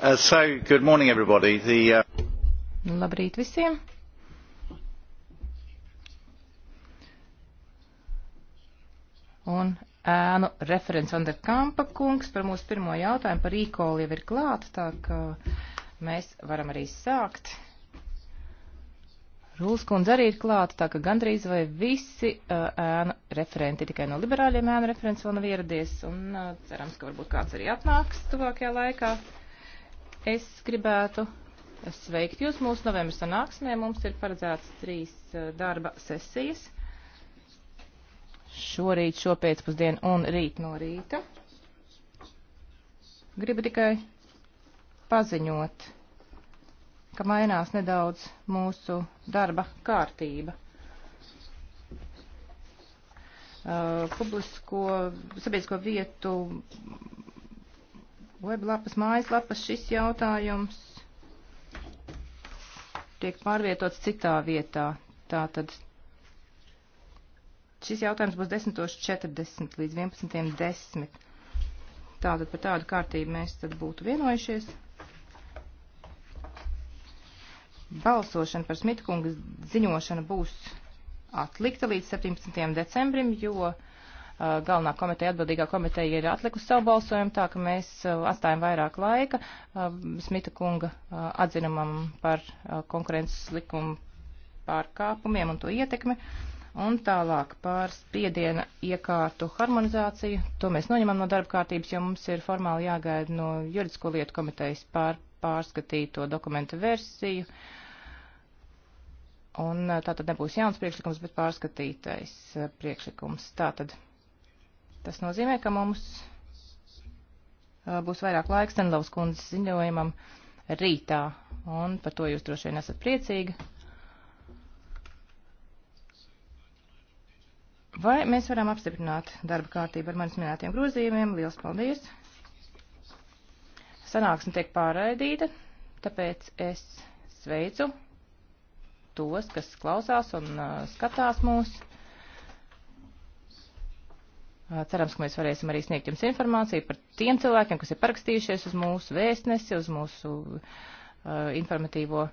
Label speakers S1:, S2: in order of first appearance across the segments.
S1: Uh, so, good morning everybody. The, uh...
S2: Nu, labrīt visiem! Un ēnu referents Vanda Kampa kungs par mūsu pirmo jautājumu par īkoli jau ir klāt, tā ka mēs varam arī sākt. Rūls kundze arī ir klāta, tā ka gandrīz vai visi uh, ēnu referenti, tikai no liberāļiem ēnu referents vēl nav ieradies, un uh, cerams, ka varbūt kāds arī atnāks tuvākajā laikā. Uh, Es gribētu sveikt jūs mūsu novembra sanāksmē. Mums ir paredzēts trīs eh, darba sesijas. Šorīt, šopēcpusdien un rīt no rīta. Gribu tikai paziņot, ka mainās nedaudz mūsu darba kārtība. Uh, publisko sabiedrisko vietu weblapas, mājaslapas šis jautājums tiek pārvietots citā vietā. Tātad šis jautājums būs 10.40 līdz 11.10. Tātad par tādu kārtību mēs tad būtu vienojušies. Balsošana par Smitkungas ziņošanu būs atlikta līdz 17. decembrim, jo Uh, galvenā komiteja, atbildīgā komiteja ir atlikusi savu balsojumu, tā ka mēs uh, atstājam vairāk laika uh, Smita kunga atzinumam par konkurences likumu pārkāpumiem un to ietekmi. Un tālāk par spiediena iekārtu harmonizāciju. To mēs noņemam no darba kārtības, jo mums ir formāli jāgaida no juridisko lietu komitejas pār pārskatīto dokumentu versiju. Un tā tad nebūs jauns priekšlikums, bet pārskatītais priekšlikums. Tā tad Tas nozīmē, ka mums uh, būs vairāk laiks Tenlavas kundzes ziņojumam rītā, un par to jūs droši vien esat priecīgi. Vai mēs varam apstiprināt darba kārtību ar manis minētiem grozījumiem? Liels paldies! Sanāksme tiek pārraidīta, tāpēc es sveicu tos, kas klausās un uh, skatās mūsu. Cerams, ka mēs varēsim arī sniegt jums informāciju par tiem cilvēkiem, kas ir parakstījušies uz mūsu vēstnesi, uz mūsu uh, informatīvo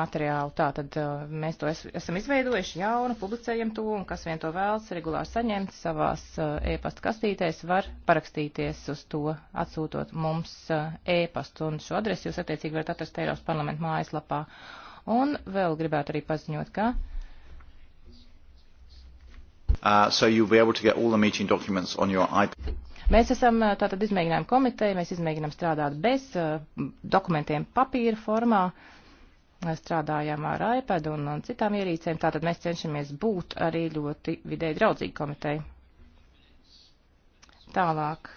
S2: materiālu. Tātad uh, mēs to es, esam izveidojuši jaunu, publicējam to, un kas vien to vēlas regulāri saņemt savās uh, e-pasta kastītēs, var parakstīties uz to, atsūtot mums uh, e-pastu, un šo adresi jūs attiecīgi varat atrast Eiropas parlamentu mājaslapā. Un vēl gribētu arī paziņot, ka. Uh, Uh, so Mēs esam uh, tātad izmēģinājumu komiteja, mēs izmēģinām strādāt bez uh, dokumentiem papīra formā, strādājām ar iPad un, un citām ierīcēm, tātad mēs cenšamies būt arī ļoti vidē draudzīgi komiteja. Tālāk.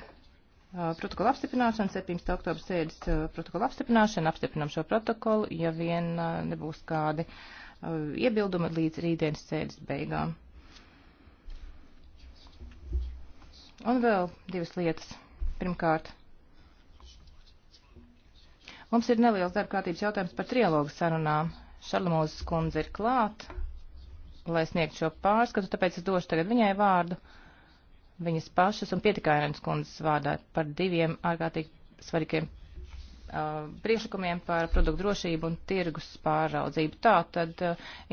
S2: Uh, protokola apstiprināšana, 17. oktobra sēdes uh, protokola apstiprināšana, apstiprinam šo protokolu, ja vien uh, nebūs kādi uh, iebildumi līdz rītdienas sēdes beigām. Mm. Un vēl divas lietas. Pirmkārt, mums ir neliels darbkārtības jautājums par trialogu sarunām. Šarlamūzes kundze ir klāt, lai sniegtu šo pārskatu, tāpēc es došu tagad viņai vārdu viņas pašas un pietikājienas kundzes vārdā par diviem ārkārtīgi svarīgiem priekšlikumiem par produktu drošību un tirgus pāraudzību. Tā tad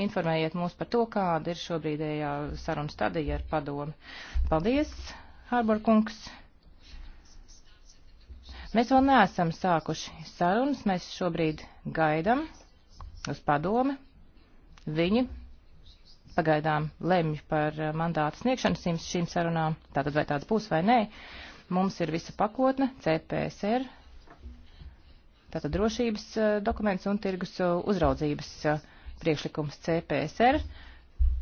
S2: informējiet mūs par to, kāda ir šobrīdējā saruna stadija ar padomu. Paldies! Harbor kungs. Mēs vēl neesam sākuši sarunas, mēs šobrīd gaidam uz padomi. Viņi pagaidām lemj par eh, mandātu sniegšanu šīm sarunām, tātad vai tāds būs vai nē. Mums ir visa pakotne, CPSR, tātad drošības eh, dokuments un tirgus eh, uzraudzības priekšlikums CPSR.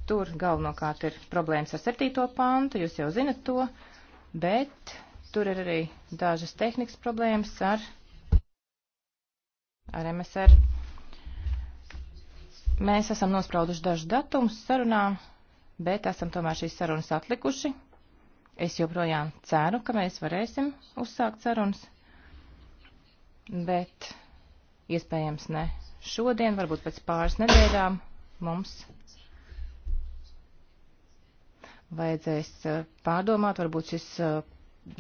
S2: Tur galvenokārt ir problēmas ar septīto pantu, jūs jau zinat to. Uh, bet tur ir arī dažas tehnikas problēmas ar, ar MSR. Mēs esam nosprauduši dažus datumus sarunām, bet esam tomēr šīs sarunas atlikuši. Es joprojām ceru, ka mēs varēsim uzsākt sarunas, bet iespējams ne šodien, varbūt pēc pāris nedēļām mums vajadzēs eh, pārdomāt, varbūt šis eh,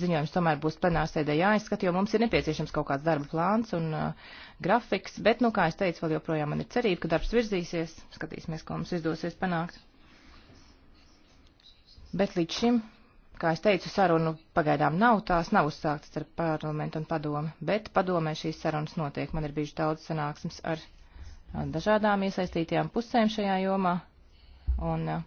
S2: ziņojums tomēr būs plenārsēdē jāizskata, jo mums ir nepieciešams kaut kāds darba plāns un uh, grafiks, bet, nu, kā es teicu, vēl joprojām man ir cerība, ka darbs virzīsies, skatīsimies, ko mums izdosies panākt. Bet līdz šim, kā es teicu, sarunu pagaidām nav, tās nav uzsāktas ar parlamentu un padomi, bet padomē šīs sarunas notiek. Man ir bijuši daudz sanāksmes ar dažādām iesaistītajām pusēm šajā jomā, un uh,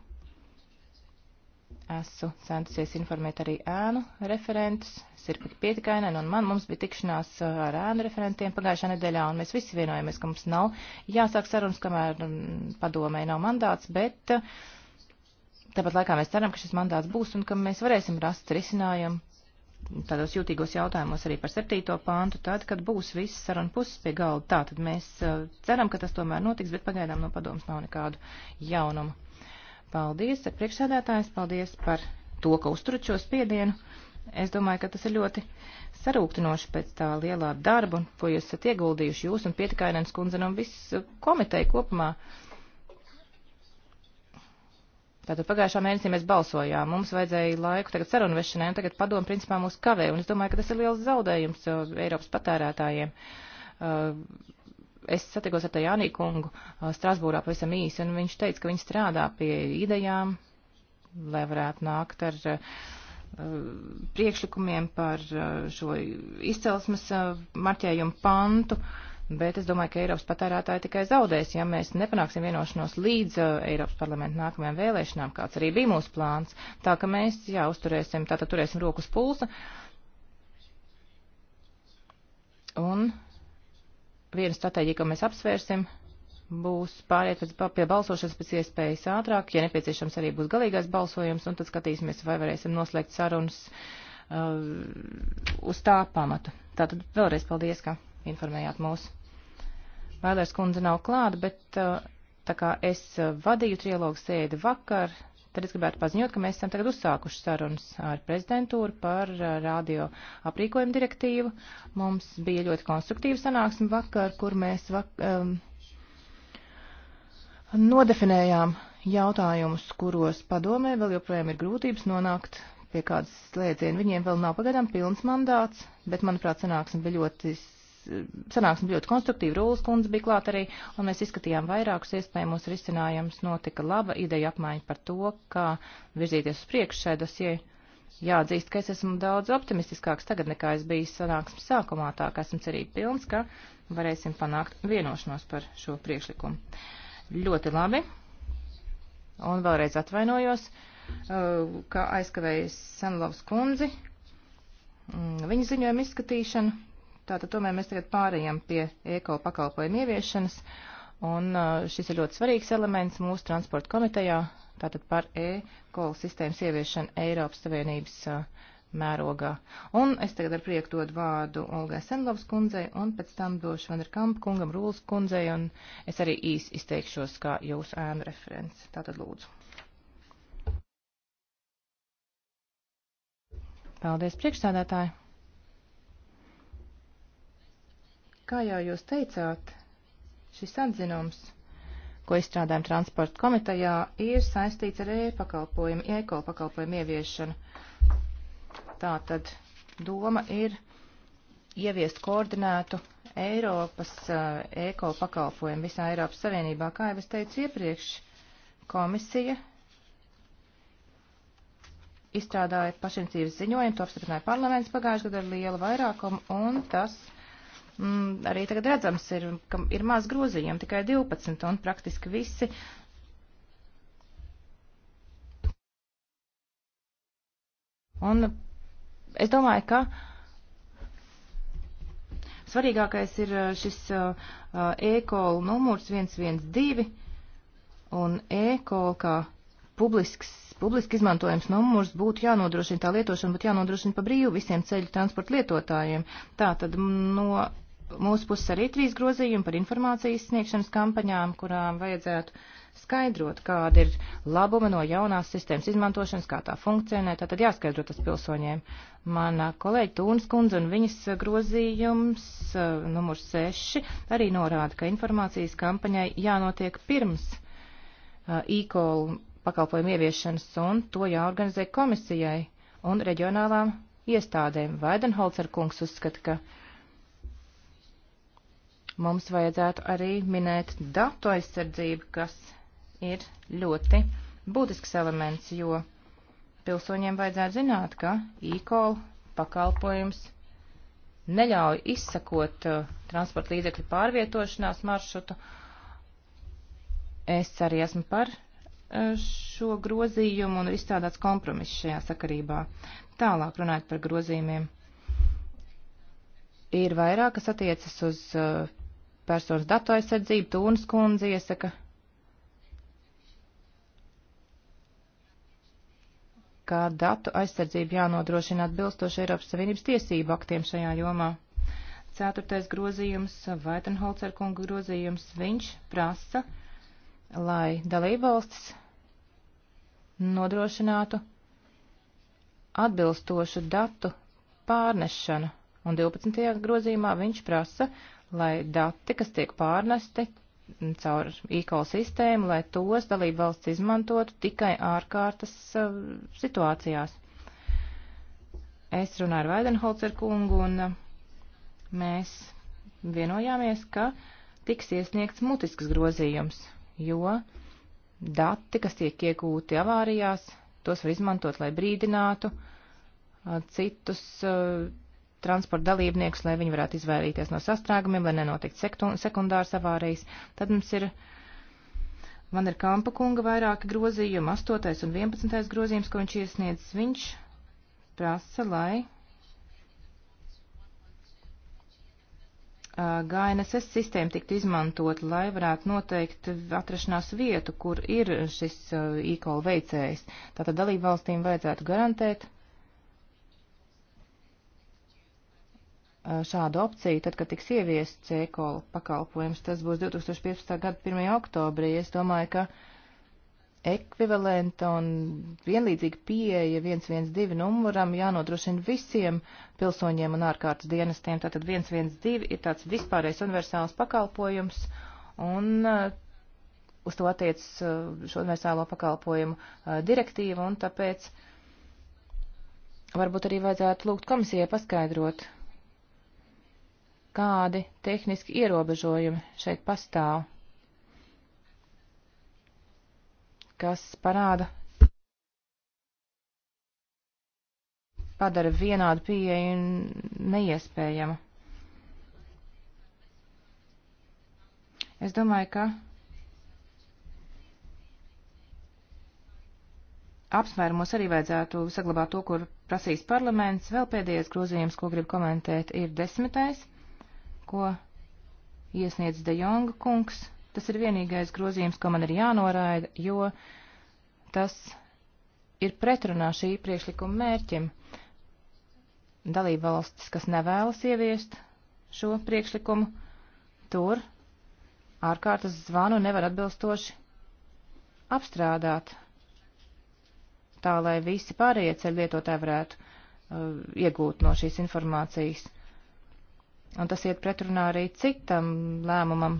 S2: esmu centusies informēt arī ēnu referentus, Sirpika Pietikainen un man. Mums bija tikšanās uh, ar ēnu referentiem pagājušā nedēļā, un mēs visi vienojamies, ka mums nav jāsāk sarunas, kamēr um, padomē nav mandāts, bet uh, tāpat laikā mēs ceram, ka šis mandāts būs un ka mēs varēsim rast risinājumu tādos jūtīgos jautājumos arī par septīto pāntu, tad, kad būs viss saruna puses pie galda. Tā tad mēs uh, ceram, ka tas tomēr notiks, bet pagaidām no padomas nav nekādu jaunumu. Paldies, priekšsēdētājs, paldies par to, ka uzturat šo spiedienu. Es domāju, ka tas ir ļoti sarūktinoši pēc tā lielā darba, ko jūs esat ieguldījuši jūs un pietikainens kundze un viss komiteja kopumā. Tātad pagājušā mēnesī mēs balsojām, mums vajadzēja laiku tagad sarunu vešanai, un tagad padomu principā mūs kavē, un es domāju, ka tas ir liels zaudējums uh, Eiropas patērētājiem. Uh, es satikos ar Tajānī kungu Strasbūrā pavisam īsi, un viņš teica, ka viņi strādā pie idejām, lai varētu nākt ar priekšlikumiem par šo izcelsmes marķējumu pantu, bet es domāju, ka Eiropas patērētāji tikai zaudēs, ja mēs nepanāksim vienošanos līdz Eiropas parlamentu nākamajām vēlēšanām, kāds arī bija mūsu plāns, tā ka mēs, jā, uzturēsim, tātad turēsim rokas pulsa. Un viena stratēģija, ko mēs apsvērsim, būs pāriet pēc, pie balsošanas pēc iespējas ātrāk, ja nepieciešams arī būs galīgais balsojums, un tad skatīsimies, vai varēsim noslēgt sarunas uh, uz tā pamata. Tātad vēlreiz paldies, ka informējāt mūs. Vailers kundze nav klāta, bet uh, tā kā es uh, vadīju trilogu sēdi vakar, tad es gribētu paziņot, ka mēs esam tagad uzsākuši sarunas ar prezidentūru par uh, radio aprīkojumu direktīvu. Mums bija ļoti konstruktīva sanāksme vakar, kur mēs vak, um, nodefinējām jautājumus, kuros padomē vēl joprojām ir grūtības nonākt pie kādas slēdziena. Viņiem vēl nav pagaidām pilns mandāts, bet, manuprāt, sanāksme bija ļoti sanāksme ļoti konstruktīva, Rūlas kundze bija klāt arī, un mēs izskatījām vairākus iespējamos risinājumus. Notika laba ideja apmaiņa par to, kā virzīties uz priekšu šai dosie. Jāatzīst, ka es esmu daudz optimistiskāks tagad nekā es biju sanāksmes sākumā, tā kā esmu cerība pilns, ka varēsim panākt vienošanos par šo priekšlikumu. Ļoti labi. Un vēlreiz atvainojos, uh, ka aizkavēju Senlovs kundzi, mm, viņa ziņojuma izskatīšanu. Tātad tomēr mēs tagad pārējām pie eko pakalpojumu ieviešanas, un uh, šis ir ļoti svarīgs elements mūsu transporta komitejā, tātad par eko sistēmas ieviešanu Eiropas Savienības uh, mērogā. Un es tagad ar prieku dodu vārdu Olgai Senlovas kundzei, un pēc tam došu Vander Kampu kungam Rūlas kundzei, un es arī īsi izteikšos kā jūsu ēnu referents. Tātad lūdzu. Paldies, priekšsādātāji! Kā jau jūs teicāt, šis atzinums, ko izstrādājam transporta komitejā, ir saistīts ar e-pakalpojumu, e-kola pakalpojumu ieviešanu. Tā tad doma ir ieviest koordinētu Eiropas e-kola pakalpojumu visā Eiropas Savienībā. Kā jau es teicu iepriekš, komisija izstrādāja pašinicības ziņojumu, to apstiprināja parlaments pagājušajā gadā ar lielu vairākumu, un tas m, mm, arī tagad redzams ir, ka ir maz groziņiem, tikai 12, un praktiski visi. Un es domāju, ka svarīgākais ir uh, šis uh, uh, e-kola numurs 112 un e-kola kā publisks, publiski izmantojams numurs būtu jānodrošina, tā lietošana būtu jānodrošina pa brīvu visiem ceļu transporta lietotājiem. Tā tad no mūsu puses arī trīs grozījumi par informācijas sniegšanas kampaņām, kurām vajadzētu skaidrot, kāda ir labuma no jaunās sistēmas izmantošanas, kā tā funkcionē. Tātad jāskaidro tas pilsoņiem. Mana kolēģa Tūnas kundze un viņas grozījums eh, numurs 6 arī norāda, ka informācijas kampaņai jānotiek pirms eh, e-call pakalpojumu ieviešanas un to jāorganizē komisijai un reģionālām iestādēm. Vaidenholzer kungs uzskata, ka mums vajadzētu arī minēt datu aizsardzību, kas ir ļoti būtisks elements, jo pilsoņiem vajadzētu zināt, ka e-call pakalpojums neļauj izsakot uh, transporta līdzekļu pārvietošanās maršrutu. Es arī esmu par uh, šo grozījumu un ir izstrādāts kompromiss šajā sakarībā. Tālāk runājot par grozījumiem. Ir vairāk, kas attiecas uz uh, personas datu aizsardzību. Tūnas kundze iesaka, ka datu aizsardzību jānodrošina atbilstoši Eiropas Savienības tiesību aktiem šajā jomā. Ceturtais grozījums, Vaitenholzer kunga grozījums, viņš prasa, lai dalībvalstis nodrošinātu atbilstošu datu pārnešanu, un 12. grozījumā viņš prasa, lai dati, kas tiek pārnesti caur e-call sistēmu, lai tos dalību valsts izmantotu tikai ārkārtas uh, situācijās. Es runāju ar Vaidenholzer kungu un uh, mēs vienojāmies, ka tiks iesniegts mutisks grozījums, jo dati, kas tiek iegūti avārijās, tos var izmantot, lai brīdinātu uh, citus uh, transporta dalībniekus, lai viņi varētu izvairīties no sastrēgumiem, lai nenotiktu sekundārs avārijas. Tad mums ir man ir Kampa kunga vairāki grozījumi, 8. un 11. grozījums, ko viņš iesniedz. Viņš prasa, lai GNSS sistēma tiktu izmantot, lai varētu noteikt atrašanās vietu, kur ir šis e-kola veicējs. Tātad dalību valstīm vajadzētu garantēt, Eh, šādu opciju, tad, kad tiks ieviests e-kola pakalpojums, tas būs 2015. gada 1. oktobrī. Es domāju, ka ekvivalenta un vienlīdzīga pieeja 112 numuram jānodrošina visiem pilsoņiem un ārkārtas dienestiem. Tātad 112 ir tāds vispārējais universāls pakalpojums, un eh, uz to attiec eh, šo universālo pakalpojumu direktīva, un tāpēc varbūt arī vajadzētu lūgt komisijai paskaidrot, kādi tehniski ierobežojumi šeit pastāv, kas parāda, padara vienādu pieeju neiespējamu. Es domāju, ka apsvērumos arī vajadzētu saglabāt to, kur prasīs parlaments. Vēl pēdējais grozījums, ko gribu komentēt, ir desmitais ko iesniedz De Jonga kungs. Tas ir vienīgais grozījums, ko man ir jānoraida, jo tas ir pretrunā šī priekšlikuma mērķim. Dalībvalstis, kas nevēlas ieviest šo priekšlikumu, tur ārkārtas zvanu nevar atbilstoši apstrādāt, tā lai visi pārējie ceļu lietotāji varētu uh, iegūt no šīs informācijas. Un tas iet pretrunā arī citam lēmumam,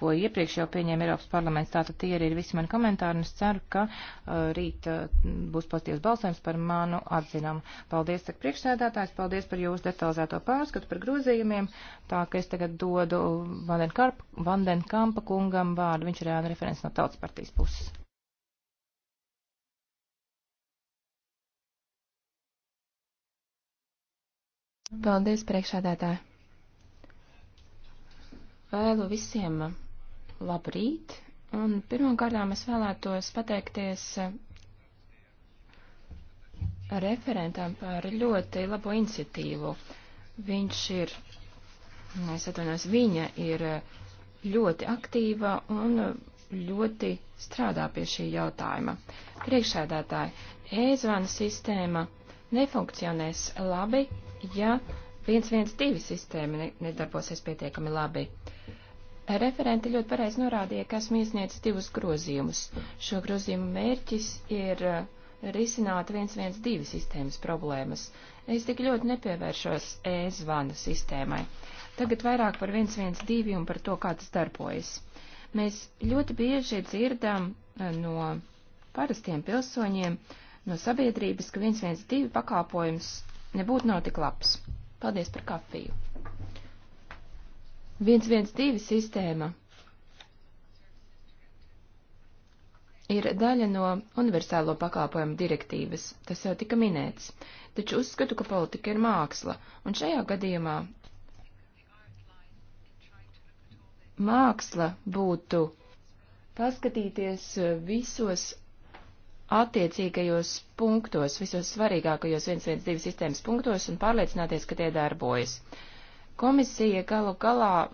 S2: ko iepriekš jau pieņēma Eiropas parlaments. Tātad tie arī ir visi mani komentāri, un es ceru, ka uh, rīt uh, būs pozitīvs balsojums par manu atzinumu. Paldies, saka priekšsēdētājs, paldies par jūsu detalizēto pārskatu par grozījumiem, tā ka es tagad dodu Vandenkampa kungam vārdu, viņš ir ēna referents no tautas partijas puses.
S3: Paldies, priekšsēdētāji! Vēlu visiem labrīt, un pirmkārtām es vēlētos pateikties referentam par ļoti labo iniciatīvu. Viņš ir, es atvainojos, viņa ir ļoti aktīva un ļoti strādā pie šī jautājuma. Priekšsēdētāji, e-zvana sistēma nefunkcionēs labi, ja 112 sistēma nedarbosies pietiekami labi. Referenti ļoti pareizi norādīja, ka esmu iesniedzis divus grozījumus. Šo grozījumu mērķis ir uh, risināt 112 sistēmas problēmas. Es tik ļoti nepievēršos e-zvanu sistēmai. Tagad vairāk par 112 un par to, kā tas darbojas. Mēs ļoti bieži dzirdam uh, no parastiem pilsoņiem, no sabiedrības, ka 112 pakāpojums nebūtu nav tik labs. Paldies par kafiju. 112 sistēma ir daļa no universālo pakāpojumu direktīvas, tas jau tika minēts, taču uzskatu, ka politika ir māksla, un šajā gadījumā māksla būtu paskatīties visos attiecīgajos punktos, visos svarīgākajos 112 sistēmas punktos un pārliecināties, ka tie darbojas. Komisija galu galā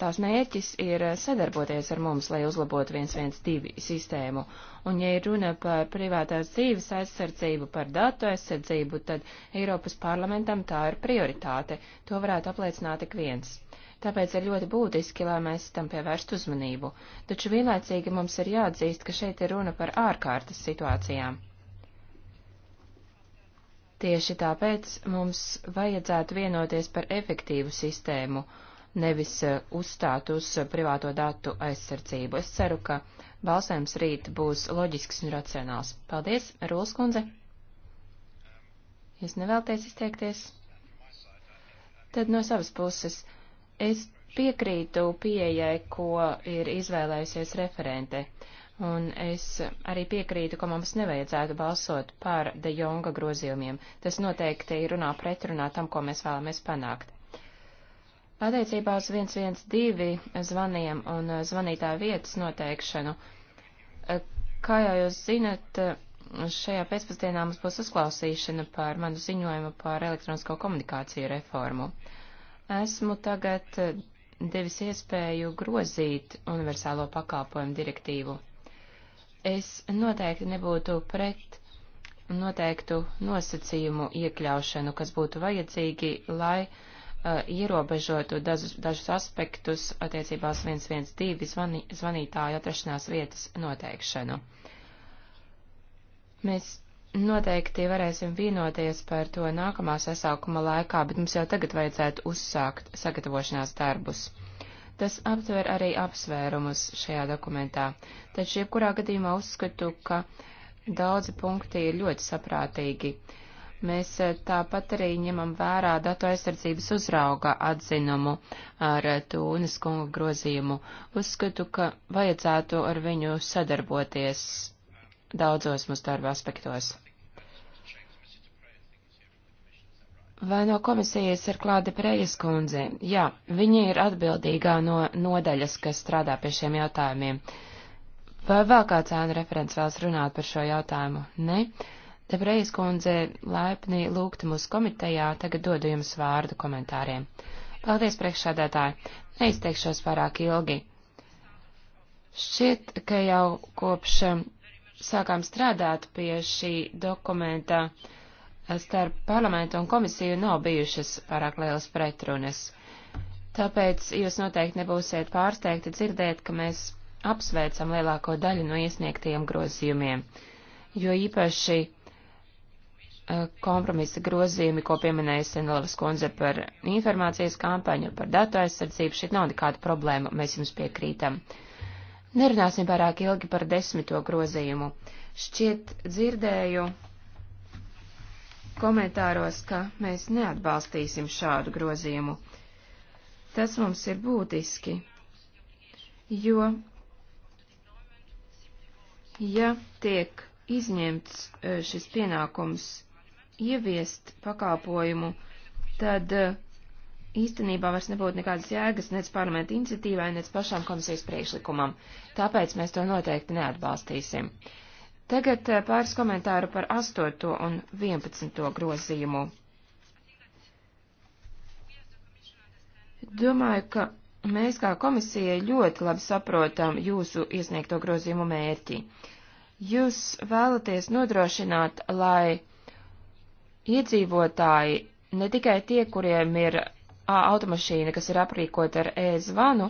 S3: tās mērķis ir sadarboties ar mums, lai uzlabotu 112 sistēmu. Un, ja ir runa par privātās dzīves aizsardzību, par datu aizsardzību, tad Eiropas parlamentam tā ir prioritāte. To varētu apliecināt ik viens. Tāpēc ir ļoti būtiski, lai mēs tam pievērstu uzmanību, taču vienlaicīgi mums ir jāatzīst, ka šeit ir runa par ārkārtas situācijām. Tieši tāpēc mums vajadzētu vienoties par efektīvu sistēmu, nevis uh, uzstāt uz privāto datu aizsardzību. Es ceru, ka balsojums rīt būs loģisks un racionāls. Paldies, Rūls kundze! Jūs nevēlties izteikties? Tad no savas puses Es piekrītu pieejai, ko ir izvēlējusies referente, un es arī piekrītu, ka mums nevajadzētu balsot par De Jonga grozījumiem. Tas noteikti runā pretrunā tam, ko mēs vēlamies panākt. Attiecībā uz 112 zvaniem un zvanītāja vietas noteikšanu, kā jau jūs zinat, šajā pēcpusdienā mums būs uzklausīšana par manu ziņojumu par elektronisko komunikāciju reformu. Uh, Esmu tagad eh, devis iespēju grozīt universālo pakalpojumu direktīvu. Es noteikti nebūtu pret noteiktu nosacījumu iekļaušanu, kas būtu vajadzīgi, lai uh, ierobežotu dažus, dažus aspektus attiecībās 112 zvani, zvanītāju atrašanās vietas noteikšanu. Mēs noteikti varēsim vienoties par to nākamā sasaukuma laikā, bet mums jau tagad vajadzētu uzsākt sagatavošanās darbus. Tas aptver arī apsvērumus šajā dokumentā, taču jebkurā gadījumā uzskatu, ka daudzi punkti ir ļoti saprātīgi. Mēs eh, tāpat arī ņemam vērā datu aizsardzības uzrauga atzinumu ar eh, Tūnes kunga grozījumu. Uzskatu, ka vajadzētu ar viņu sadarboties daudzos mūsu darba aspektos. Vai no komisijas ir klāta Prejas kundze? Jā, viņa ir atbildīgā no nodaļas, kas strādā pie šiem jautājumiem. Vai vēl kāds ēnu referents vēlas runāt par šo jautājumu? Nē. Te Prejas kundze laipni lūgta mūsu komitejā, tagad dodu jums vārdu komentāriem. Paldies, priekšsādātāji. Neizteikšos pārāk ilgi. Šķiet, ka jau kopš um, sākām strādāt pie šī dokumenta. Uh, starp parlamentu un komisiju nav bijušas pārāk lielas pretrunas. Tāpēc jūs noteikti nebūsiet pārsteigti dzirdēt, ka mēs apsveicam lielāko daļu no iesniegtajiem grozījumiem, jo īpaši eh, kompromisa grozījumi, ko pieminēja Senelovas kundze par informācijas kampaņu, par datu aizsardzību, šeit nav nekāda problēma, mēs jums piekrītam. Nerunāsim pārāk ilgi par desmito grozījumu. Šķiet dzirdēju komentāros, ka mēs neatbalstīsim šādu grozījumu. Tas mums ir būtiski, jo, ja tiek izņemts e, šis pienākums ieviest pakāpojumu, tad e, īstenībā vairs nebūtu nekādas jēgas nec parlamenta iniciatīvai, nec pašām komisijas priekšlikumam. Tāpēc mēs to noteikti neatbalstīsim. Uh, Tagad eh, pāris komentāru par 8. un 11. grozījumu. Domāju, ka mēs kā komisija ļoti labi saprotam jūsu iesniegto grozījumu mērķi. Jūs vēlaties nodrošināt, lai iedzīvotāji, ne tikai tie, kuriem ir automašīna, kas ir aprīkota ar e-zvanu,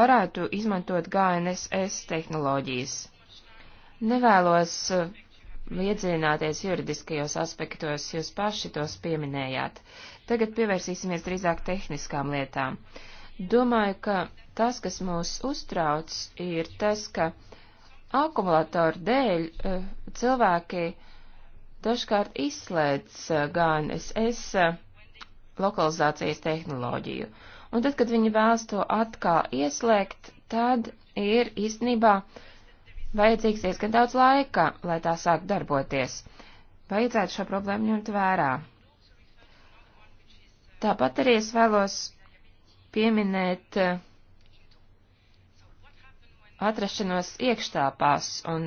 S3: varētu izmantot GNSS tehnoloģijas. Nevēlos eh, iedzināties juridiskajos aspektos, jūs paši tos pieminējāt. Tagad pievērsīsimies drīzāk tehniskām lietām. Domāju, ka tas, kas mūs uztrauc, ir tas, ka akumulatoru dēļ eh, cilvēki dažkārt izslēdz eh, GNSS lokalizācijas tehnoloģiju. Un tad, kad viņi vēlas to atkal ieslēgt, tad ir īstenībā uh, Vajadzīgs diezgan daudz laika, lai tā sāktu darboties. Vajadzētu šo problēmu ņemt vērā. Tāpat arī es vēlos pieminēt eh, atrašanos iekštāpās un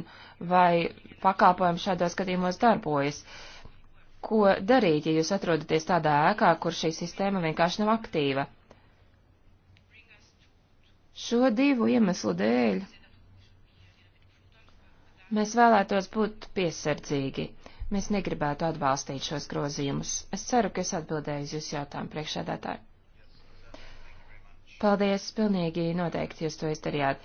S3: vai pakāpojumi šādos gadījumos darbojas. Ko darīt, ja jūs atrodaties tādā ēkā, kur šī sistēma vienkārši nav aktīva? Šo divu iemeslu dēļ Mēs vēlētos būt piesardzīgi. Mēs negribētu atbalstīt šos grozījumus. Es ceru, ka es atbildēju uz jūsu jautājumu priekšēdētāju. Paldies, pilnīgi noteikti jūs to izdarījāt.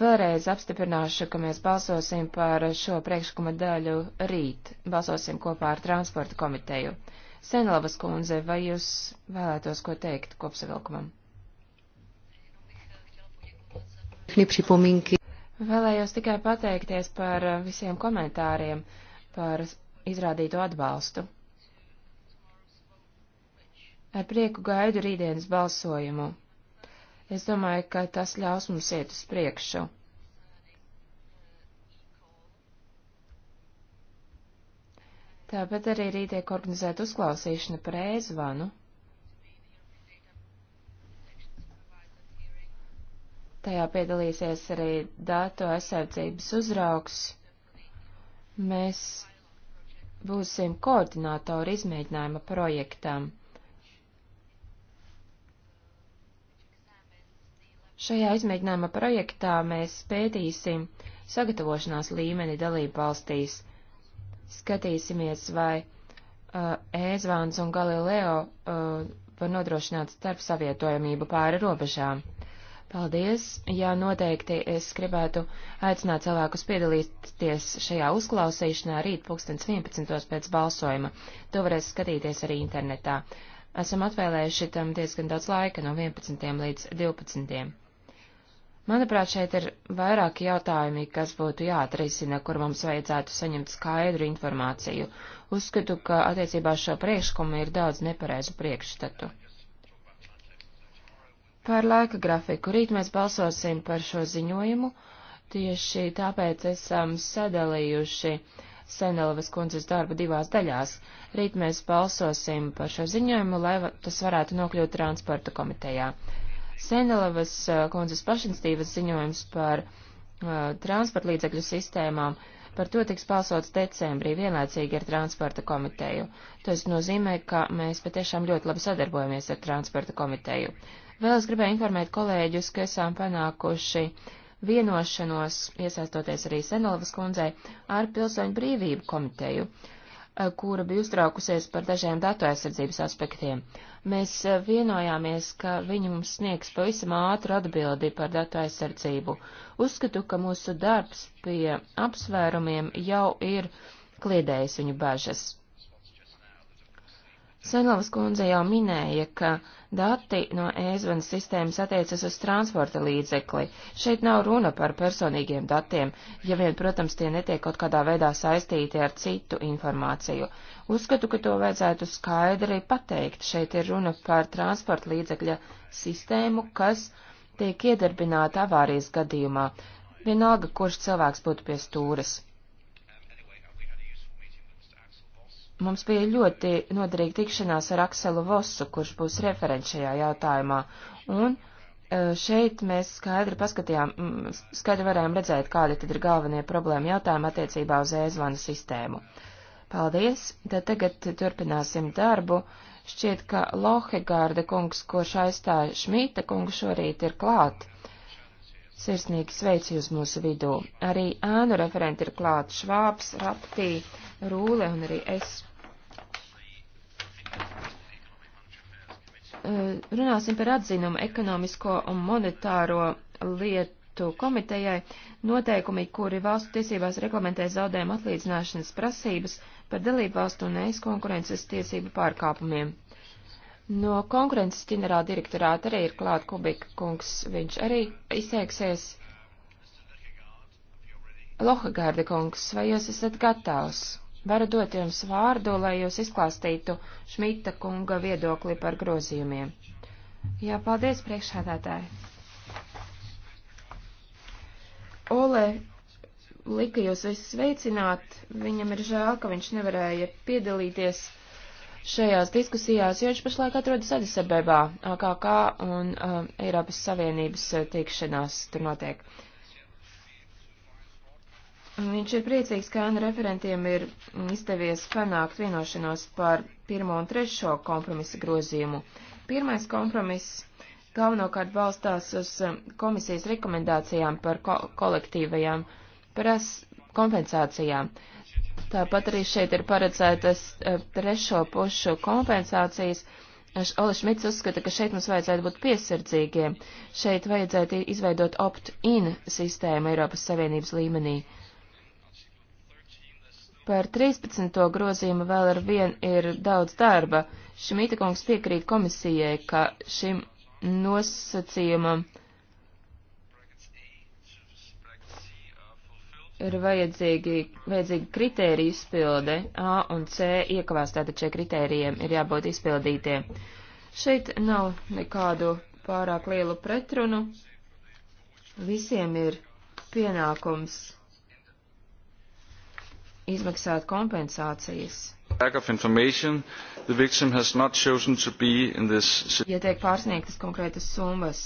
S3: Vēlreiz apstiprināšu, ka mēs balsosim par šo priekšlikuma daļu rīt. Balsosim kopā ar transporta komiteju. Senlavas kundze, vai jūs vēlētos ko teikt kopsavilkumam?
S2: Pripomínky.
S3: Vēlējos tikai pateikties par eh, visiem komentāriem, par izrādīto atbalstu. Ar prieku gaidu rītdienas balsojumu. Es domāju, ka tas ļaus mums iet uz priekšu. Tāpat arī rīt tiek organizēta uzklausīšana par ēzvanu. E Tajā piedalīsies arī datu aizsardzības uzraugs. Mēs būsim koordinātori izmēģinājuma projektam. Šajā izmēģinājuma projektā mēs pētīsim sagatavošanās līmeni dalību valstīs. Skatīsimies, vai uh, Ēzvāns un Galileo uh, var nodrošināt starp savietojamību pāri robežām. Paldies! Jā, noteikti es gribētu aicināt cilvēkus piedalīties šajā uzklausīšanā rīt 2011. pēc balsojuma. To varēs skatīties arī internetā. Esam atvēlējuši tam diezgan daudz laika no 11. līdz 12. Manuprāt, šeit ir vairāki jautājumi, kas būtu jāatrisina, kur mums vajadzētu saņemt skaidru informāciju. Uzskatu, ka attiecībā šo priekšlikumu ir daudz nepareizu priekšstatu. Par laika grafiku. Rīt mēs balsosim par šo ziņojumu. Tieši tāpēc esam sadalījuši Senelovas kundzes darbu divās daļās. Rīt mēs balsosim par šo ziņojumu, lai tas varētu nokļūt transporta komitejā. Senelovas uh, kundzes pašinstīvas ziņojums par uh, transporta līdzekļu sistēmām uh, Par to tiks balsots decembrī vienlaicīgi ar transporta komiteju. Tas nozīmē, ka mēs patiešām ļoti labi sadarbojamies ar transporta komiteju. Vēl es gribēju informēt kolēģus, ka esam panākuši vienošanos, iesaistoties arī Senelovas kundzei, ar Pilsoņu brīvību komiteju eh, kura bija uztraukusies par dažiem datu aizsardzības aspektiem. Mēs eh, vienojāmies, ka viņi mums sniegs pavisam ātru atbildi par datu aizsardzību. Uzskatu, ka mūsu darbs pie apsvērumiem jau ir kliedējis viņu bažas. Senlovas kundze jau minēja, ka dati no ēzvanas sistēmas attiecas uz transporta līdzekli. Šeit nav runa par personīgiem datiem, ja vien, protams, tie netiek kaut kādā veidā saistīti ar citu informāciju. Uzskatu, ka to vajadzētu skaidri pateikt. Šeit ir runa par transporta līdzekļa sistēmu, kas tiek iedarbināta avārijas gadījumā, vienalga, kurš cilvēks būtu pie stūres. Mums bija ļoti noderīga tikšanās ar Akselu Vosu, kurš būs referents šajā jautājumā, un e, šeit mēs skaidri paskatījām, skaidri varējām redzēt, kādi tad ir galvenie problēma jautājumi attiecībā uz ēzvanu sistēmu. Paldies, tad tagad turpināsim darbu. Šķiet, ka Lohegārda kungs, kurš aizstāja Šmīta kungu šorīt, ir klāt. Sirsnīgi sveicu jūs mūsu vidū. Arī ēnu referenti ir klāt Švāps, Raptī, Rūle un arī es Eh, runāsim par atzinumu ekonomisko un monetāro lietu komitejai noteikumi, kuri valstu tiesībās reglamentē zaudējumu atlīdzināšanas prasības par dalību valstu un ES konkurences tiesību pārkāpumiem. No konkurences ģenerāla direktorāta arī ir klāt Kubika kungs, viņš arī izteiksies. Lohagārda kungs, vai jūs esat gatavs? Varu dot jums vārdu, lai jūs izklāstītu Šmita kunga viedokli par grozījumiem. Jā, paldies, priekšsēdētāji. Ole lika jūs visus veicināt. Viņam ir žēl, ka viņš nevarēja piedalīties šajās diskusijās, jo viņš pašlaik atrodas Adisabebā, AKK un uh, Eiropas Savienības uh, tikšanās tur notiek. Uh, Viņš ir priecīgs, ka ANU referentiem ir izdevies panākt vienošanos par pirmo un trešo kompromisa grozījumu. Pirmais kompromiss galvenokārt balstās uz um, komisijas rekomendācijām par ko kolektīvajām pras kompensācijām. Tāpat arī šeit ir paredzētas uh, trešo pušu kompensācijas. Ola Šmits uzskata, ka šeit mums vajadzētu būt piesardzīgiem. Šeit vajadzētu izveidot opt-in sistēmu Eiropas Savienības līmenī. Uh, Par 13. grozījumu vēl ar vien ir daudz darba. Šim itekungs piekrīt komisijai, ka šim nosacījumam ir vajadzīgi, vajadzīgi kritēriju izpilde. A un C iekavās tātad šie kritērijiem ir jābūt izpildītiem. Šeit nav nekādu pārāk lielu pretrunu. Visiem ir pienākums izmaksāt kompensācijas. Ja tiek pārsniegtas konkrētas summas.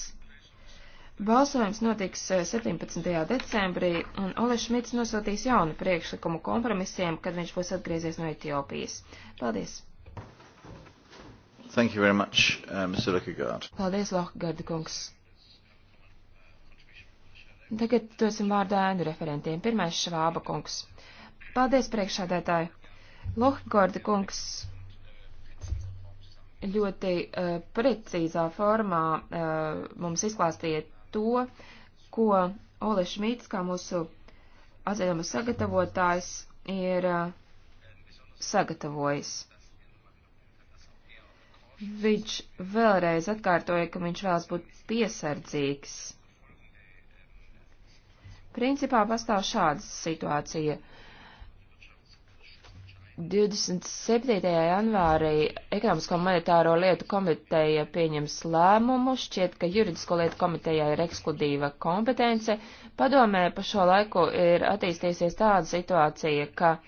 S3: Balsojums notiks 17. Eh, decembrī, un Ole Šmits nosūtīs jaunu priekšlikumu kompromisiem, kad viņš būs atgriezies no Etiopijas. Paldies!
S1: Thank you very much, uh, Mr. Lokakārd.
S3: Paldies, Lokakārda kungs. Tagad dosim vārdu ēnu referentiem. Pirmais Švāba kungs. Paldies, priekšādētāji. Lohgorda kungs ļoti uh, precīzā formā uh, mums izklāstīja to, ko Ole Šmīts, kā mūsu atzinuma sagatavotājs, ir uh, sagatavojis. Viņš vēlreiz atkārtoja, ka viņš vēlas būt piesardzīgs. Principā pastāv šāda situācija. Uh, 27. janvārī Ekonomisko monetāro lietu komiteja pieņems lēmumu, šķiet, ka juridisko lietu komitejai ir ekskluzīva kompetence. Padomē pa šo laiku ir attīstījusies tāda situācija, ka e,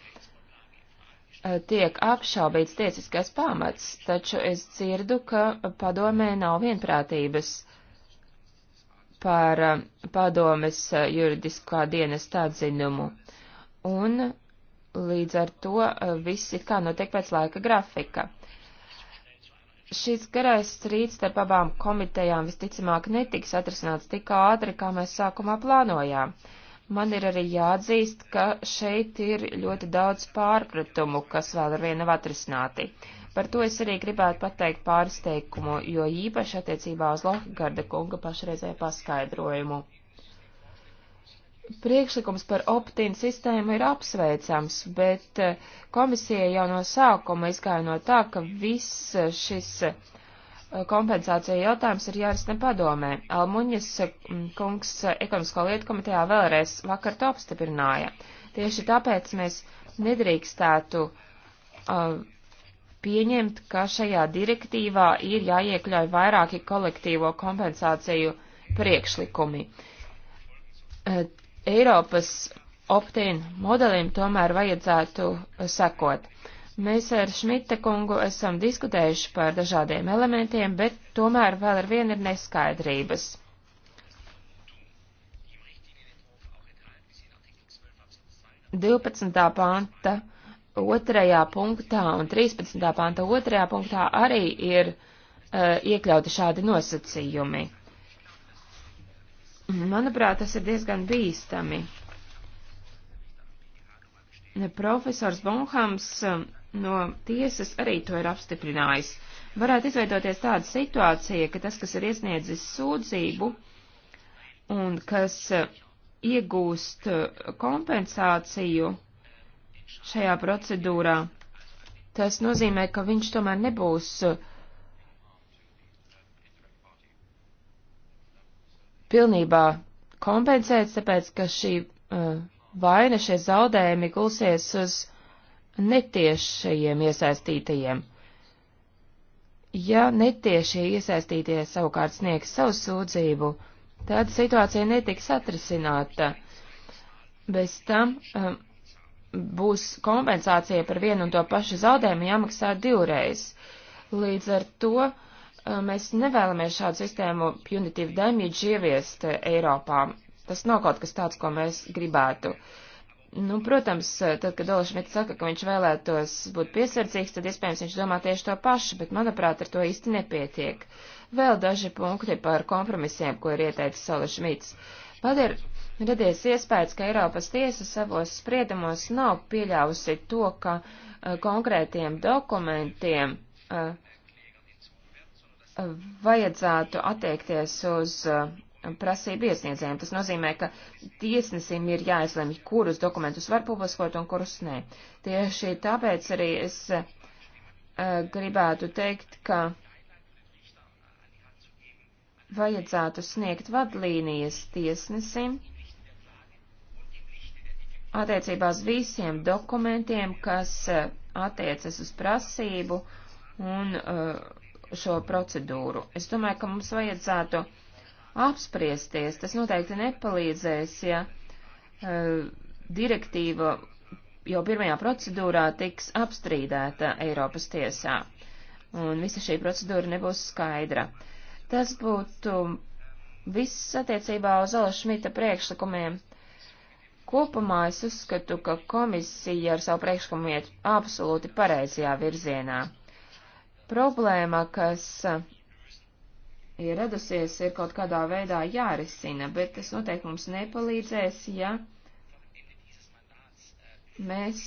S3: tiek apšaubīts tiesiskais pamats, taču es dzirdu, ka padomē nav vienprātības par e, padomes e, juridiskā dienesta atzinumu. Un līdz ar to eh, viss it kā notiek pēc laika grafika. Šis garais strīds starp abām komitejām visticamāk netiks atrisināts tik ātri, kā mēs sākumā plānojām. Man ir arī jāatzīst, ka šeit ir ļoti daudz pārpratumu, kas vēl ar vienu nav atrisināti. Par to es arī gribētu pateikt pārsteigumu, jo īpaši attiecībā uz Lohgarda kunga pašreizēju paskaidrojumu priekšlikums par optīnu sistēmu ir apsveicams, bet eh, komisija jau no sākuma izgāja no tā, ka viss šis eh, kompensācija jautājums ir jārisina padomē. Almuņas mm, kungs eh, ekonomisko lietu komitejā vēlreiz vakar to apstiprināja. Tieši tāpēc mēs nedrīkstētu uh, pieņemt, ka šajā direktīvā ir jāiekļauj vairāki kolektīvo kompensāciju priekšlikumi. Uh, Eiropas optīnu modelim tomēr vajadzētu sekot. Mēs ar Šmita kungu esam diskutējuši par dažādiem elementiem, bet tomēr vēl ar vienu ir neskaidrības. Divpadsmitā panta otrajā punktā un 13. panta otrajā punktā arī ir uh, iekļauti šādi nosacījumi. Manuprāt, tas ir diezgan bīstami. Profesors Bonhams um, no tiesas arī to ir apstiprinājis. Varētu izveidoties tāda situācija, ka tas, kas ir iesniedzis sūdzību un kas uh, iegūst uh, kompensāciju šajā procedūrā, tas nozīmē, ka viņš tomēr nebūs uh, pilnībā kompensēts, tāpēc, ka šī uh, vaina, šie zaudējumi gulsies uz netiešajiem iesaistītajiem. Ja netiešie iesaistītie savukārt sniegs savu sūdzību, tad situācija netiks atrisināta. Bez tam um, būs kompensācija par vienu un to pašu zaudējumu jāmaksā divreiz. Līdz ar to uh, Uh, mēs nevēlamies šādu sistēmu punitive damage ieviest uh, Eiropā. Tas nav kaut kas tāds, ko mēs gribētu. Nu, protams, uh, tad, kad Olašmits saka, ka viņš vēlētos būt piesardzīgs, tad iespējams viņš domā tieši to pašu, bet manuprāt, ar to īsti nepietiek. Vēl daži punkti par kompromisiem, ko ir ieteicis Olašmits. Man ir radies iespējas, ka Eiropas tiesa savos spriedumos nav pieļāvusi to, ka uh, konkrētiem dokumentiem uh, vajadzētu attiekties uz eh, prasību iesniedzējiem. Tas nozīmē, ka tiesnesim ir jāizlemj, kurus dokumentus var publiskot un kurus nē. Tieši tāpēc arī es eh, gribētu teikt, ka vajadzētu sniegt vadlīnijas tiesnesim attiecībā uz visiem dokumentiem, kas eh, attiecas uz prasību un uh, šo procedūru. Es domāju, ka mums vajadzētu apspriesties. Tas noteikti nepalīdzēs, ja uh, direktīva jau pirmajā procedūrā tiks apstrīdēta Eiropas tiesā. Un visa šī procedūra nebūs skaidra. Tas būtu viss attiecībā uz Ola Šmita priekšlikumiem. Kopumā es uzskatu, ka komisija ar savu priekšlikumu iet absolūti pareizajā virzienā. Problēma, kas eh, ir radusies, ir kaut kādā veidā jārisina, bet tas noteikti mums nepalīdzēs, ja mēs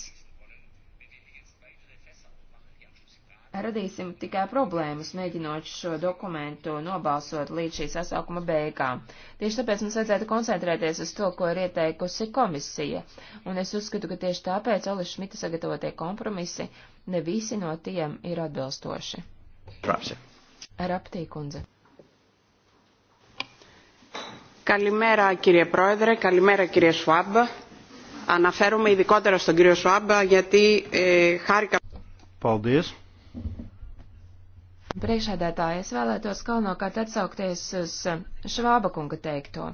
S3: radīsim tikai problēmas, mēģinot šo dokumentu nobalsot līdz šī sasaukuma beigām. Tieši tāpēc mums vajadzētu koncentrēties uz to, ko ir ieteikusi komisija, un es uzskatu, ka tieši tāpēc Olis Šmita sagatavotie kompromisi ne visi no tiem ir atbilstoši. Prapsi. Raptī kundze.
S2: Καλημέρα κύριε Πρόεδρε, καλημέρα κύριε
S3: Σουάμπ. Αναφέρομαι ειδικότερα στον κύριο Σουάμπ γιατί ε, χάρηκα... Paldies. Priekšādētāji, es vēlētos galvenokārt atsaukties uz Švāba kunga teikto.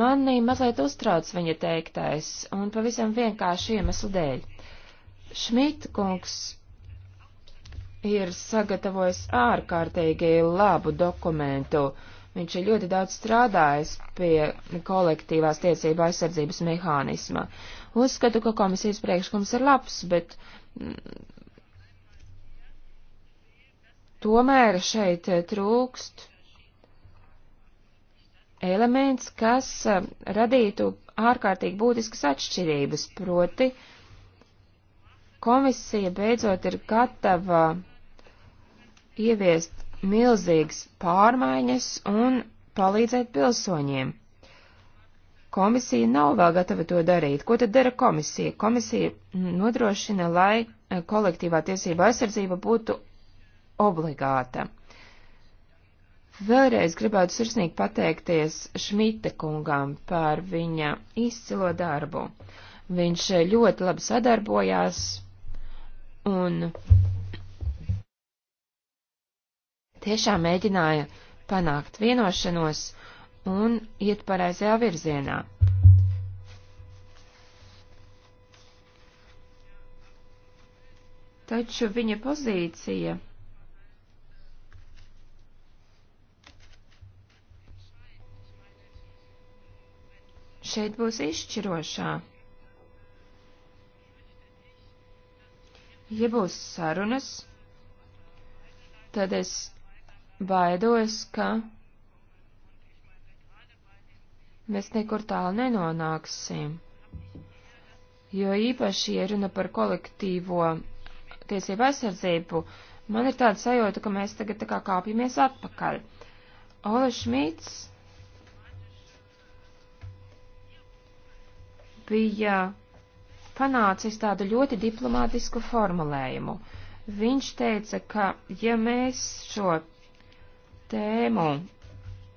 S3: Mani mazliet uztrauc viņa teiktais, un pavisam vienkārši iemeslu dēļ. Šmita kungs ir sagatavojis ārkārtīgi labu dokumentu. Viņš ir ļoti daudz strādājis pie kolektīvās tiesība aizsardzības mehānisma. Uzskatu, ka komisijas priekšlikums ir labs, bet mm, tomēr šeit eh, trūkst elements, kas eh, radītu ārkārtīgi būtiskas atšķirības, proti, uh, komisija beidzot ir gatava ieviest milzīgas pārmaiņas un palīdzēt pilsoņiem. Komisija nav vēl gatava to darīt. Ko tad dara komisija? Komisija nodrošina, lai eh, kolektīvā tiesība aizsardzība būtu obligāta. Vēlreiz gribētu sirsnīgi pateikties Šmita kungam par viņa izcilo darbu. Viņš eh, ļoti labi sadarbojās, un tiešām mēģināja panākt vienošanos un iet pareizajā virzienā. Taču viņa pozīcija šeit būs izšķirošā. Ja būs sarunas, tad es baidos, ka mēs nekur tālu nenonāksim. Jo īpaši, ja runa par kolektīvo tiesību aizsardzību, man ir tāda sajūta, ka mēs tagad tā kā kāpjamies atpakaļ. Ole Šmīts bija panācis tādu ļoti diplomātisku formulējumu. Viņš teica, ka ja mēs šo tēmu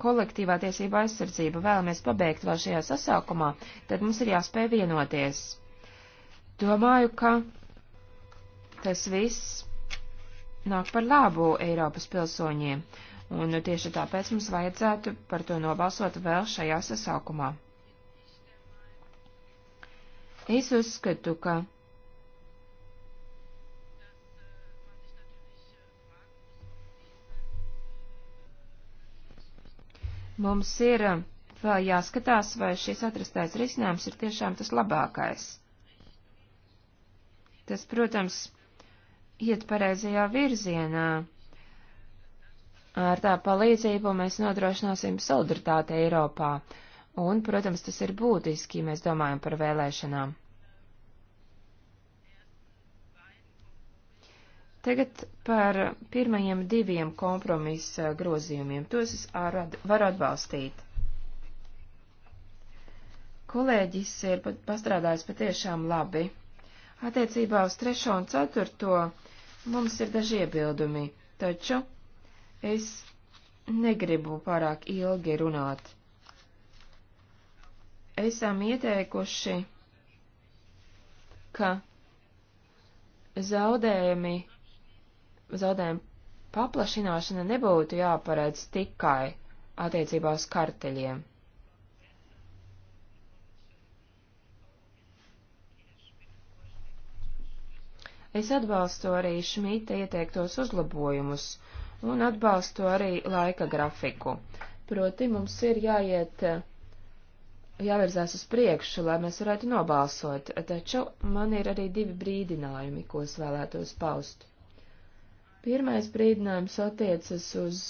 S3: kolektīvā tiesība aizsardzība vēlamies pabeigt vēl šajā sasaukumā, tad mums ir jāspēj vienoties. Domāju, ka tas viss nāk par labu Eiropas pilsoņiem, un tieši tāpēc mums vajadzētu par to nobalsot vēl šajā sasaukumā. Es uzskatu, ka mums ir eh, vēl jāskatās, vai šis atrastais risinājums ir tiešām tas labākais. Tas, protams, iet pareizajā virzienā. Ar tā palīdzību mēs nodrošināsim solidaritāti Eiropā. Un, protams, tas ir būtiski, ja mēs domājam par vēlēšanām. Tagad par pirmajiem diviem kompromisa grozījumiem. Tos es varu atbalstīt. Kolēģis ir pastrādājis patiešām labi. Attiecībā uz trešo un ceturto mums ir daži iebildumi, taču es negribu pārāk ilgi runāt esam ieteikuši, ka zaudējumi, zaudējumi paplašināšana nebūtu jāparedz tikai attiecībā uz karteļiem. Es atbalstu arī Šmita ieteiktos uzlabojumus un atbalstu arī laika grafiku. Proti mums ir jāiet uh, jāvirzās uz priekšu, lai mēs varētu nobalsot, taču man ir arī divi brīdinājumi, ko es vēlētos paust. Pirmais brīdinājums attiecas uz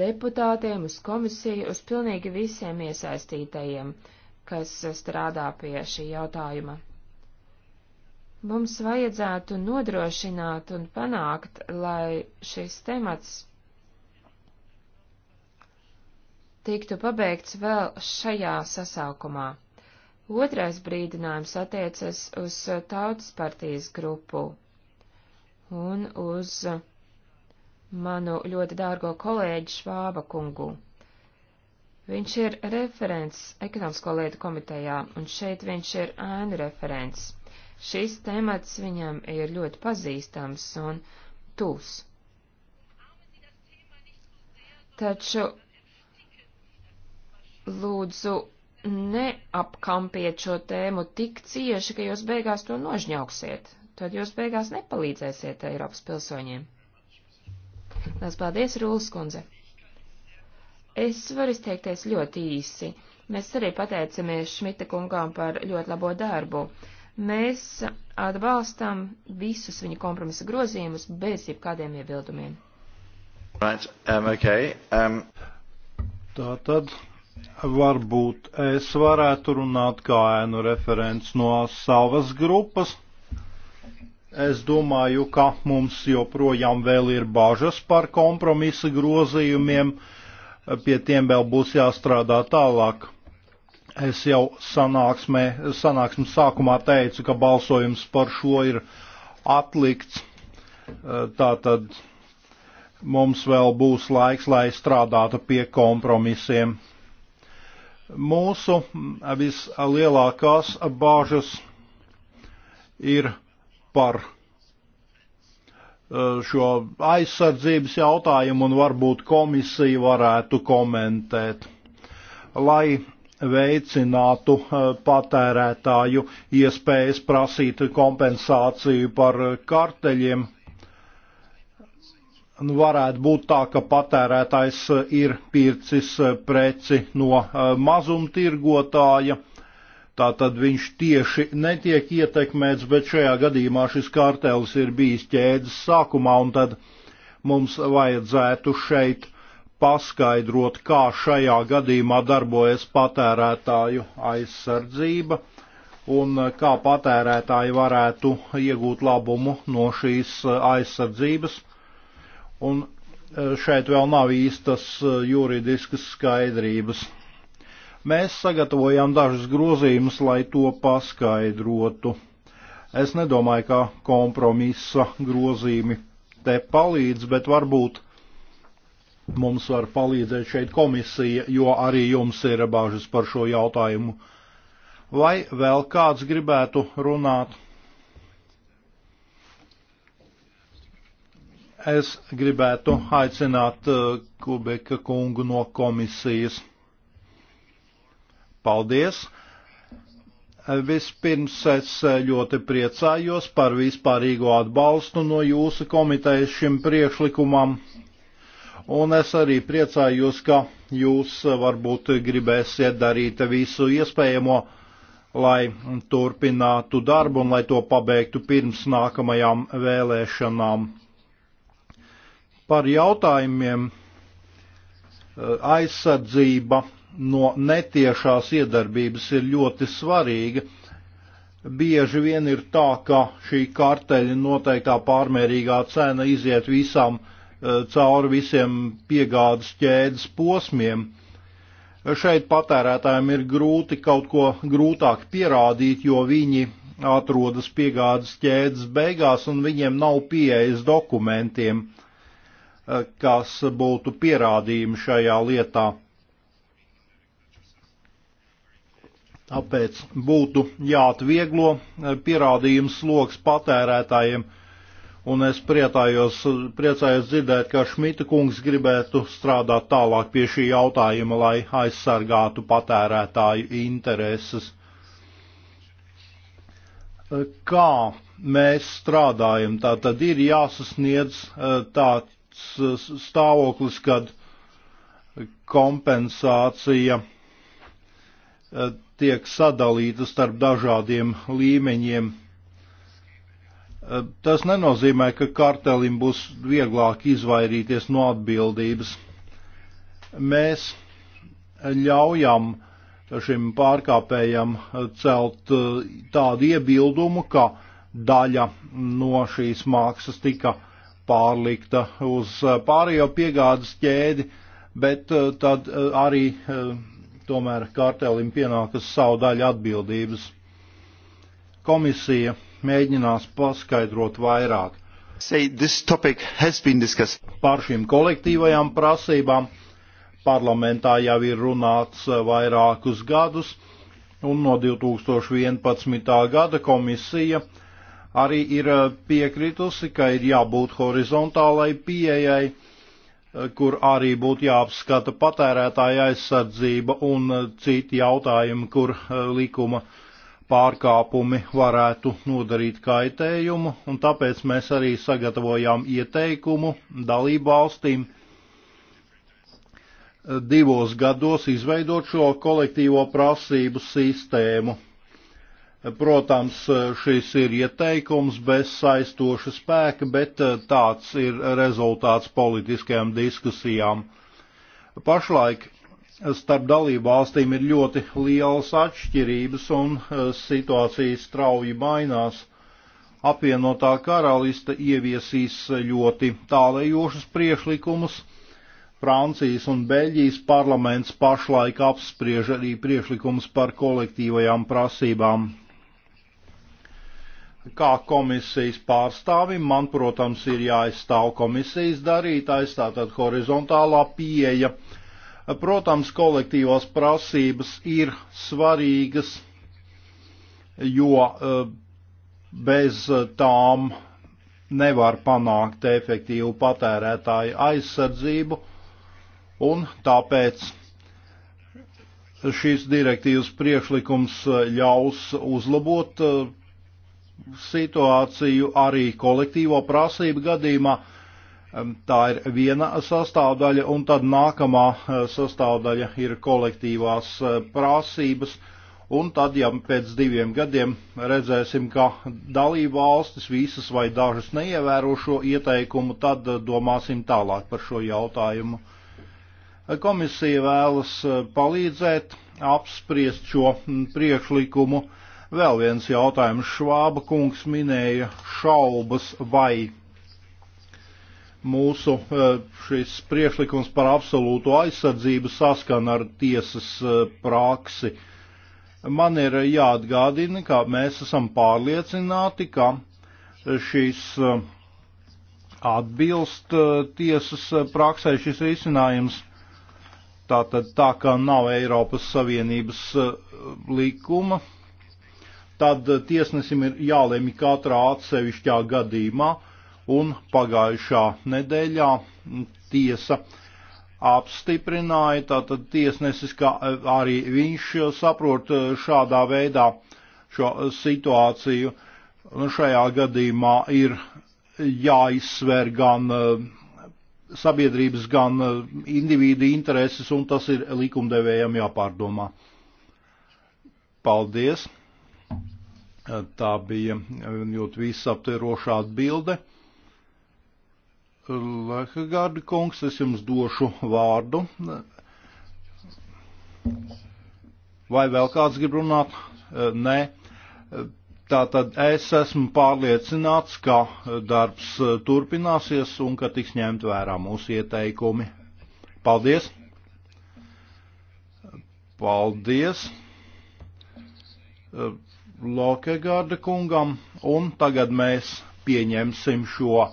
S3: deputātiem, uz komisiju, uz pilnīgi visiem iesaistītajiem, kas strādā pie šī jautājuma. Mums vajadzētu nodrošināt un panākt, lai šis temats tiktu pabeigts vēl šajā sasaukumā. Otrais brīdinājums attiecas uz Tautas partijas grupu un uz manu ļoti dārgo kolēģi Švāba kungu. Viņš ir referents ekonomisko lietu komitejā, un šeit viņš ir ēnu referents. Šis temats viņam ir ļoti pazīstams un tūs. Taču Lūdzu, neapkampiet šo tēmu tik cieši, ka jūs beigās to nožņauksiet. Tad jūs beigās nepalīdzēsiet Eiropas pilsoņiem. Lielas paldies, Rūlas kundze! Es varu izteikties ļoti īsi. Mēs arī pateicamies Šmita kungām par ļoti labo darbu. Mēs atbalstam visus viņa kompromisa grozījumus bez jebkādiem iebildumiem.
S1: Right. Um, okay. um... Tā tad Varbūt es varētu runāt kā ēnu referents no savas grupas. Es domāju, ka mums joprojām vēl ir bažas par kompromisa grozījumiem, pie tiem vēl būs jāstrādā tālāk. Es jau sanāksmē, sanāksmes sākumā teicu, ka balsojums par šo ir atlikts. Tātad mums vēl būs laiks, lai strādātu pie kompromisiem. Mūsu vislielākās bāžas ir par eh, šo aizsardzības jautājumu un varbūt komisija varētu komentēt, lai veicinātu eh, patērētāju iespējas prasīt kompensāciju par karteļiem Nu, varētu būt tā, ka patērētājs eh, ir pircis eh, preci no eh, mazumtirgotāja, tātad viņš tieši netiek ietekmēts, bet šajā gadījumā šis kārtels ir bijis ķēdes sākumā, un tad mums vajadzētu šeit paskaidrot, kā šajā gadījumā darbojas patērētāju aizsardzība un kā patērētāji varētu iegūt labumu no šīs aizsardzības Un e, šeit vēl nav īstas e, juridiskas skaidrības. Mēs sagatavojām dažus grozījumus, lai to paskaidrotu. Es nedomāju, ka kompromisa grozījumi te palīdz, bet varbūt mums var palīdzēt šeit komisija, jo arī jums ir bāžas par šo jautājumu. Vai vēl kāds gribētu runāt? Es gribētu aicināt uh, Kubeka kungu no komisijas. Paldies! Vispirms es uh, ļoti priecājos par vispārīgo atbalstu no jūsu komitejas šim priekšlikumam, un es arī priecājos, ka jūs uh, varbūt gribēsiet darīt visu iespējamo, lai turpinātu darbu un lai to pabeigtu pirms nākamajām vēlēšanām par jautājumiem eh, aizsardzība no netiešās iedarbības ir ļoti svarīga. Bieži vien ir tā, ka šī karteļa noteiktā pārmērīgā cena iziet visam eh, cauri visiem piegādes ķēdes posmiem. Šeit patērētājiem ir grūti kaut ko grūtāk pierādīt, jo viņi atrodas piegādes ķēdes beigās un viņiem nav pieejas dokumentiem kas būtu pierādījumi šajā lietā. Tāpēc būtu jāatvieglo pierādījums sloks patērētājiem, un es priecājos, priecājos dzirdēt, ka Šmita kungs gribētu strādāt tālāk pie šī jautājuma, lai aizsargātu patērētāju intereses. Kā mēs strādājam? Tā tad ir jāsasniedz eh, tā Eh, stāvoklis, kad kompensācija eh, tiek sadalīta starp dažādiem līmeņiem. Eh, tas nenozīmē, ka kartelim būs vieglāk izvairīties no atbildības. Mēs ļaujam šim pārkāpējam celt tādu iebildumu, ka daļa no šīs mākslas tika pārlikta uz eh, pārējo piegādes ķēdi, bet eh, tad eh, arī tomēr kartelim pienākas savu daļu atbildības. Komisija mēģinās paskaidrot vairāk. Say, Par šīm kolektīvajām prasībām parlamentā jau ir runāts vairākus gadus, un no 2011. gada komisija uh, arī ir eh, piekritusi, ka ir jābūt horizontālai pieejai, eh, kur arī būtu jāapskata patērētāja aizsardzība un eh, citi jautājumi, kur likuma pārkāpumi varētu nodarīt kaitējumu, un tāpēc mēs arī sagatavojām ieteikumu dalību valstīm divos gados izveidot šo kolektīvo prasību sistēmu Protams, eh, šis ir ieteikums bez saistoša spēka, bet eh, tāds ir rezultāts politiskajām diskusijām. Pašlaik eh, starp dalību valstīm ir ļoti lielas atšķirības un situācija strauji mainās. Apvienotā karalista ieviesīs ļoti tālējošus priekšlikumus. Francijas un Beļģijas parlaments pašlaik apspriež arī priekšlikumus par kolektīvajām prasībām kā komisijas pārstāvim, man, protams, ir jāizstāv komisijas darītājs, tātad horizontālā pieeja. Protams, kolektīvās prasības ir svarīgas, jo eh, bez tām nevar panākt efektīvu patērētāju aizsardzību, un tāpēc šīs direktīvas priekšlikums ļaus uzlabot eh, situāciju arī kolektīvo prasību gadījumā. Tā ir viena sastāvdaļa, un tad nākamā e, sastāvdaļa ir kolektīvās e, prasības. Un tad, ja pēc diviem gadiem redzēsim, ka dalība valstis visas vai dažas neievēro šo ieteikumu, tad e, domāsim tālāk par šo jautājumu. Komisija vēlas palīdzēt apspriest šo priekšlikumu Vēl viens jautājums. Švāba kungs minēja šaubas, vai mūsu eh, šis priekšlikums par absolūto aizsardzību saskan ar tiesas eh, praksi. Man ir jāatgādina, ka mēs esam pārliecināti, ka šīs eh, atbilst tiesas praksē šis risinājums. Tātad tā kā nav Eiropas Savienības likuma, tad eh, tiesnesim ir jālemj katrā atsevišķā gadījumā, un pagājušā nedēļā mm, tiesa apstiprināja, tātad tiesnesis, ka eh, arī viņš saprot eh, šādā veidā šo situāciju. Un nu, šajā gadījumā ir jāizsver gan sabiedrības, gan individu intereses, un tas ir likumdevējiem jāpārdomā. Paldies! Tā bija ļoti visaptverošā atbilde. Lekagārdi kungs, es jums došu vārdu. Vai vēl kāds grib runāt? Nē. Tātad es esmu pārliecināts, ka darbs turpināsies un ka tiks ņemt vērā mūsu ieteikumi. Paldies! Paldies! Lokegārda kungam, un tagad mēs pieņemsim šo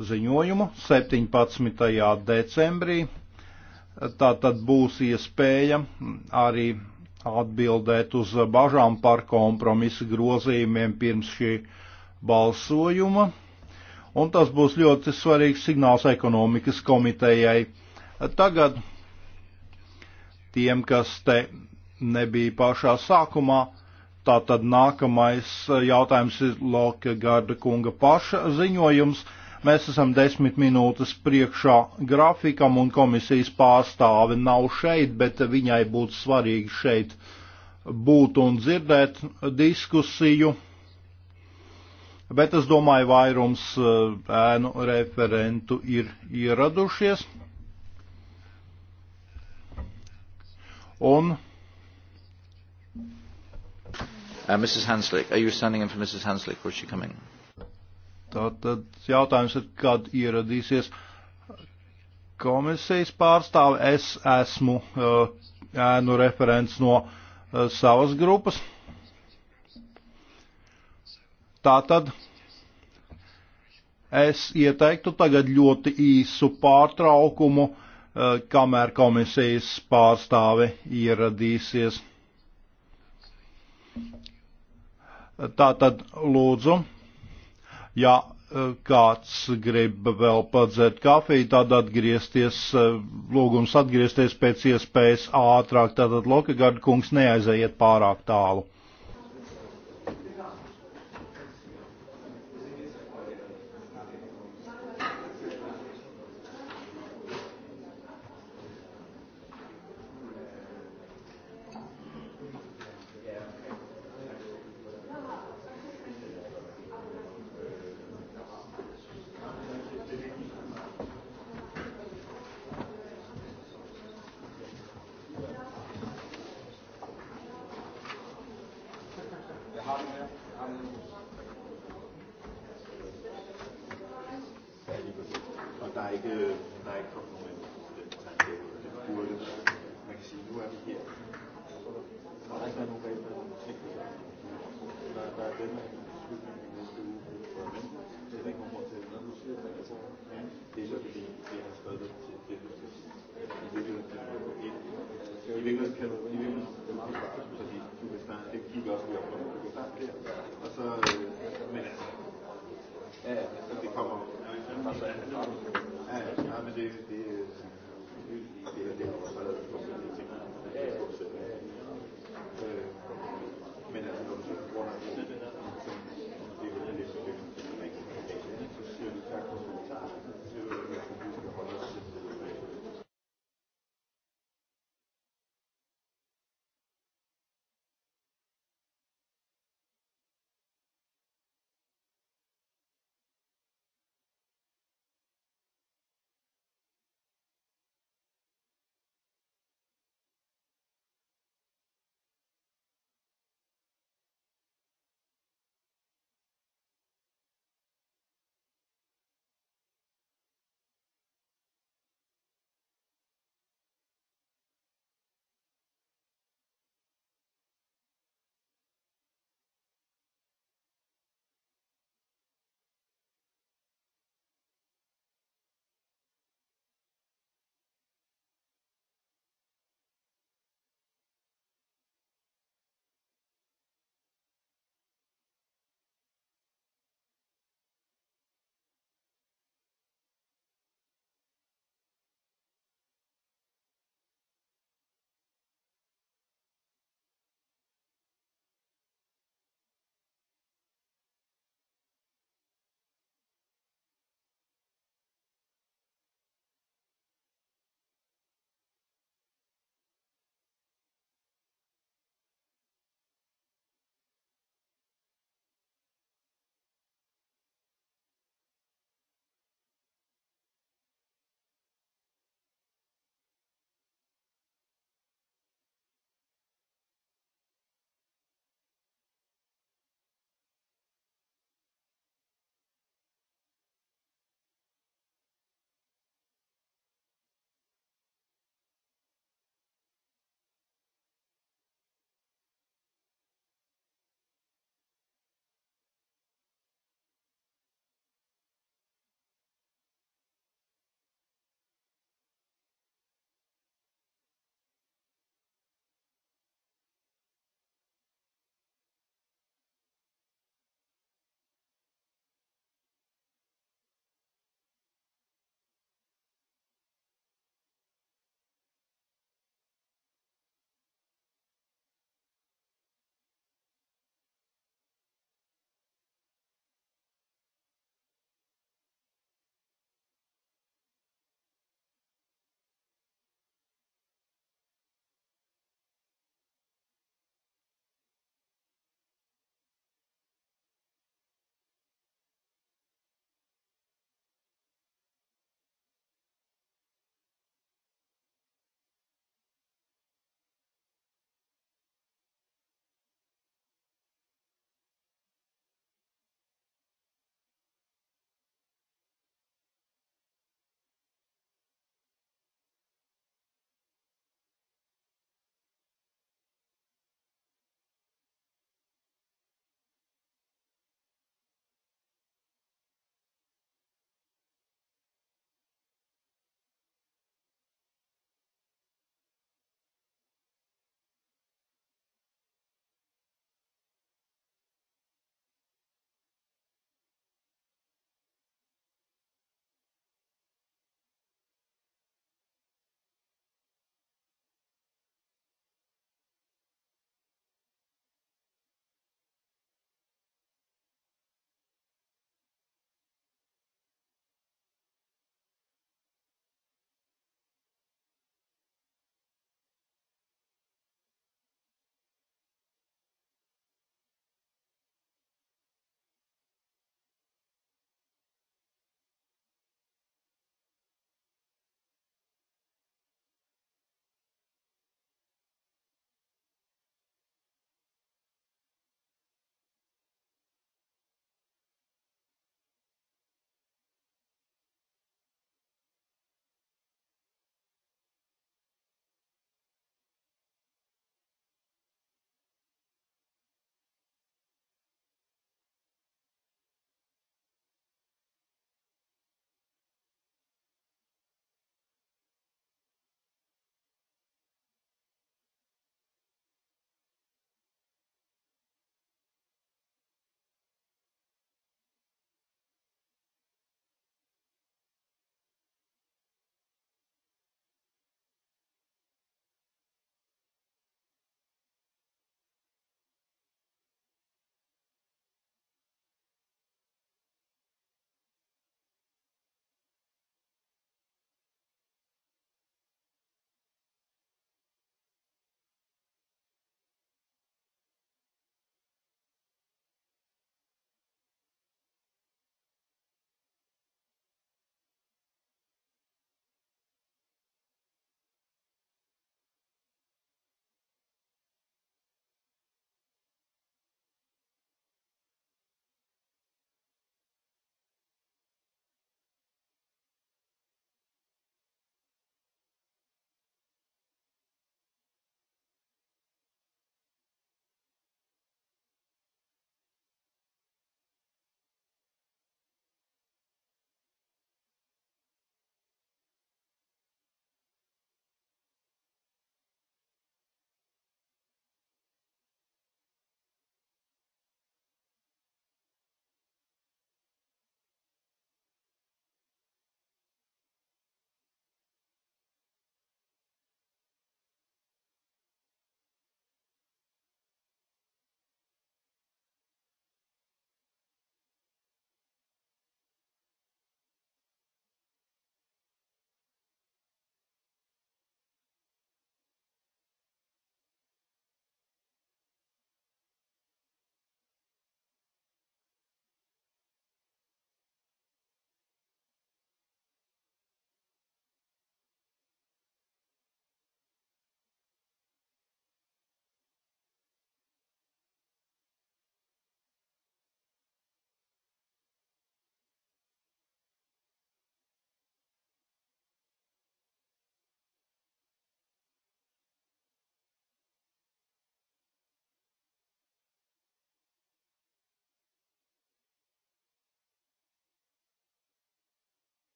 S1: ziņojumu 17. decembrī. Tā tad būs iespēja arī atbildēt uz bažām par kompromisa grozījumiem pirms šī balsojuma. Un tas būs ļoti svarīgs signāls ekonomikas komitejai. Tagad tiem, kas te nebija pašā sākumā, Tātad nākamais eh, jautājums ir Loka Garda kunga paša ziņojums. Mēs esam desmit minūtes priekšā grafikam un komisijas pārstāve nav šeit, bet viņai būtu svarīgi šeit būt un dzirdēt diskusiju. Bet es domāju, vairums eh, ēnu referentu ir ieradušies. Un Uh, Mrs. Hanslick, are you standing in for Mrs. Hanslick or is she coming? Tātad jautājums ir, kad ieradīsies komisijas pārstāve. Es esmu uh, ēnu referents no uh, savas grupas. Tātad es ieteiktu tagad ļoti īsu pārtraukumu, uh, kamēr komisijas pārstāve ieradīsies. Tā tad lūdzu, ja e, kāds grib vēl padzert kafiju, tad atgriezties, e, lūgums atgriezties pēc iespējas ātrāk, tātad Lokagard kungs neaizaiet pārāk tālu.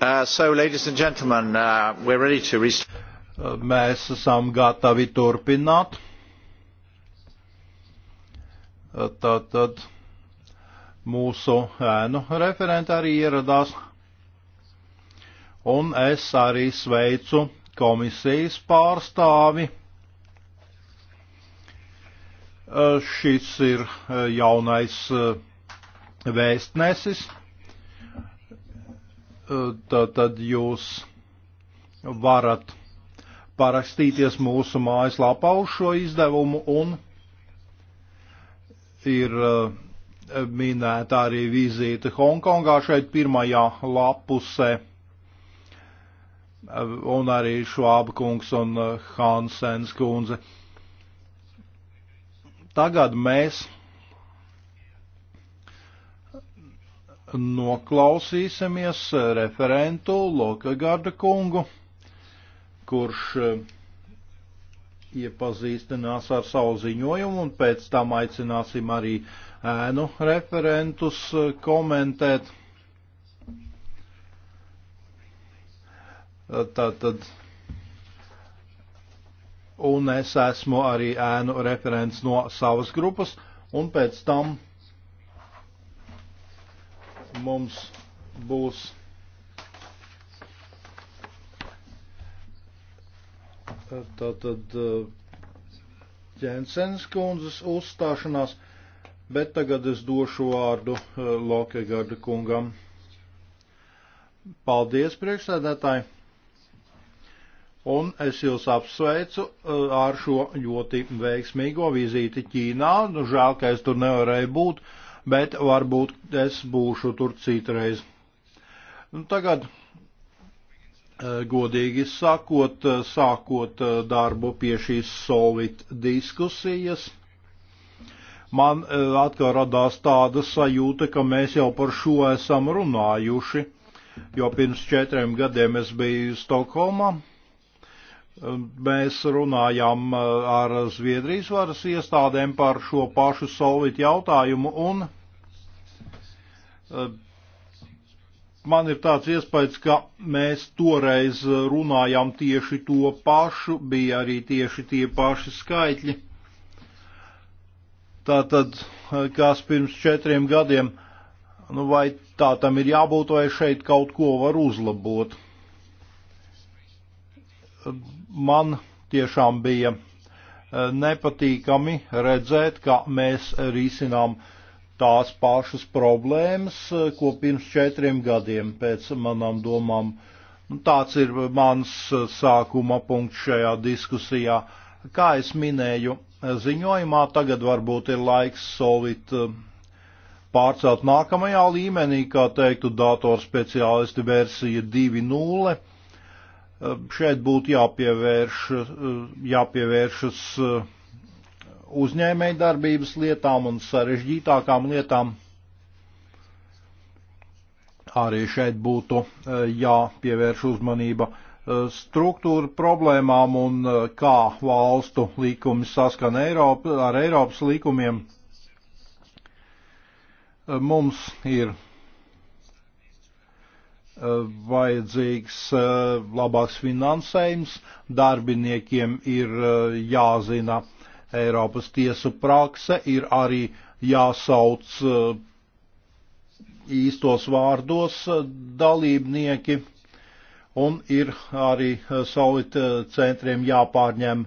S1: Uh, so, ladies and gentlemen, uh, we're ready to restart. Mēs esam gatavi turpināt. Tātad uh, mūsu ēnu referenti arī ieradās. Un es arī sveicu komisijas pārstāvi. Uh, šis ir uh, jaunais vēstnesis Tātad jūs varat parakstīties mūsu mājaslapā uz šo izdevumu un ir eh, minēta arī vizīte Hongkongā šeit pirmajā lapusē. Eh, un arī Švāba kungs un eh, Hansens kundze. Tagad mēs noklausīsimies referentu Lokagarda kungu, kurš eh, iepazīstinās ar savu ziņojumu un pēc tam aicināsim arī ēnu referentus eh, komentēt. Eh, tātad, un es esmu arī ēnu referents no savas grupas, un pēc tam mums būs tātad eh, Jensens kundzes uzstāšanās, bet tagad es došu vārdu eh, Lokegarda kungam. Paldies, priekšsēdētāji! Un es jūs apsveicu eh, ar šo ļoti veiksmīgo vizīti Ķīnā. Nu, žēl, ka es tur nevarēju būt, bet varbūt es būšu tur citreiz. Un nu, tagad, eh, godīgi sakot, eh, sākot eh, darbu pie šīs solvit diskusijas, man atkal radās tāda sajūta, ka mēs jau par šo esam runājuši, jo pirms četriem gadiem es biju Stokholmā. Mēs runājām ar Zviedrijas varas iestādēm par šo pašu solvit jautājumu un Eh, man ir tāds iespējas, ka mēs toreiz runājām tieši to pašu, bija arī tieši tie paši skaitļi. Tātad, eh, kas pirms četriem gadiem, nu vai tā tam ir jābūt, vai šeit kaut ko var uzlabot. Eh, man tiešām bija nepatīkami redzēt, ka mēs risinām uh, tās pašas problēmas, eh, ko pirms četriem gadiem pēc manām domām. Nu, tāds ir mans eh, sākuma punkts šajā diskusijā. Kā es minēju eh, ziņojumā, tagad varbūt ir laiks solīt pārcelt nākamajā līmenī, kā teiktu datorspeciālisti versija 2.0. Šeit būtu jāpievērš, jāpievēršas uzņēmēju darbības lietām un sarežģītākām lietām. Arī šeit būtu e, jāpievērš uzmanība e, struktūra problēmām un e, kā valstu likumi saskan Eiropa, ar Eiropas likumiem. Mums ir vajadzīgs labāks finansējums, darbiniekiem ir jāzina, Eiropas tiesu prakse ir arī jāsauc eh, īstos vārdos eh, dalībnieki un ir arī eh, solid centriem jāpārņem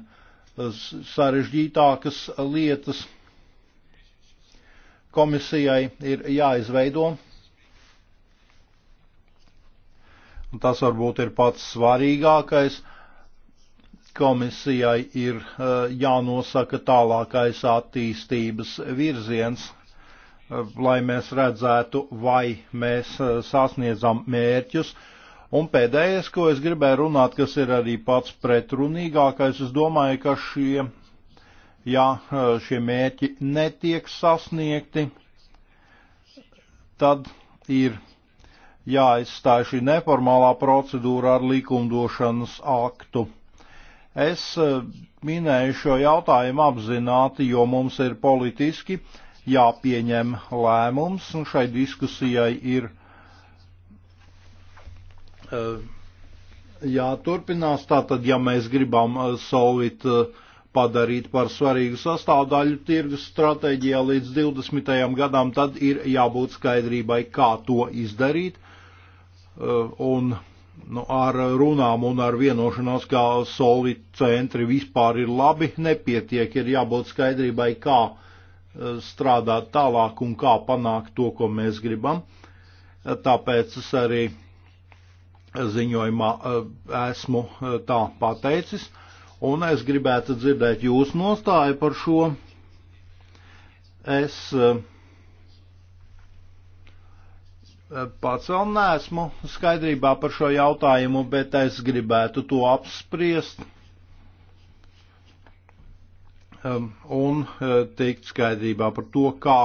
S1: sarežģītākas lietas. Komisijai ir jāizveido, un tas varbūt ir pats svarīgākais, komisijai ir e, jānosaka tālākais attīstības virziens, e, lai mēs redzētu, vai mēs e, sasniedzam mērķus. Un pēdējais, ko es gribēju runāt, kas ir arī pats pretrunīgākais, es domāju, ka šie, ja šie mērķi netiek sasniegti, tad ir jāizstāj šī neformālā procedūra ar likumdošanas aktu. Es e, minēju šo jautājumu apzināti, jo mums ir politiski jāpieņem lēmums, un šai diskusijai ir e, jāturpinās. Tātad, ja mēs gribam e, solvit padarīt par svarīgu sastāvdaļu tirgus stratēģijā līdz 20. gadam, tad ir jābūt skaidrībai, kā to izdarīt. Un nu, ar runām un ar vienošanos, kā soli centri vispār ir labi, nepietiek, ir jābūt skaidrībai, kā e, strādāt tālāk un kā panākt to, ko mēs gribam. E, tāpēc es arī ziņojumā e, esmu tā pateicis, un es gribētu dzirdēt jūsu nostāju par šo. Es uh, Eh, pats vēl neesmu skaidrībā par šo jautājumu, bet es gribētu to apspriest un eh, teikt skaidrībā par to, kā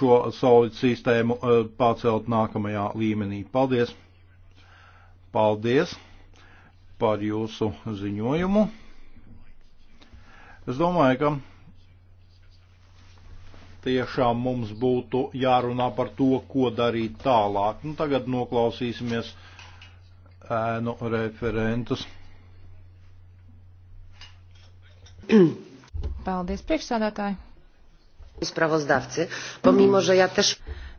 S1: šo solid sistēmu eh, pacelt nākamajā līmenī. Paldies! Paldies par jūsu ziņojumu! Es domāju, ka tiešām mums būtu jārunā par to, ko darīt tālāk. Nu, tagad noklausīsimies ēnu referentus.
S2: Paldies, priekšsādātāji! Sprawozdawcy, pomimo, że ja też.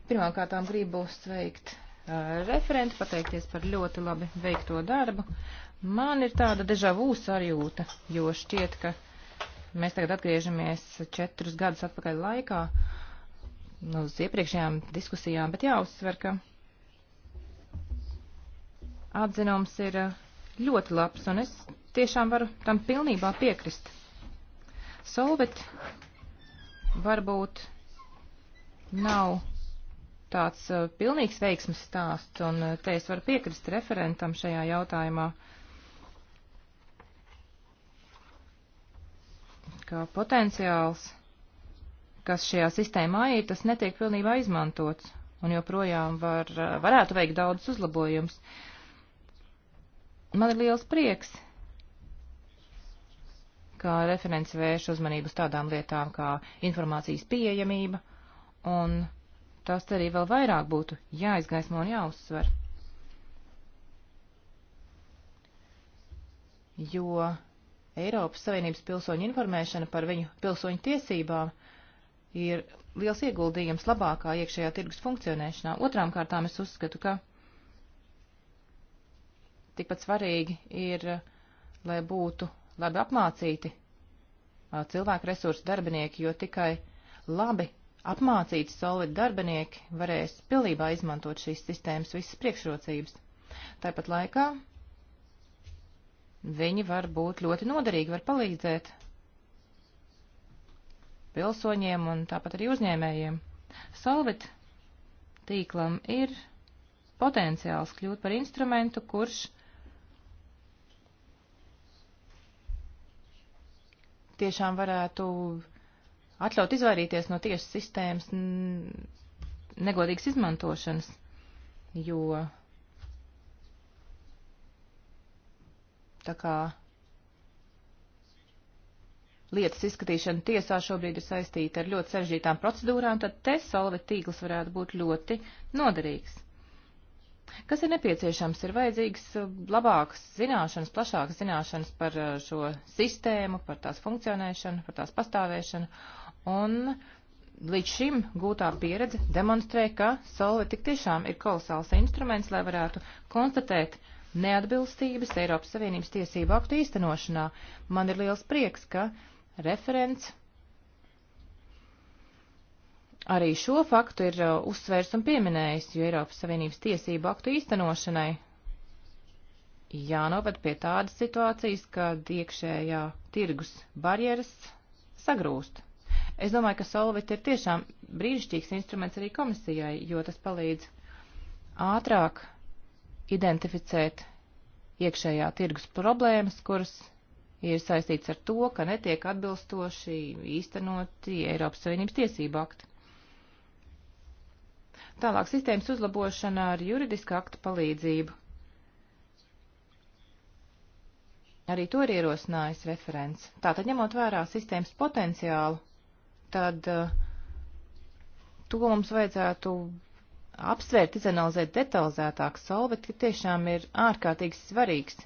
S2: Pirmkārt, gribu sveikt uh, referentu, pateikties par ļoti labi veikto darbu. Man ir tāda deja vu sarjūta, jo šķiet, ka uh, Mēs tagad atgriežamies četrus gadus atpakaļ laikā uz iepriekšējām diskusijām, bet jāuzsver, ka atzinums ir eh, ļoti labs, un es tiešām varu tam pilnībā piekrist. Solvit varbūt nav tāds eh, pilnīgs veiksmes stāsts, un eh, te es varu piekrist referentam šajā jautājumā. Uh, ka potenciāls, kas šajā sistēmā ir, tas netiek pilnībā izmantots un joprojām var, varētu veikt daudz uzlabojums. Man ir liels prieks, ka referents vērš uzmanību uz tādām lietām kā informācijas pieejamība, un tas arī vēl vairāk būtu jāizgaismo un jāuzsver. Jo Eiropas Savienības pilsoņu informēšana par viņu pilsoņu tiesībām ir liels ieguldījums labākā iekšējā tirgus funkcionēšanā. Otrām kārtām es uzskatu, ka tikpat svarīgi ir, lai būtu labi apmācīti cilvēku resursu darbinieki, jo tikai labi apmācīti solidi darbinieki varēs pilnībā izmantot šīs sistēmas visas priekšrocības. Tāpat laikā Viņi var būt ļoti noderīgi, var palīdzēt pilsoņiem un tāpat arī uzņēmējiem. Solvit tīklam ir potenciāls kļūt par instrumentu, kurš tiešām varētu atļaut izvairīties no tiesu sistēmas negodīgas izmantošanas, jo Tā kā lietas izskatīšana tiesā šobrīd ir saistīta ar ļoti sarežģītām procedūrām, tad te solvet tīkls varētu būt ļoti noderīgs. Kas ir nepieciešams? Ir vajadzīgs uh, labāks zināšanas, plašāks zināšanas par uh, šo sistēmu, par tās funkcionēšanu, par tās pastāvēšanu, un līdz šim gūtā pieredze demonstrē, ka solve tik tiešām ir kolosāls instruments, lai varētu konstatēt uh, neatbilstības Eiropas Savienības tiesību aktu īstenošanā. Man ir liels prieks, ka referents arī šo faktu ir uh, uzsvērs un pieminējis, jo Eiropas Savienības tiesību aktu īstenošanai jānovad pie tādas situācijas, kad iekšējā tirgus barjeras sagrūst. Es domāju, ka Solvit ir tiešām brīnišķīgs instruments arī komisijai, jo tas palīdz ātrāk identificēt iekšējā tirgus problēmas, kuras ir saistīts ar to, ka netiek atbilstoši īstenoti Eiropas Savienības tiesību akti. Tālāk sistēmas uzlabošana ar juridiska akta palīdzību. Arī to ir ierosinājis referents. Tātad, ņemot vērā sistēmas potenciālu, tad uh, to mums vajadzētu apsvērt, izanalizēt detalizētāk solvet, ka tiešām ir ārkārtīgi svarīgs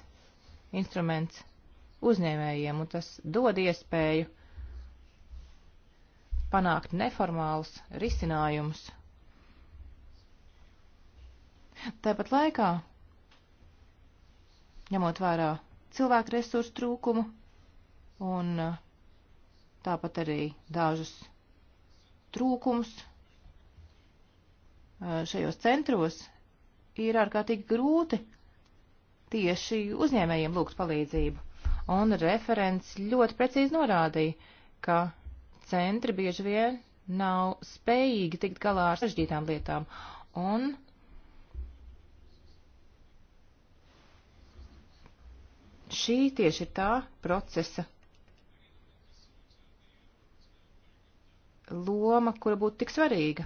S2: instruments uzņēmējiem, un tas dod iespēju panākt neformālus risinājumus. Tāpat laikā, ņemot vērā cilvēku resursu trūkumu un uh, tāpat arī dažus trūkums šajos centros ir ārkārtīgi grūti tieši uzņēmējiem lūgt palīdzību. Un referents ļoti precīzi norādīja, ka centri bieži vien nav spējīgi tikt galā ar sažģītām lietām. Un šī tieši ir tā procesa loma, kura būtu tik svarīga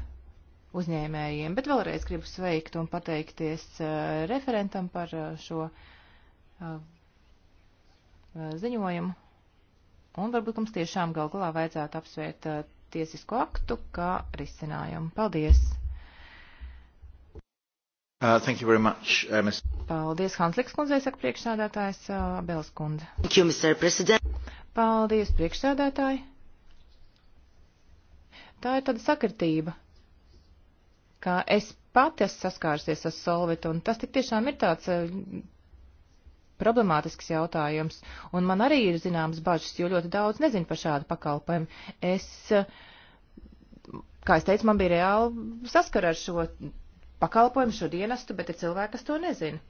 S2: uzņēmējiem. Bet vēlreiz gribu sveikt un pateikties uh, referentam par uh, šo uh, ziņojumu. Un varbūt mums tiešām gal galā vajadzētu apsvērt tiesisko aktu kā risinājumu. Paldies!
S1: Uh, thank you very much, uh, Ms.
S2: Paldies, Hansliks kundzei, saka priekšsādātājs uh, Bels kundze.
S1: Thank you, Mr. President.
S2: Paldies, priekšsādātāji. Tā ir tāda sakritība ka es pati esmu saskārusies ar solvitu, un tas tik tiešām ir tāds eh, problemātisks jautājums, un man arī ir zināmas bažas, jo ļoti daudz nezinu par šādu pakalpojumu. Es, eh, kā es teicu, man bija reāli saskara ar šo pakalpojumu, šo dienestu, bet ir cilvēki, kas to nezina.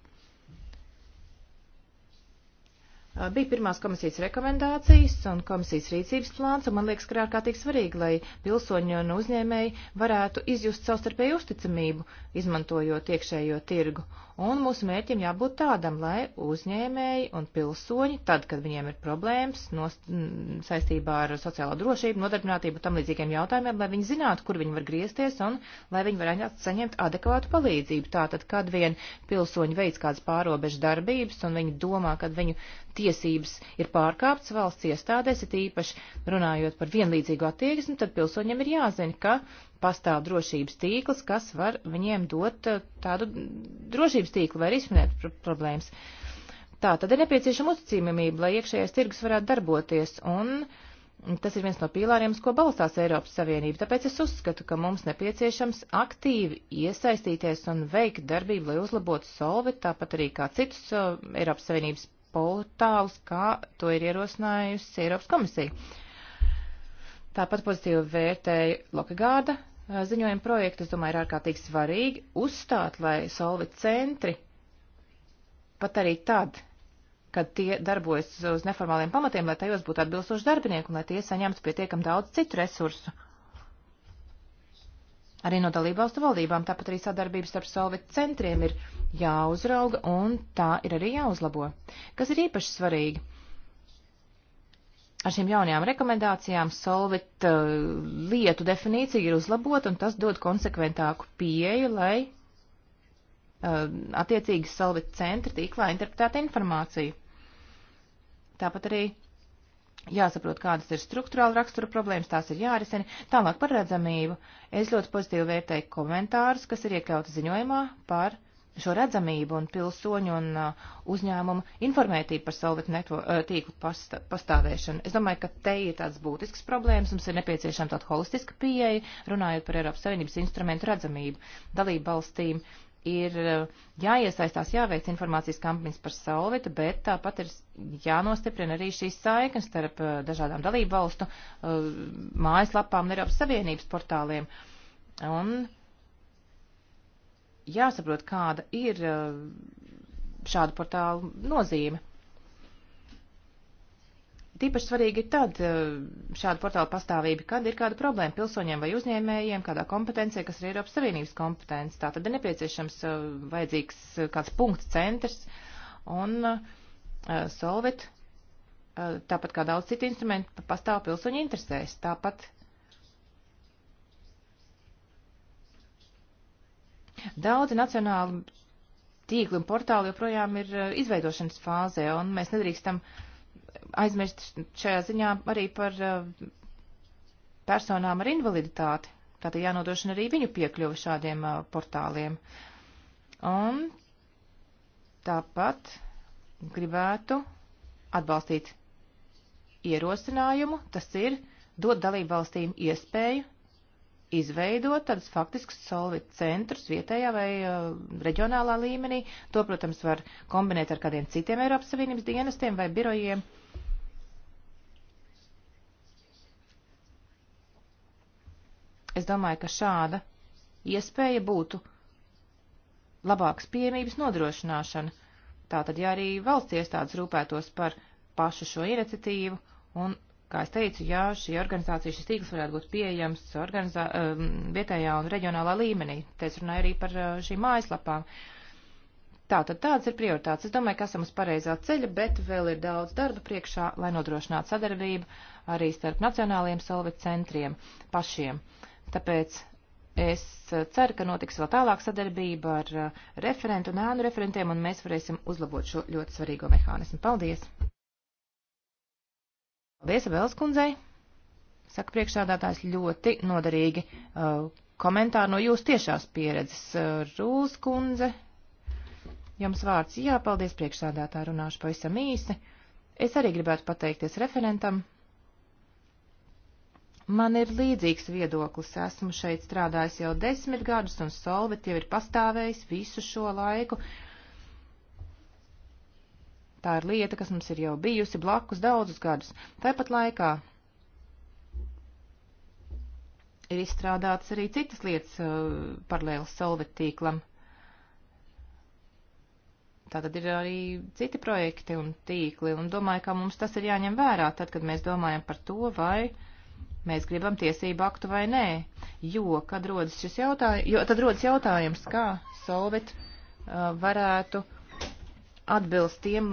S2: Bija pirmās komisijas rekomendācijas un komisijas rīcības plāns, un man liekas, ka ir ārkārtīgi svarīgi, lai pilsoņi un uzņēmēji varētu izjust savstarpēju uzticamību, izmantojot iekšējo tirgu. Un mūsu mērķim jābūt tādam, lai uzņēmēji un pilsoņi, tad, kad viņiem ir problēmas nost, m, saistībā ar sociālo drošību, nodarbinātību un tam līdzīgiem jautājumiem, lai viņi zinātu, kur viņi var griezties un lai viņi varētu saņemt adekvātu palīdzību. Tātad, kad vien pilsoņi veids kādas pārobežu darbības un viņi domā, kad viņu tiesības ir pārkāptas valsts iestādēs, ir īpaši runājot par vienlīdzīgu attieksmi, tad pilsoņiem ir jāzina, ka pastāv drošības tīkls, kas var viņiem dot uh, tādu drošības tīklu vai risināt pr problēmas. Tā tad ir nepieciešama uzticamība, lai iekšējais tirgus varētu darboties, un tas ir viens no pīlāriem, ko balstās Eiropas Savienība. Tāpēc es uzskatu, ka mums nepieciešams aktīvi iesaistīties un veikt darbību, lai uzlabotu solvi, tāpat arī kā citus uh, Eiropas Savienības portālus, kā to ir ierosinājusi Eiropas komisija. Tāpat pozitīvi vērtēja Lokagārda ziņojuma projektu, es domāju, ir ārkārtīgi svarīgi uzstāt, lai solvit centri pat arī tad, kad tie darbojas uz neformāliem pamatiem, lai tajos būtu atbilstoši darbinieki un lai tie saņemtu pietiekam daudz citu resursu. Arī no dalībvalstu valdībām, tāpat arī sadarbības starp solvit centriem ir jāuzrauga un tā ir arī jāuzlabo. Kas ir īpaši svarīgi? ar šīm jaunajām rekomendācijām solvit uh, lietu definīcija ir uzlabota, un tas dod konsekventāku pieeju, lai uh, attiecīgi solvit centri tīklā interpretētu informāciju. Tāpat arī jāsaprot, kādas ir struktūrāla rakstura problēmas, tās ir jārisina. Tālāk par redzamību. Es ļoti pozitīvi vērtēju komentārus, kas ir iekļauti ziņojumā par uh, šo redzamību un pilsoņu un uh, uzņēmumu informētību par savu netvo, uh, tīklu past, pastāvēšanu. Es domāju, ka te ir tāds būtisks problēmas, mums ir nepieciešama tāda holistiska pieeja, runājot par Eiropas Savienības instrumentu redzamību. Dalību valstīm ir uh, jāiesaistās, jāveic informācijas kampaņas par solvitu, bet tāpat ir jānostiprina arī šīs saiknes starp uh, dažādām dalību valstu uh, mājaslapām un Eiropas Savienības portāliem. Un jāsaprot, kāda ir uh, šādu portālu nozīme. Tīpaši svarīgi ir tad uh, šāda portāla pastāvība, kad ir kāda problēma pilsoņiem vai uzņēmējiem, kādā kompetencijā, kas ir Eiropas Savienības kompetence. Tā tad ir nepieciešams uh, vajadzīgs kāds punkts centrs un uh, solvit, uh, tāpat kā daudz citu instrumentu, pastāv pilsoņu interesēs. Tāpat Daudzi nacionāli tīkli un portāli joprojām ir eh, izveidošanas fāzē, un mēs nedrīkstam aizmirst šajā ziņā arī par eh, personām ar invaliditāti. Tātad jānodrošina arī viņu piekļuvi šādiem eh, portāliem. Un tāpat gribētu atbalstīt ierosinājumu, tas ir dot dalībvalstīm iespēju izveidot tādus faktiskus solvit centrus vietējā vai uh, reģionālā līmenī. To, protams, var kombinēt ar kādiem citiem Eiropas Savienības dienestiem vai birojiem. Es domāju, ka šāda iespēja būtu labākas pieejamības nodrošināšana. Tātad, ja arī valsts iestādes rūpētos par pašu šo iniciatīvu un Kā es teicu, jā, šī organizācija, šis tīkls varētu būt pieejams organizā, um, vietējā un reģionālā līmenī. Te es runāju arī par uh, šīm mājaslapām. Tātad tāds ir prioritāts. Es domāju, ka esam uz pareizā ceļa, bet vēl ir daudz darba priekšā, lai nodrošinātu sadarbību arī starp nacionāliem solvit centriem pašiem. Tāpēc Es uh, ceru, ka notiks vēl tālāk sadarbība ar uh, referentu un ēnu referentiem, un mēs varēsim uzlabot šo ļoti svarīgo mehānismu. Paldies! Paldies, Abels kundzei! Saka priekšsādātājs ļoti noderīgi uh, komentāri no jūsu tiešās pieredzes. Uh, Rūs kundze, jums vārds jāpaldies priekšsādātā, runāšu pavisam īsi. Es arī gribētu pateikties referentam. Man ir līdzīgs viedoklis, esmu šeit strādājis jau desmit gadus un Solvet jau ir pastāvējis visu šo laiku. Uh, Tā ir lieta, kas mums ir jau bijusi blakus daudzus gadus. Tāpat laikā ir izstrādātas arī citas lietas uh, paralēlas solvet tīklam. Tātad ir arī citi projekti un tīkli, un domāju, ka mums tas ir jāņem vērā, tad, kad mēs domājam par to, vai mēs gribam tiesību aktu vai nē. Jo, kad rodas šis jautājums, jo tad rodas jautājums, kā solvet uh, varētu uh, atbilst tiem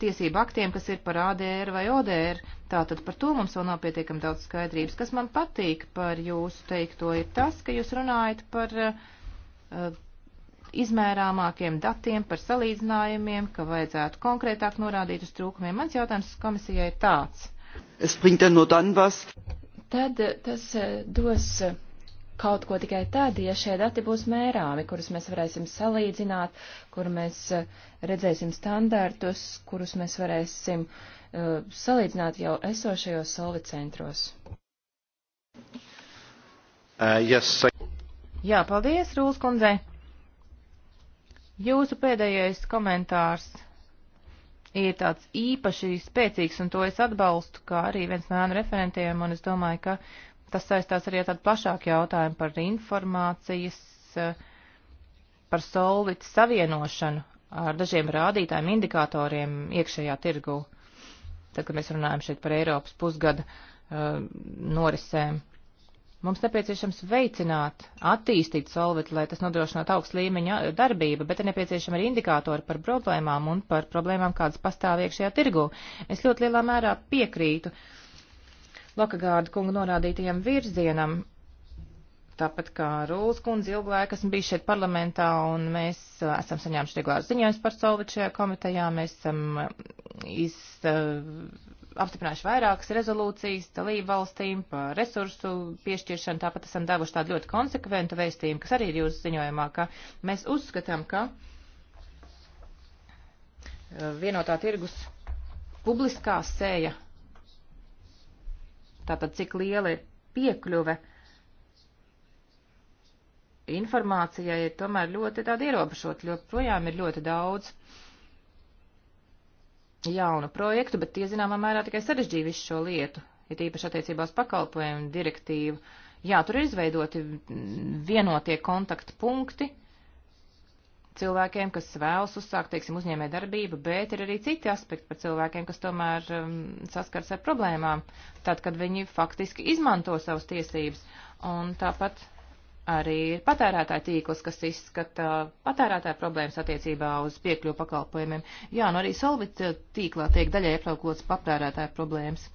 S2: tiesību aktiem, kas ir par ADR vai ODR. Tātad par to mums vēl nav pietiekami daudz skaidrības. Kas man patīk par jūsu teikto ir tas, ka jūs runājat par uh, izmērāmākiem datiem, par salīdzinājumiem, ka vajadzētu konkrētāk norādīt uz trūkumiem. Mans jautājums komisijai ir tāds.
S3: Es bringt no dan was. Tad tas eh, dos eh, kaut ko tikai tad, ja šie dati būs mērāmi, kurus mēs varēsim salīdzināt, kur mēs eh, redzēsim standartus, kurus mēs varēsim uh, salīdzināt jau esošajos solvi centros.
S1: Uh, yes, I...
S3: Jā, paldies, Rūs kundzei.
S2: Jūsu pēdējais komentārs ir tāds īpaši spēcīgs, un to es atbalstu, kā arī viens no ēnu referentiem, un es domāju, ka Tas saistās arī ar tādu plašāku jautājumu par informācijas, par solīti savienošanu ar dažiem rādītājiem, indikatoriem iekšējā tirgu. Tad, kad mēs runājam šeit par Eiropas pusgada uh, norisēm, mums nepieciešams veicināt, attīstīt solvit, lai tas nodrošinātu augstu līmeņa darbību, bet ir nepieciešama arī indikātori par problēmām un par problēmām, kādas pastāv iekšējā tirgu. Es ļoti lielā mērā piekrītu uh, Lokagārda kunga norādītajam virzienam, tāpat kā Rūlas kundze ilgu laiku esmu bijis šeit parlamentā, un mēs uh, esam saņēmuši regulāru ziņojumus par Solviču šajā komitejā. Mēs esam uh, iz, uh, apstiprinājuši vairākas rezolūcijas dalību valstīm par resursu piešķiršanu, tāpat esam devuši tādu ļoti konsekventu vēstījumu, kas arī ir jūsu ziņojumā, ka mēs uzskatām, ka vienotā tirgus publiskā sēja Tātad, cik liela ir piekļuve informācijai, ir tomēr ļoti tāda ierobežota, jo projām ir ļoti daudz jaunu projektu, bet tie zināmā mērā tikai sarežģīja visu šo lietu, ir ja īpaši attiecībās pakalpojumu direktīvu. Jā, tur ir izveidoti mm, vienotie kontaktpunkti, punkti, cilvēkiem, kas vēlas uzsākt, teiksim, uzņēmē darbību, bet ir arī citi aspekti par cilvēkiem, kas tomēr um, saskars ar problēmām, tad, kad viņi faktiski izmanto savas tiesības. Un tāpat arī ir patērētāja tīkls, kas izskata patērētāja problēmas attiecībā uz piekļuvu pakalpojumiem. Jā, nu arī Solvit tīklā tiek daļai ieplaukots patērētāja problēmas.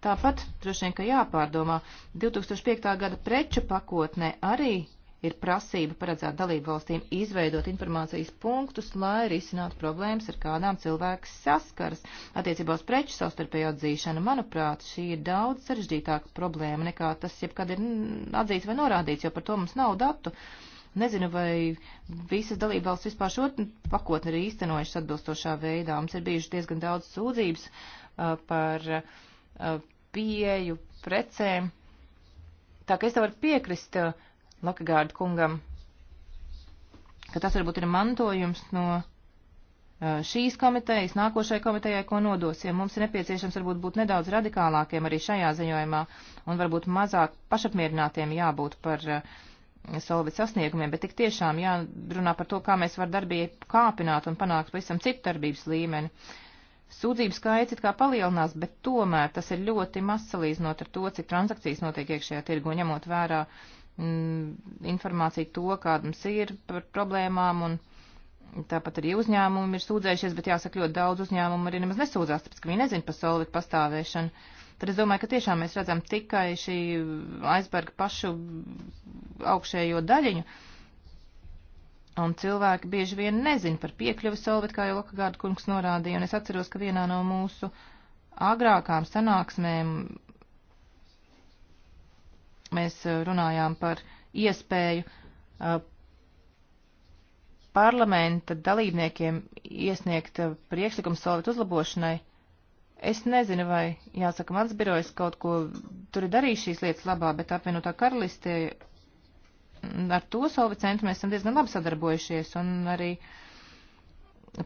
S2: Tāpat droši vien, ka jāpārdomā, 2005. gada preču pakotnē arī ir prasība paredzēt dalību valstīm izveidot informācijas punktus, lai risinātu problēmas, ar kādām cilvēks saskaras. Attiecībā uz preču savstarpējo atzīšanu, manuprāt, šī ir daudz sarežģītāka problēma nekā tas jebkad ir atzīts vai norādīts, jo par to mums nav datu. Nezinu, vai visas dalībvalsts vispār šo pakotni ir īstenojušas atbilstošā veidā. Mums ir bijuši diezgan daudz sūdzības uh, par uh, pieeju precēm. Tā ka es tev varu piekrist uh, Lakagārda kungam, ka tas varbūt ir mantojums no šīs komitejas, nākošai komitejai, ko nodosim. Mums ir nepieciešams varbūt būt nedaudz radikālākiem arī šajā ziņojumā un varbūt mazāk pašapmierinātiem jābūt par solvit sasniegumiem, bet tik tiešām jārunā par to, kā mēs var darbību kāpināt un panākt pavisam citu darbības līmeni. Sūdzību skaits it kā palielinās, bet tomēr tas ir ļoti maz salīdzinot ar to, cik transakcijas notiek iekšējā tirgu, ņemot vērā uh, informāciju to, kāda mums ir par problēmām, un tāpat arī uzņēmumi ir sūdzējušies, bet jāsaka, ļoti daudz uzņēmumu arī nemaz nesūdzās, tāpēc, ka viņi nezina par solvitu pastāvēšanu. Tad es domāju, ka tiešām mēs redzam tikai šī aizberga pašu augšējo daļiņu, un cilvēki bieži vien nezina par piekļuvi solvitu, kā jau Lokagārda kungs norādīja, un es atceros, ka vienā no mūsu agrākām sanāksmēm Mēs eh, runājām par iespēju eh, parlamenta dalībniekiem iesniegt eh, priekšlikumu solvit uzlabošanai. Es nezinu, vai, jāsaka, mans birojs kaut ko tur ir darījis šīs lietas labā, bet apvienotā karalistē mm, ar to solvit centru mēs esam diezgan labi sadarbojušies un arī uh,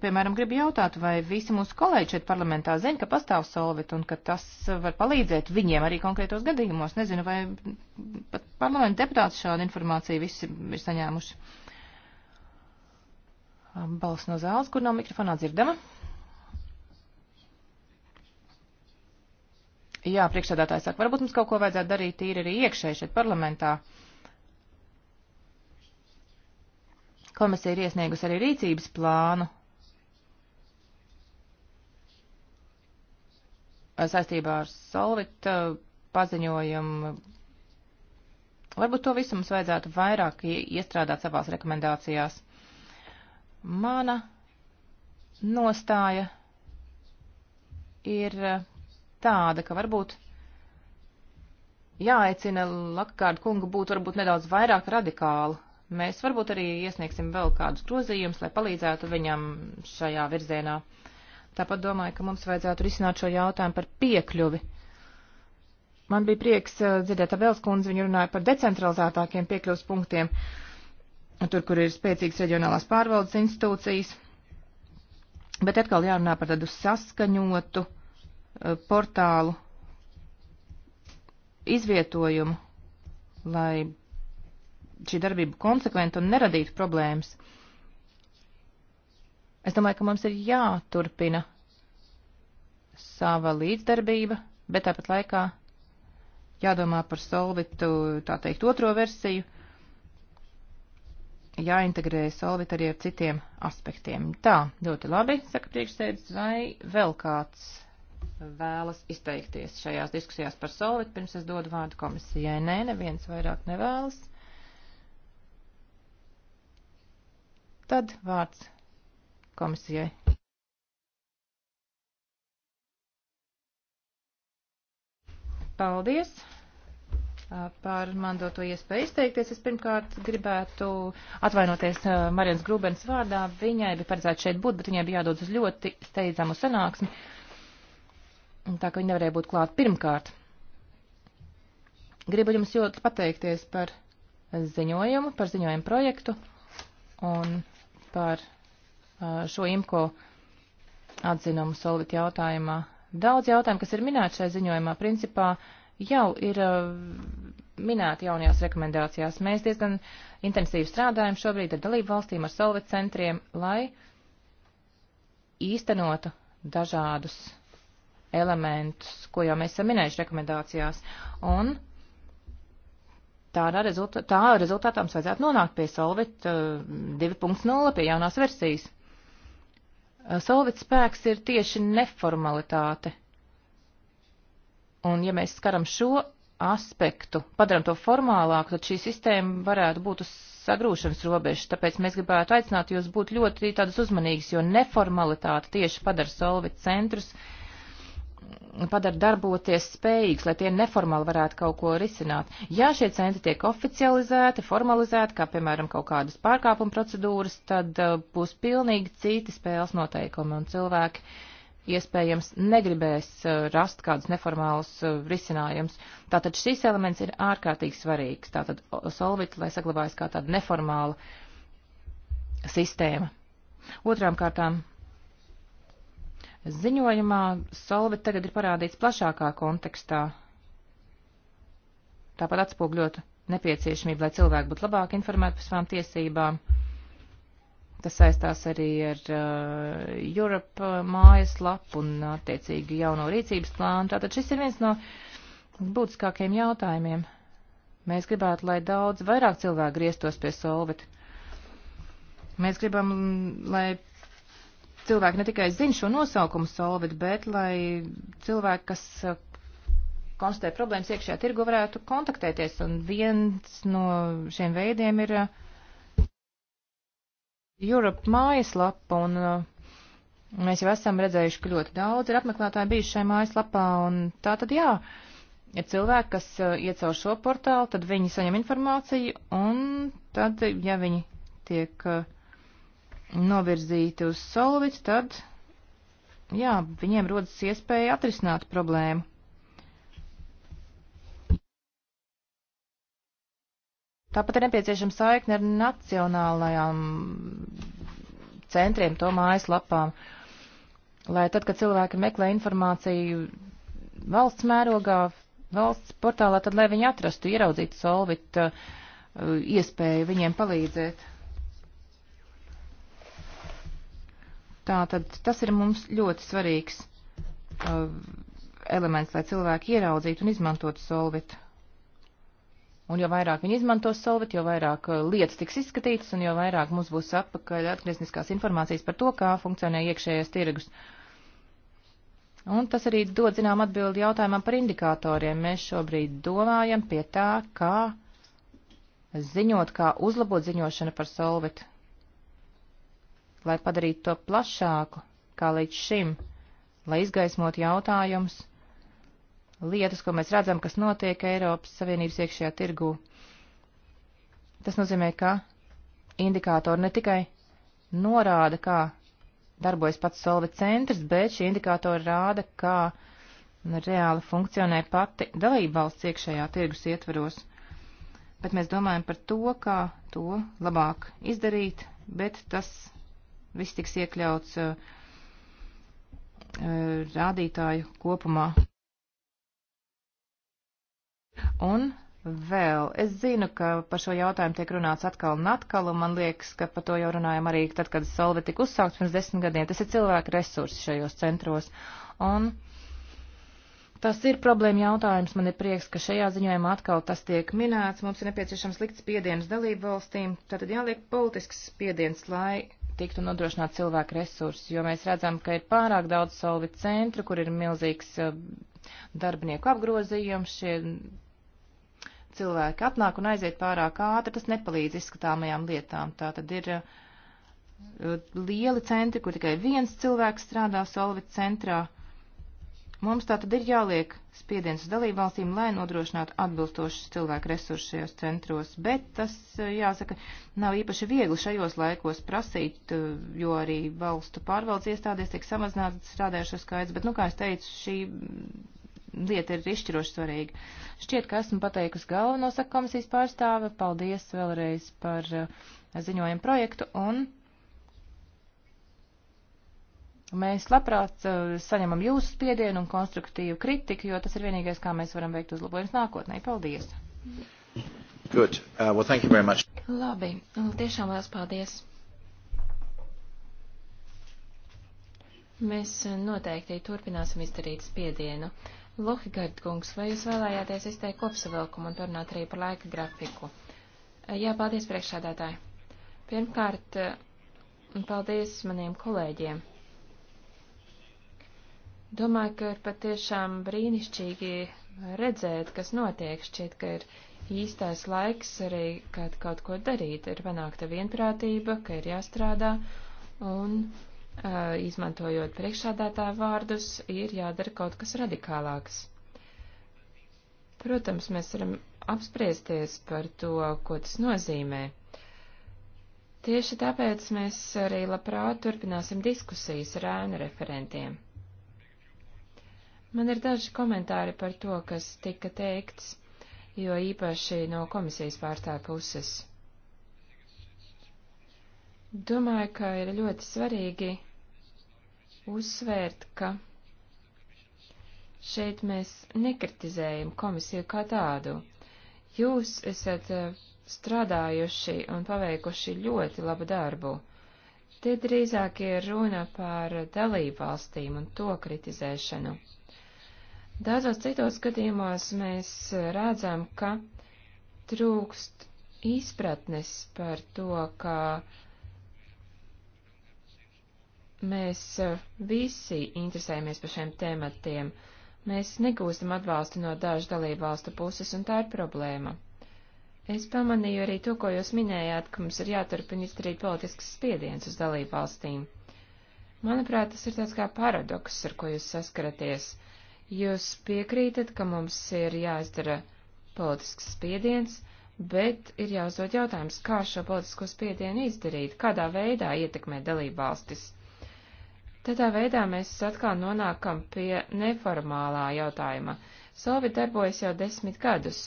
S2: piemēram, gribu jautāt, vai visi mūsu kolēģi šeit parlamentā zina, ka pastāv solvit un ka tas var palīdzēt viņiem arī konkrētos gadījumos. Nezinu, vai pat parlamenta deputāts šādu informāciju visi ir saņēmuši. Balsts no zāles, kur nav mikrofonā dzirdama. Jā, priekšsēdētājs saka, varbūt mums kaut ko vajadzētu darīt tīri arī iekšēji šeit parlamentā. Komisija ir iesniegusi arī rīcības plānu saistībā ar Solvit uh, paziņojumu. Varbūt to visu mums vajadzētu vairāk iestrādāt savās rekomendācijās. Mana nostāja ir uh, tāda, ka varbūt jāaicina Lakkārda kunga būt varbūt nedaudz vairāk radikālu. Mēs varbūt arī iesniegsim vēl kādus grozījumus, lai palīdzētu viņam šajā virzienā. Uh, Tāpat domāju, ka mums vajadzētu risināt šo jautājumu par piekļuvi. Man bija prieks eh, dzirdēt Abels kundzi, viņa runāja par decentralizētākiem piekļuvas punktiem, tur, kur ir spēcīgas reģionālās pārvaldes institūcijas. Bet atkal jārunā par tādu saskaņotu eh, portālu izvietojumu, lai šī darbība konsekventa un neradītu problēmas. Uh, Es domāju, ka mums ir jāturpina sava līdzdarbība, bet tāpat laikā jādomā par solvitu, tā teikt, otro versiju, jāintegrē solvit arī ar citiem aspektiem. Tā, ļoti labi, saka priekšsēdus, vai vēl kāds vēlas izteikties šajās diskusijās par solvit, pirms es dodu vārdu komisijai. Nē, neviens vairāk nevēlas. Tad vārds komisijai. Paldies par man doto iespēju izteikties. Es pirmkārt gribētu atvainoties Marijas Grūbens vārdā. Viņai bija paredzēts šeit būt, bet viņai bija jādodas uz ļoti steidzamu sanāksmi. Tā ka viņa nevarēja būt klāt pirmkārt. Gribu jums ļoti pateikties par ziņojumu, par ziņojumu projektu un par šo IMCO atzinumu solid jautājumā. Daudz jautājumu, kas ir minēti šai ziņojumā, principā jau ir minēti jaunajās rekomendācijās. Mēs diezgan intensīvi strādājam šobrīd ar dalību valstīm, ar solvit centriem, lai īstenotu dažādus elementus, ko jau mēs esam minējuši rekomendācijās. Un tā, rezultā, tā rezultātā mums vajadzētu nonākt pie solvit 2.0, pie jaunās versijas. Eh, solvit spēks ir tieši neformalitāte. Un ja mēs skaram šo aspektu, padaram to formālāku, tad šī sistēma varētu būt uz sagrūšanas robežas. Tāpēc mēs gribētu aicināt jūs būt ļoti tādas uzmanīgas, jo neformalitāte tieši padara solvit centrus uh, padara darboties spējīgs, lai tie neformāli varētu kaut ko risināt. Ja šie centri tiek oficializēti, formalizēti, kā piemēram kaut kādas pārkāpuma procedūras, tad uh, būs pilnīgi citi spēles noteikumi un cilvēki iespējams negribēs uh, rast kādus neformālus uh, risinājumus. Tātad šis elements ir ārkārtīgi svarīgs. Tātad solvit, lai saglabājas kā tāda neformāla sistēma. Otrām kārtām Ziņojumā solve tagad ir parādīts plašākā kontekstā, tāpat atspogļot nepieciešamību, lai cilvēki būtu labāk informēti par savām tiesībām. Tas saistās arī ar uh, Europe uh, mājas lapu un attiecīgi jauno rīcības plānu. Tātad šis ir viens no būtiskākajiem jautājumiem. Mēs gribētu, lai daudz vairāk cilvēku grieztos pie solvit. Mēs gribam, lai cilvēki ne tikai zina šo nosaukumu solvit, bet lai cilvēki, kas eh, konstatē problēmas iekšējā tirgu, varētu kontaktēties. Un viens no šiem veidiem ir eh, Europe mājaslapa, un eh, mēs jau esam redzējuši, ka ļoti daudz ir apmeklētāji bijuši šajā mājaslapā, un tā tad jā. Ja cilvēki, kas iet caur šo portālu, tad viņi saņem informāciju, un tad, ja viņi tiek uh, novirzīti uz Solvic, tad, jā, viņiem rodas iespēja atrisināt problēmu. Tāpat ir nepieciešama saikne ar nacionālajām centriem, to mājaslapām, lai tad, kad cilvēki meklē informāciju valsts mērogā, valsts portālā, tad lai viņi atrastu, ieraudzītu solvit uh, iespēju viņiem palīdzēt. Tātad tas ir mums ļoti svarīgs uh, elements, lai cilvēki ieraudzītu un izmantotu solvitu. Un jo vairāk viņi izmantos solvit, jo vairāk uh, lietas tiks izskatītas un jo vairāk mums būs atpakaļ atgriezniskās informācijas par to, kā funkcionē iekšējais tirgus. Un tas arī dod, zinām, atbildi jautājumam par indikatoriem. Mēs šobrīd domājam pie tā, kā ziņot, kā uzlabot ziņošanu par solvitu lai padarītu to plašāku, kā līdz šim, lai izgaismot jautājumus, lietas, ko mēs redzam, kas notiek Eiropas Savienības iekšējā tirgū. Tas nozīmē, ka indikātori ne tikai norāda, kā darbojas pats solve centrs, bet šie indikātori rāda, kā reāli funkcionē pati dalībvalsts iekšējā tirgus ietveros. Bet mēs domājam par to, kā to labāk izdarīt, bet tas viss tiks iekļauts uh, uh, rādītāju kopumā. Un vēl, es zinu, ka par šo jautājumu tiek runāts atkal un atkal, un man liekas, ka par to jau runājam arī tad, kad salve tika uzsākts pirms desmit gadiem. Tas ir cilvēku resursi šajos centros. Un Tas ir problēma jautājums. Man ir prieks, ka šajā ziņojumā atkal tas tiek minēts. Mums ir nepieciešams likt spiediens dalību valstīm. Tātad jāliek politisks spiediens, lai tiktu nodrošināt cilvēku resursus, jo mēs redzam, ka ir pārāk daudz solvit centru, kur ir milzīgs eh, darbinieku apgrozījums, šie cilvēki atnāk un aiziet pārāk ātri, tas nepalīdz izskatāmajām lietām. Tā tad ir eh, lieli centri, kur tikai viens cilvēks strādā solvit centrā. Mums tā tad ir jāliek spiediens uz dalībvalstīm, lai nodrošinātu atbilstošus cilvēku resursus šajos centros, bet tas, eh, jāsaka, nav īpaši viegli šajos laikos prasīt, eh, jo arī valstu pārvaldes iestādēs tiek samazināts strādājušo skaits, bet, nu, kā es teicu, šī mm, lieta ir izšķiroši svarīga. Šķiet, ka esmu pateikusi galveno saka komisijas pārstāve. Paldies vēlreiz par eh, ziņojumu projektu un Mēs labprāt uh, saņemam jūsu spiedienu un konstruktīvu kritiku, jo tas ir vienīgais, kā mēs varam veikt uzlabojumus nākotnē. Paldies!
S1: Good. Uh, well, thank you very much.
S3: Labi, tiešām liels paldies. Mēs uh, noteikti turpināsim izdarīt spiedienu. Lohigard kungs, vai jūs vēlējāties izteikt kopsavilkumu un runāt arī par laika grafiku? Uh, jā, paldies priekšsādātāji. Pirmkārt, paldies maniem kolēģiem Domāju, ka ir patiešām brīnišķīgi redzēt, kas notiek. Šķiet, ka ir īstais laiks arī kad kaut ko darīt. Ir panākta vienprātība, ka ir jāstrādā un, uh, izmantojot priekšādātāju vārdus, ir jādara kaut kas radikālāks. Protams, mēs varam apspriesties par to, ko tas nozīmē. Tieši tāpēc mēs arī labprāt turpināsim diskusijas ar ēnu referentiem. Man ir daži komentāri par to, kas tika teikts, jo īpaši no komisijas pārstāv puses. Domāju, ka ir ļoti svarīgi uzsvērt, ka šeit mēs nekritizējam komisiju kā tādu. Jūs esat eh, strādājuši un paveikuši ļoti labu darbu. Te drīzāk ir runa par dalību valstīm un to kritizēšanu. Daudzos citos gadījumos mēs redzam, ka trūkst izpratnes par to, ka mēs visi interesējamies par šiem tematiem. Mēs negūstam atbalstu no dažu dalību valstu puses, un tā ir problēma. Es pamanīju arī to, ko jūs minējāt, ka mums ir jāturpina izdarīt politisks spiediens uz dalību valstīm. Manuprāt, tas ir tāds kā paradoks, ar ko jūs saskaraties. Uh, Jūs piekrītat, ka mums ir jāizdara politisks spiediens, bet ir jāuzdod jautājums, kā šo politisko spiedienu izdarīt, kādā veidā ietekmēt dalību valstis. Tādā veidā mēs atkal nonākam pie neformālā jautājuma. Solvi darbojas jau desmit gadus,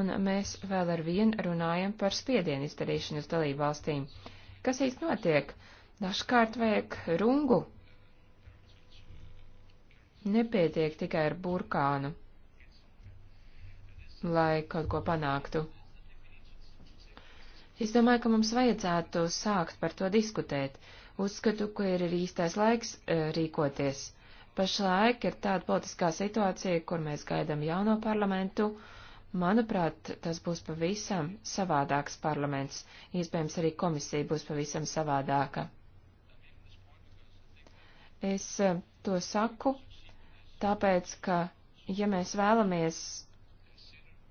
S3: un mēs vēl ar vienu runājam par spiedienu izdarīšanu uz dalību valstīm. Kas īsti notiek? Dažkārt vajag rungu Nepietiek tikai ar burkānu, lai kaut ko panāktu. Es domāju, ka mums vajadzētu sākt par to diskutēt. Uzskatu, ka ir īstais laiks e, rīkoties. Pašlaik ir tāda politiskā situācija, kur mēs gaidām jauno parlamentu. Manuprāt, tas būs pavisam savādāks parlaments. Iespējams, arī komisija būs pavisam savādāka. Es e, to saku, tāpēc, ka, ja mēs vēlamies,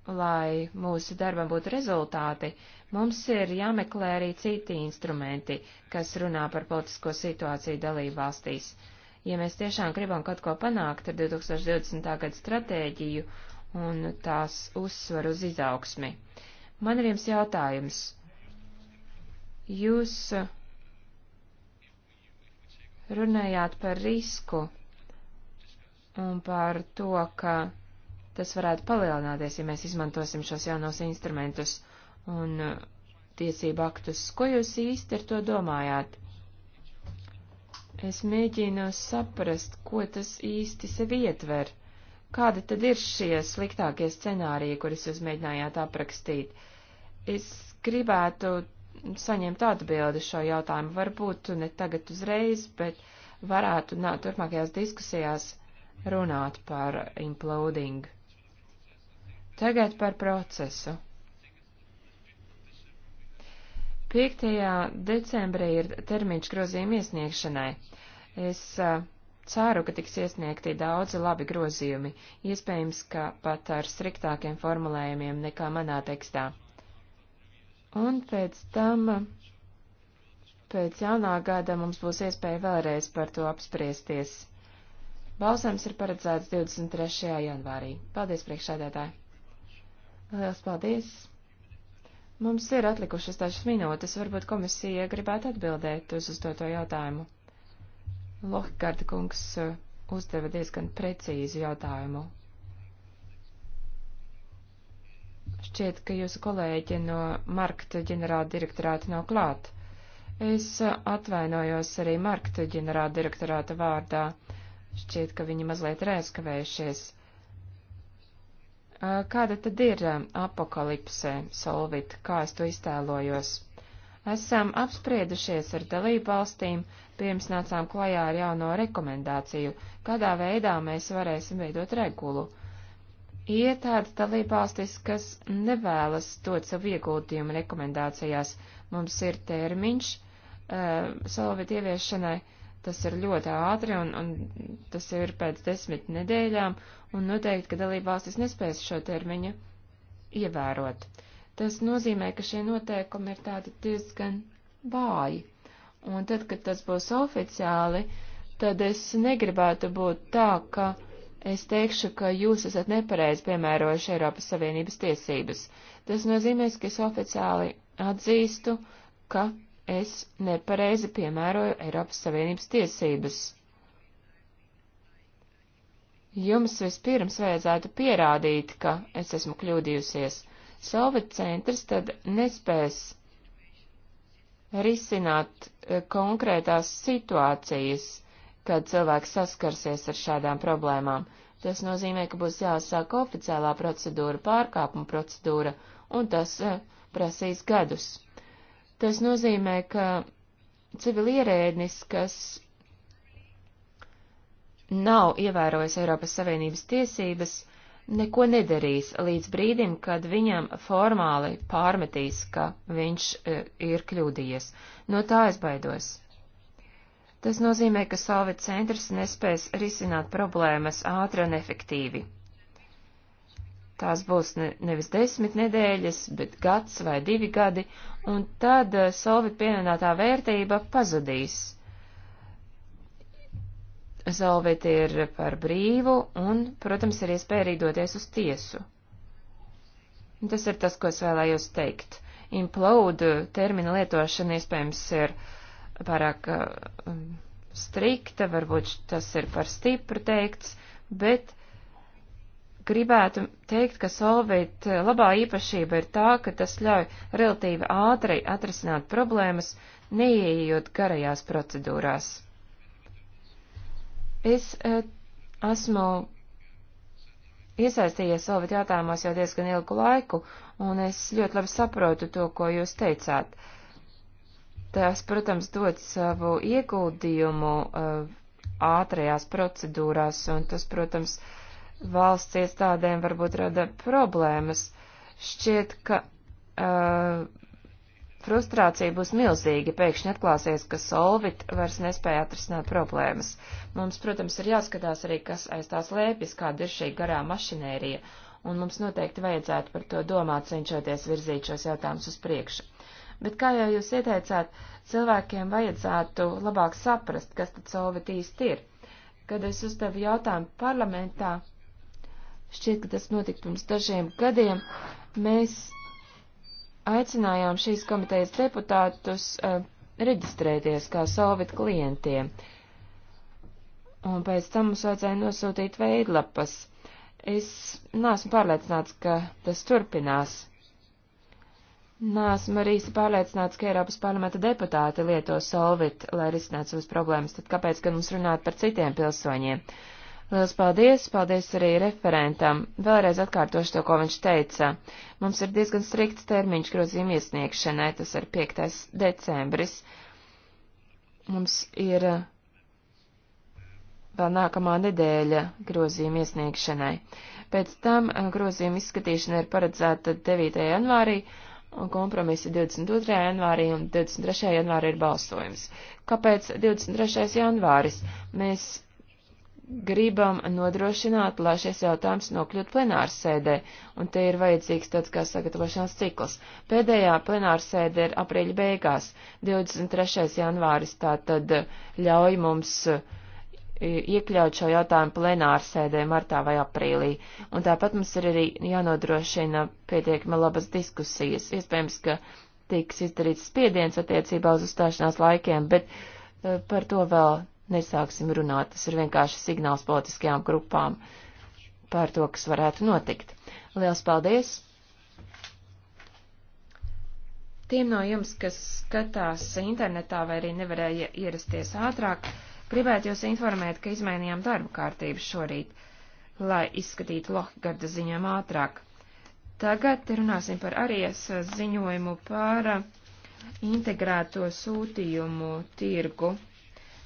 S3: lai mūsu darbam būtu rezultāti, mums ir jāmeklē arī citi instrumenti, kas runā par politisko situāciju dalību valstīs. Ja mēs tiešām gribam kaut ko panākt ar 2020. gada stratēģiju un tās uzsvaru uz izaugsmi, man ir jums jautājums. Jūs runājāt par risku un par to, ka tas varētu palielināties, ja mēs izmantosim šos jaunos instrumentus un uh, tiesību aktus. Ko jūs īsti ar to domājāt? Es mēģinu saprast, ko tas īsti sevi ietver. Kādi tad ir šie sliktākie scenāriji, kurus jūs mēģinājāt aprakstīt? Es gribētu saņemt atbildi šo jautājumu, varbūt ne tagad uzreiz, bet varētu nā, turpmākajās diskusijās runāt par imploding. Tagad par procesu. 5. decembrī ir termiņš grozījuma iesniegšanai. Es uh, ceru, ka tiks iesniegti daudzi labi grozījumi, iespējams, ka pat ar striktākiem formulējumiem nekā manā tekstā. Un pēc tam pēc jaunā gada mums būs iespēja vēlreiz par to apspriesties. Balsojums ir paredzēts 23. janvārī. Paldies, priekšsēdētāji! Lielas paldies! Mums ir atlikušas dažas minūtes, varbūt komisija gribētu atbildēt uz uzdoto jautājumu. Lohkārta kungs uh, uzdeva diezgan precīzu jautājumu. Šķiet, ka jūsu kolēģi no Markta ģenerāla direktorāta nav klāt. Es uh, atvainojos arī Markta ģenerāla direktorāta vārdā. Uh, Šķiet, ka viņi mazliet ir aizkavējušies. Kāda tad ir apakalipse, Solvit, kā es to iztēlojos? Esam apspriedušies ar dalību valstīm, pirms nācām klajā ar jauno rekomendāciju, kādā veidā mēs varēsim veidot regulu. Ir tādas dalība valstis, kas nevēlas dot savu ieguldījumu rekomendācijās. Mums ir termiņš uh, solvit ieviešanai, uh, Tas ir ļoti ātri un, un tas jau ir pēc desmit nedēļām, un noteikti, ka dalībvalstis nespēs šo termiņu ievērot. Tas nozīmē, ka šie noteikumi ir tādi diezgan vāji. Un tad, kad tas būs oficiāli, tad es negribētu būt tā, ka es teikšu, ka jūs esat nepareizi piemērojuši Eiropas Savienības tiesības. Tas nozīmēs, ka es oficiāli atzīstu, ka es nepareizi piemēroju Eiropas Savienības tiesības. Jums vispirms vajadzētu pierādīt, ka es esmu kļūdījusies. Solvit centrs tad nespēs risināt e, konkrētās situācijas, kad cilvēks saskarsies ar šādām problēmām. Tas nozīmē, ka būs jāsāk oficiālā procedūra, pārkāpuma procedūra, un tas e, prasīs gadus. Tas nozīmē, ka civilierēdnis, kas nav ievērojis Eiropas Savienības tiesības, neko nedarīs līdz brīdim, kad viņam formāli pārmetīs, ka viņš e, ir kļūdījies. No tā es baidos. Tas nozīmē, ka salve centrs nespēs risināt problēmas ātri un efektīvi. Tās būs ne, nevis desmit nedēļas, bet gads vai divi gadi, un tad eh, solvit pievienotā vērtība pazudīs. Solvit ir par brīvu un, protams, ir iespēja arī doties uz tiesu. Tas ir tas, ko es vēlējos teikt. Implode termina lietošana iespējams ir pārāk uh, strikta, varbūt tas ir par stipru teikts, bet gribētu teikt, ka Solveit eh, labā īpašība ir tā, ka tas ļauj relatīvi ātri atrisināt problēmas, neieejot garajās procedūrās. Es e, esmu iesaistījies Solveit jautājumos jau diezgan ilgu laiku, un es ļoti labi saprotu to, ko jūs teicāt. Tas, protams, dod savu ieguldījumu e, ātrajās procedūrās, un tas, protams, uh, valsts iestādēm varbūt rada problēmas. Šķiet, ka uh, frustrācija būs milzīga, pēkšņi atklāsies, ka Solvit vairs nespēja atrisināt problēmas. Mums, protams, ir jāskatās arī, kas aiz tās lēpjas, kāda ir šī garā mašinērija, un mums noteikti vajadzētu par to domāt, cenšoties virzīt šos jautājumus uz priekšu. Bet, kā jau jūs ieteicāt, cilvēkiem vajadzētu labāk saprast, kas tad Solvit īsti ir. Kad es uzdevu jautājumu parlamentā, šķiet, ka tas notika pirms dažiem gadiem, mēs aicinājām šīs komitejas deputātus uh, reģistrēties kā solvit klientiem. Un pēc tam mums vajadzēja nosūtīt veidlapas. Es neesmu pārliecināts, ka tas turpinās. Nāsmu arī īsti pārliecināts, ka Eiropas parlamenta deputāti lieto solvit, lai risinātu savas problēmas, tad kāpēc gan mums runāt par citiem pilsoņiem? Uh, Lielas paldies, paldies arī referentam. Vēlreiz atkārtošu to, ko viņš teica. Mums ir diezgan strikts termiņš grozījuma iesniegšanai, tas ir 5. decembris. Mums ir eh, vēl nākamā nedēļa grozījuma iesniegšanai. Pēc tam eh, grozījuma izskatīšana ir paredzēta 9. janvārī, un kompromisi 22. janvārī un 23. janvārī ir balsojums. Kāpēc 23. janvāris? Mēs gribam nodrošināt, lai šis jautājums nokļūtu plenāru sēdē, un te ir vajadzīgs tāds kā sagatavošanās cikls. Pēdējā plenāru sēde ir aprīļa beigās, 23. janvāris, tā tad ļauj mums iekļaut šo jautājumu plenāru sēdē martā vai aprīlī, un tāpat mums ir arī jānodrošina pietiekami labas diskusijas. Iespējams, ka tiks izdarīts spiediens attiecībā uz uzstāšanās laikiem, bet eh, par to vēl nesāksim runāt. Tas ir vienkārši signāls politiskajām grupām par to, kas varētu notikt. Liels paldies! Tiem no jums, kas skatās internetā vai arī nevarēja ierasties ātrāk, gribētu jūs informēt, ka izmainījām darbu kārtību šorīt, lai izskatītu Lohgarda ziņām ātrāk. Tagad runāsim par Arijas ziņojumu par integrēto sūtījumu tirgu.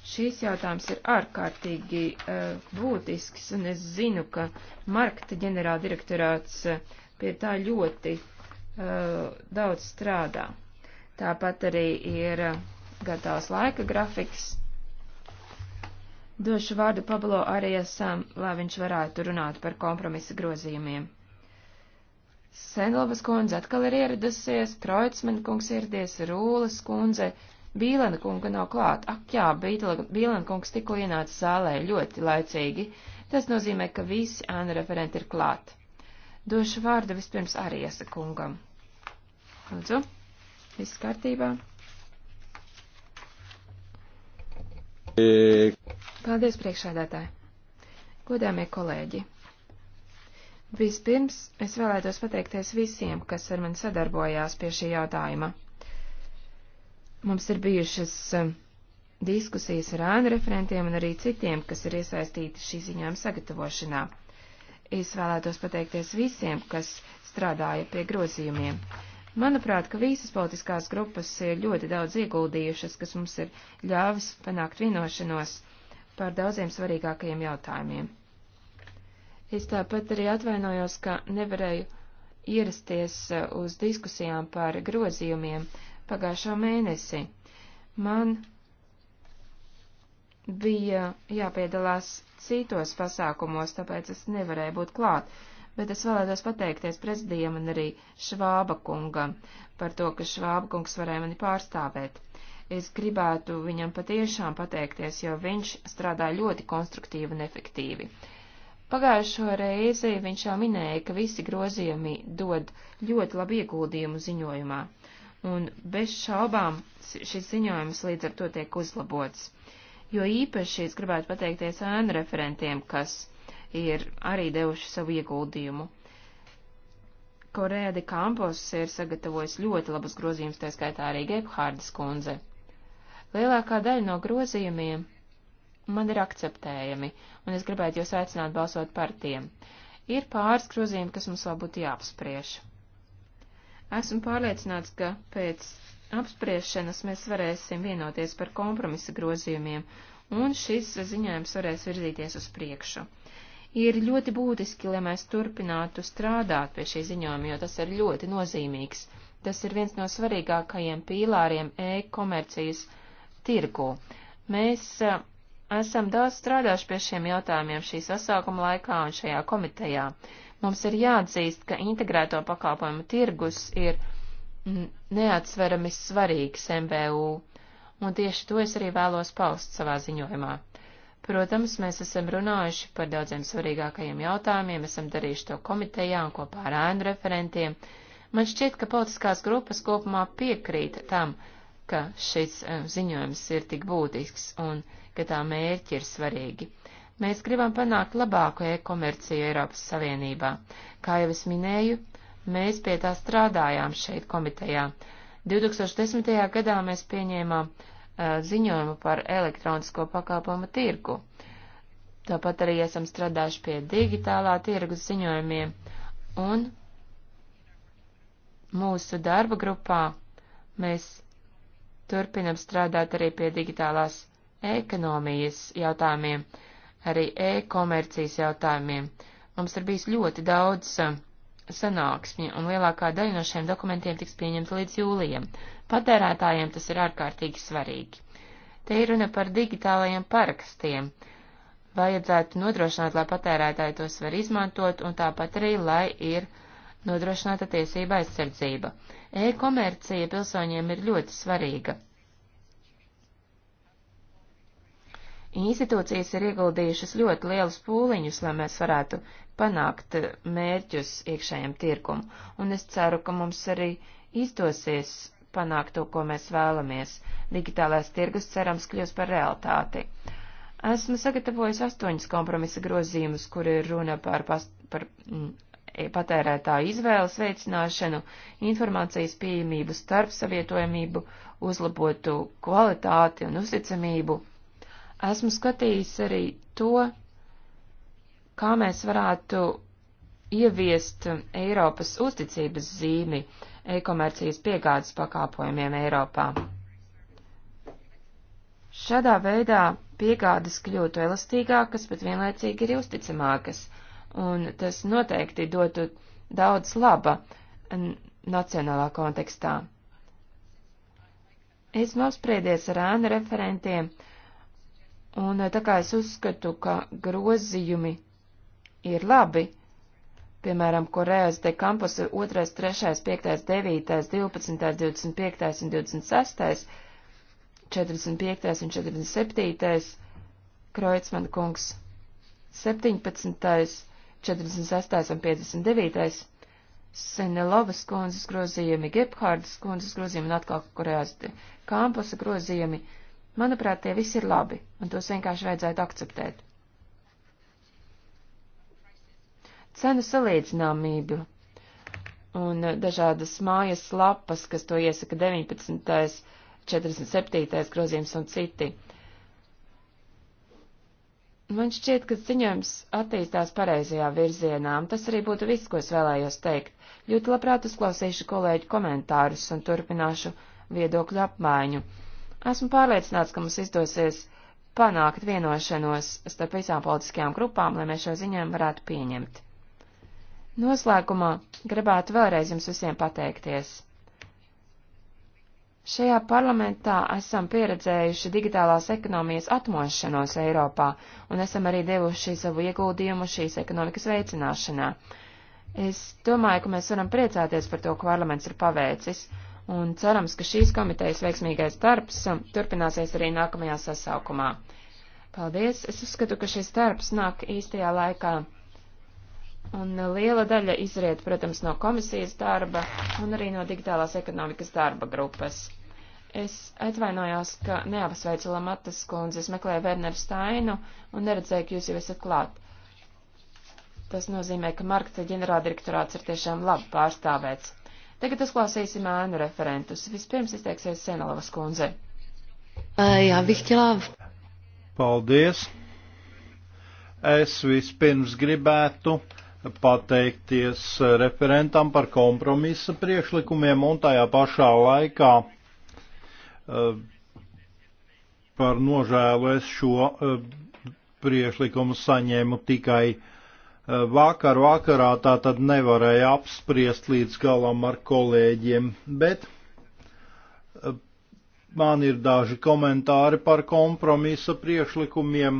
S3: Šīs jautājums ir ārkārtīgi uh, būtisks, un es zinu, ka Markta ģenerāldirektorāts uh, pie tā ļoti uh, daudz strādā. Tāpat arī ir uh, gatavs laika grafiks. Došu vārdu Pablo Ariasam, lai viņš varētu runāt par kompromisa grozījumiem. Senlovas kundze atkal ir ieradusies, Kreutzmann kungs ieradies, Rūlas kundze, Bīlena kunga nav klāt. Ak jā, Bīlena kungs tikko ienāca zālē ļoti laicīgi. Tas nozīmē, ka visi ēna referenti ir klāt. Došu vārdu vispirms Ariesa kungam. Lūdzu, viss kārtībā. E. Paldies, priekšādātāji. Godāmie kolēģi. Vispirms es vēlētos pateikties visiem, kas ar mani sadarbojās pie šī jautājuma. Mums ir bijušas eh, diskusijas ar ānu referentiem un arī citiem, kas ir iesaistīti šī ziņojuma sagatavošanā. Es vēlētos pateikties visiem, kas strādāja pie grozījumiem. Manuprāt, ka visas politiskās grupas ir ļoti daudz ieguldījušas, kas mums ir ļāvis panākt vienošanos par daudziem svarīgākajiem jautājumiem. Es tāpat arī atvainojos, ka nevarēju ierasties eh, uz diskusijām par grozījumiem, pagājušo mēnesi. Man bija jāpiedalās citos pasākumos, tāpēc es nevarēju būt klāt, bet es vēlētos pateikties prezidijam un arī Švāba kungam par to, ka Švāba kungs varēja mani pārstāvēt. Es gribētu viņam patiešām pateikties, jo viņš strādā ļoti konstruktīvi un efektīvi. Pagājušo reizi viņš jau minēja, ka visi grozījumi dod ļoti labu ieguldījumu ziņojumā un bez šaubām šis ziņojums līdz ar to tiek uzlabots. Jo īpaši es gribētu pateikties ēnu referentiem, kas ir arī devuši savu ieguldījumu. Korea de Campos ir sagatavojis ļoti labus grozījumus, tā skaitā arī Gebhārdas kundze. Lielākā daļa no grozījumiem man ir akceptējami, un es gribētu jūs aicināt balsot par tiem. Ir pāris grozījumi, kas mums vēl būtu jāapspriež. Esmu pārliecināts, ka pēc apspriešanas mēs varēsim vienoties par kompromisa grozījumiem, un šis ziņojums varēs virzīties uz priekšu. Ir ļoti būtiski, lai mēs turpinātu strādāt pie šī ziņojuma, jo tas ir ļoti nozīmīgs. Tas ir viens no svarīgākajiem pīlāriem e-komercijas tirgu. Mēs a, esam daudz strādājuši pie šiem jautājumiem šī sasaukuma laikā un šajā komitejā. Mums ir jāatzīst, ka integrēto pakalpojumu tirgus ir neatsverami svarīgs MVU, un tieši to es arī vēlos paust savā ziņojumā. Protams, mēs esam runājuši par daudziem svarīgākajiem jautājumiem, esam darījuši to komitejā un kopā ar ēnu referentiem. Man šķiet, ka politiskās grupas kopumā piekrīt tam, ka šis eh, ziņojums ir tik būtisks un ka tā mērķi ir svarīgi. Mēs gribam panākt labāku e-komerciju Eiropas Savienībā. Kā jau es minēju, mēs pie tā strādājām šeit komitejā. 2010. gadā mēs pieņēmām uh, ziņojumu par elektronisko pakalpojumu tirgu. Tāpat arī esam strādājuši pie digitālā tirgus ziņojumiem un mūsu darba grupā mēs turpinam strādāt arī pie digitālās ekonomijas jautājumiem. Uh, arī e-komercijas jautājumiem. Mums ir bijis ļoti daudz um, sanāksmi, un lielākā daļa no šiem dokumentiem tiks pieņemta līdz jūlijam. Patērētājiem tas ir ārkārtīgi svarīgi. Te ir runa par digitālajiem parakstiem. Vajadzētu nodrošināt, lai patērētāji tos var izmantot, un tāpat arī, lai ir nodrošināta tiesība aizsardzība. E-komercija pilsoņiem ir ļoti svarīga. Institūcijas ir ieguldījušas ļoti lielus pūliņus, lai mēs varētu panākt eh, mērķus iekšējiem tirkumu, un es ceru, ka mums arī izdosies panākt to, ko mēs vēlamies. Digitālais tirgus cerams kļūs par realitāti. Esmu sagatavojis astoņus kompromisa grozījumus, kur ir runa par, past, par mm, e, patērētāju izvēles veicināšanu, informācijas pieejamību, starpsavietojamību, uzlabotu kvalitāti un uzticamību Esmu skatījis arī to, kā mēs varētu ieviest Eiropas uzticības zīmi e-komercijas piegādes pakāpojumiem Eiropā. Šādā veidā piegādes kļūtu elastīgākas, bet vienlaicīgi arī uzticamākas, un tas noteikti dotu daudz laba nacionālā kontekstā. Esmu apspriedies ar ēnu referentiem, uh, Un eh, tā kā es uzskatu, ka grozījumi ir labi, piemēram, Korejas de Campus 2, 3, 5, 9, 12, 25 un 26, 45 un 47, Kreutzmann kungs 17, 46 un 59, Senelovas kundzes grozījumi, Gebhārdas kundzes grozījumi un atkal Korejas de Campusa grozījumi Manuprāt, tie visi ir labi, un tos vienkārši vajadzētu akceptēt. Cenu salīdzināmību un dažādas mājas lapas, kas to iesaka 19., 47. grozījums un citi. Man šķiet, ka ziņojums attīstās pareizajā virzienā, un tas arī būtu viss, ko es vēlējos teikt. Ļoti labprāt uzklausīšu kolēģu komentārus un turpināšu viedokļu apmaiņu. Esmu pārliecināts, ka mums izdosies panākt vienošanos starp visām politiskajām grupām, lai mēs šo ziņojumu varētu pieņemt. Noslēgumā gribētu vēlreiz jums visiem pateikties. Šajā parlamentā esam pieredzējuši digitālās ekonomijas atmošanos Eiropā un esam arī devuši savu ieguldījumu šīs ekonomikas veicināšanā. Es domāju, ka mēs varam priecāties par to, ko parlaments ir paveicis, un cerams, ka šīs komitejas veiksmīgais darbs um, turpināsies arī nākamajā sasaukumā. Paldies! Es uzskatu, ka šis darbs nāk īstajā laikā. Un liela daļa izriet, protams, no komisijas darba un arī no digitālās ekonomikas darba grupas. Es atvainojos, ka neapsveicu Lamatas kundzi, es meklēju Werneru Stainu un neredzēju, ka jūs jau esat klāt. Tas nozīmē, ka markta ģenerāldirektorāts ir tiešām labi pārstāvēts. Tagad uzklausīsim ēnu referentus. Vispirms izteiksies Senelovas kundze. Jā,
S1: Vihtilā. Paldies. Es vispirms gribētu pateikties referentam par kompromisa priekšlikumiem un tajā pašā laikā par nožēlu es šo priekšlikumu saņēmu tikai uh, vakar vakarā tā tad nevarēja apspriest līdz galam ar kolēģiem, bet eh, man ir daži komentāri par kompromisa priekšlikumiem.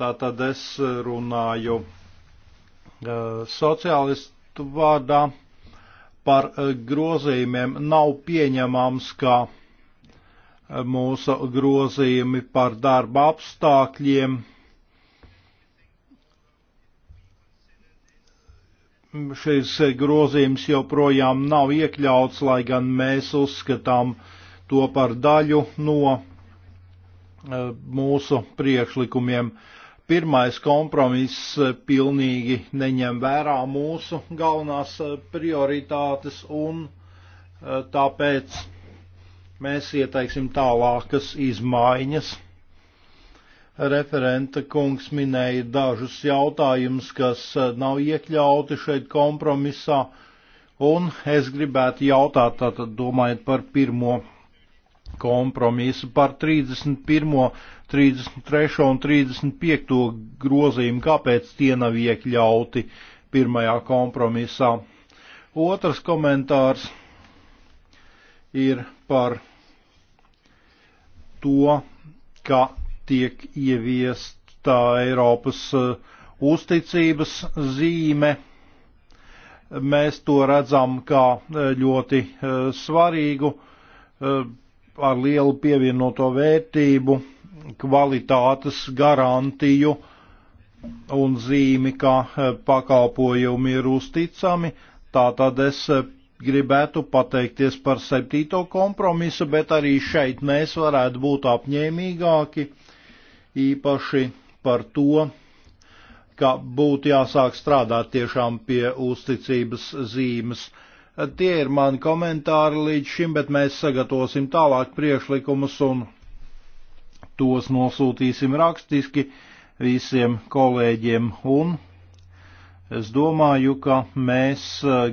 S1: Tātad es runāju eh, sociālistu vārdā par eh, grozījumiem. Nav pieņemams, ka mūsu grozījumi par darba apstākļiem šis grozījums joprojām nav iekļauts, lai gan mēs uzskatām to par daļu no eh, mūsu priekšlikumiem. Pirmais kompromiss eh, pilnīgi neņem vērā mūsu galvenās eh, prioritātes un tāpēc mēs ieteiksim tālākas izmaiņas referenta kungs minēja dažus jautājumus, kas eh, nav iekļauti šeit kompromisā, un es gribētu jautāt, tātad domājot par pirmo kompromisu, par 31., 33. un 35. grozījumu, kāpēc tie nav iekļauti pirmajā kompromisā. Otrs komentārs ir par to, ka tiek ieviesta Eiropas eh, uzticības zīme. Mēs to redzam kā eh, ļoti eh, svarīgu, ar lielu pievienoto vērtību, kvalitātes garantiju un zīmi, ka pakalpojumi ir uzticami. Tātad es gribētu pateikties par septīto kompromisu, bet arī šeit mēs varētu būt apņēmīgāki īpaši par to, ka būtu jāsāk strādāt tiešām pie uzticības zīmes. Tie ir mani komentāri līdz šim, bet mēs sagatavosim tālāk priekšlikumus un tos nosūtīsim rakstiski visiem kolēģiem. Un es domāju, ka mēs uh,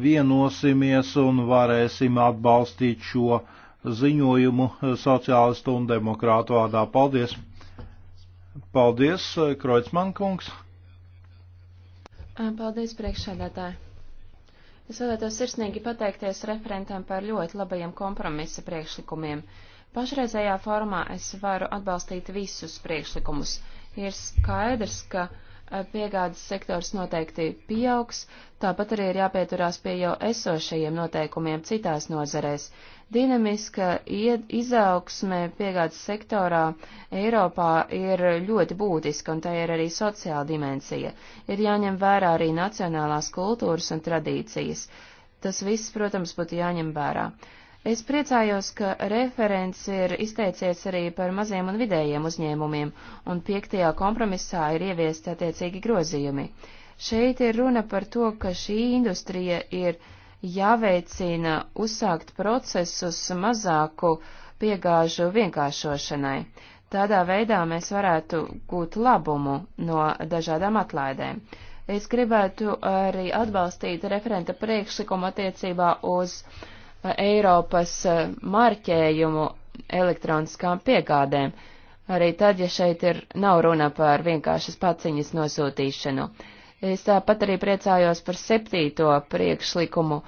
S1: vienosimies un varēsim atbalstīt šo uh, ziņojumu eh, sociālistu un demokrātu vārdā. Paldies! Paldies, eh, Kreutzmann kungs!
S3: Paldies, priekšsēdētāji! Es vēlētos sirsnīgi pateikties referentam par ļoti labajiem kompromisa priekšlikumiem. Pašreizējā formā es varu atbalstīt visus priekšlikumus. Ir skaidrs, ka uh, piegādes sektors noteikti pieaugs, tāpat arī ir jāpieturās pie jau esošajiem noteikumiem citās nozarēs. Dinamiska izaugsme piegādes sektorā Eiropā ir ļoti būtiska, un tā ir arī sociāla dimensija. Ir jāņem vērā arī nacionālās kultūras un tradīcijas. Tas viss, protams, būtu jāņem vērā. Uh, Es priecājos, ka referents ir izteicies arī par maziem un vidējiem uzņēmumiem, un piektajā kompromisā ir ieviesti attiecīgi grozījumi. Šeit ir runa par to, ka šī industrija ir jāveicina uzsākt procesus mazāku piegāžu vienkāršošanai. Tādā veidā mēs varētu gūt labumu no dažādām atlaidēm. Es gribētu arī atbalstīt referenta priekšlikumu attiecībā uz uh, Eiropas eh, marķējumu elektroniskām piegādēm, arī tad, ja šeit ir, nav runa par vienkāršas paciņas nosūtīšanu. Es tāpat arī priecājos par septīto priekšlikumu.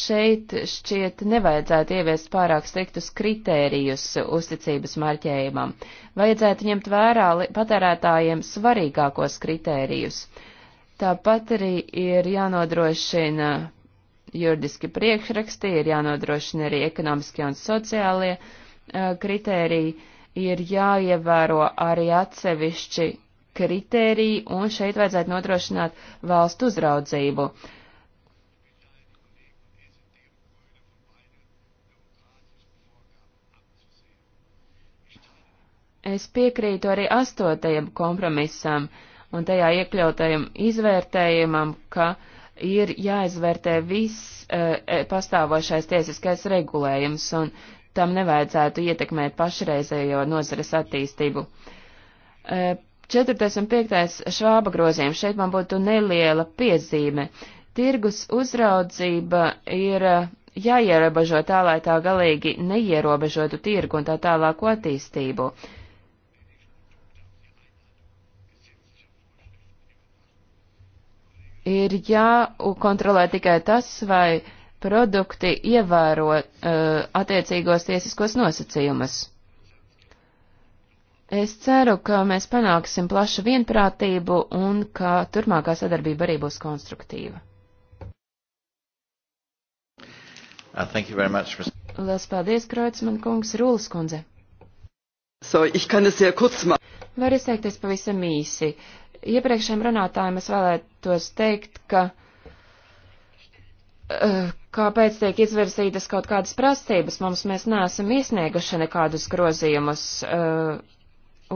S3: Šeit šķiet nevajadzētu ieviest pārāk striktus kritērijus uzticības marķējumam. Vajadzētu ņemt vērā patērētājiem svarīgākos kritērijus. Tāpat arī ir jānodrošina juridiski priekšraksti, ir jānodrošina arī ekonomiskie un sociālie uh, kritēriji, ir jāievēro arī atsevišķi kritēriji, un šeit vajadzētu nodrošināt valstu uzraudzību. Es piekrītu arī astotajam kompromisam un tajā iekļautajam izvērtējumam, ka uh, ir jāizvērtē viss e, e, pastāvošais tiesiskais regulējums, un tam nevajadzētu ietekmēt pašreizējo nozares attīstību. E, 4. un 5. švāba grozījums šeit man būtu neliela piezīme. Tirgus uzraudzība ir e, jāierobežo tā, lai tā galīgi neierobežotu tirgu un tā tālāko attīstību. Uh, ir jākontrolē tikai tas, vai produkti ievēro uh, attiecīgos tiesiskos nosacījumus. Es ceru, ka mēs panāksim plašu vienprātību un ka turpmākā sadarbība arī būs konstruktīva.
S1: Uh, much, Mr.
S3: Lielas paldies, Kreutzmann kungs, Rūlas kundze. So, Var izteikties pavisam īsi. Uh, Iepriekšējiem runātājiem es vēlētos teikt, ka eh, kāpēc tiek izvirzītas kaut kādas prasības, mums mēs neesam iesnieguši nekādus grozījumus. Eh,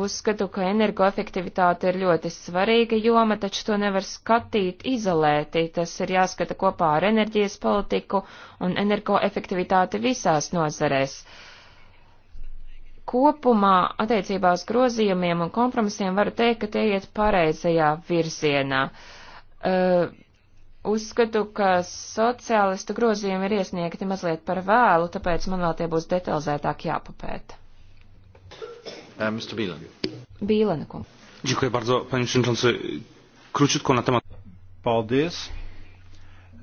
S3: uzskatu, ka energoefektivitāte ir ļoti svarīga joma, taču to nevar skatīt izolēti. Tas ir jāskata kopā ar enerģijas politiku un energoefektivitāti visās nozarēs. Uh, kopumā attiecībā uz grozījumiem un kompromisiem varu teikt, ka tie iet pareizajā virzienā. Uh, uzskatu, ka sociālistu grozījumi ir iesniegti mazliet par vēlu, tāpēc man vēl tie būs detalizētāk jāpapēta.
S1: Um, uh,
S2: Bīlana kungs.
S1: Dziękuję bardzo, panie przewodniczący. Króciutko na temat. Paldies.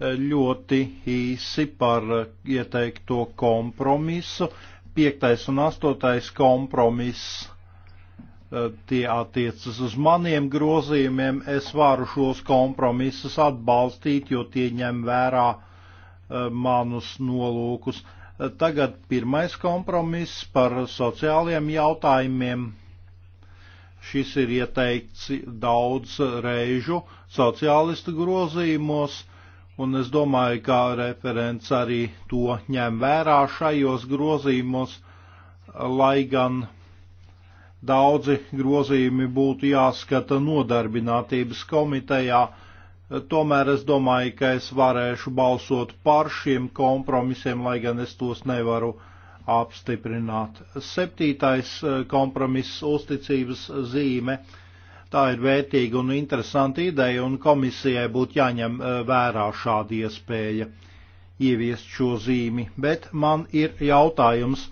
S1: Ļoti īsi par ieteikto kompromisu. Uh, piektais un astotais kompromiss eh, tie attiecas uz maniem grozījumiem. Es varu šos kompromisus atbalstīt, jo tie ņem vērā eh, manus nolūkus. Eh, tagad pirmais kompromiss par sociāliem jautājumiem. Šis ir ieteikts daudz reižu sociālistu grozījumos un es domāju, ka referents arī to ņem vērā šajos grozījumos, lai gan daudzi grozījumi būtu jāskata nodarbinātības komitejā. Tomēr es domāju, ka es varēšu balsot par šiem kompromisiem, lai gan es tos nevaru apstiprināt. Septītais eh, kompromiss - uzticības zīme. Uh, Tā ir vērtīga un interesanta ideja, un komisijai būtu jāņem e, vērā šāda iespēja ieviest šo zīmi. Bet man ir jautājums,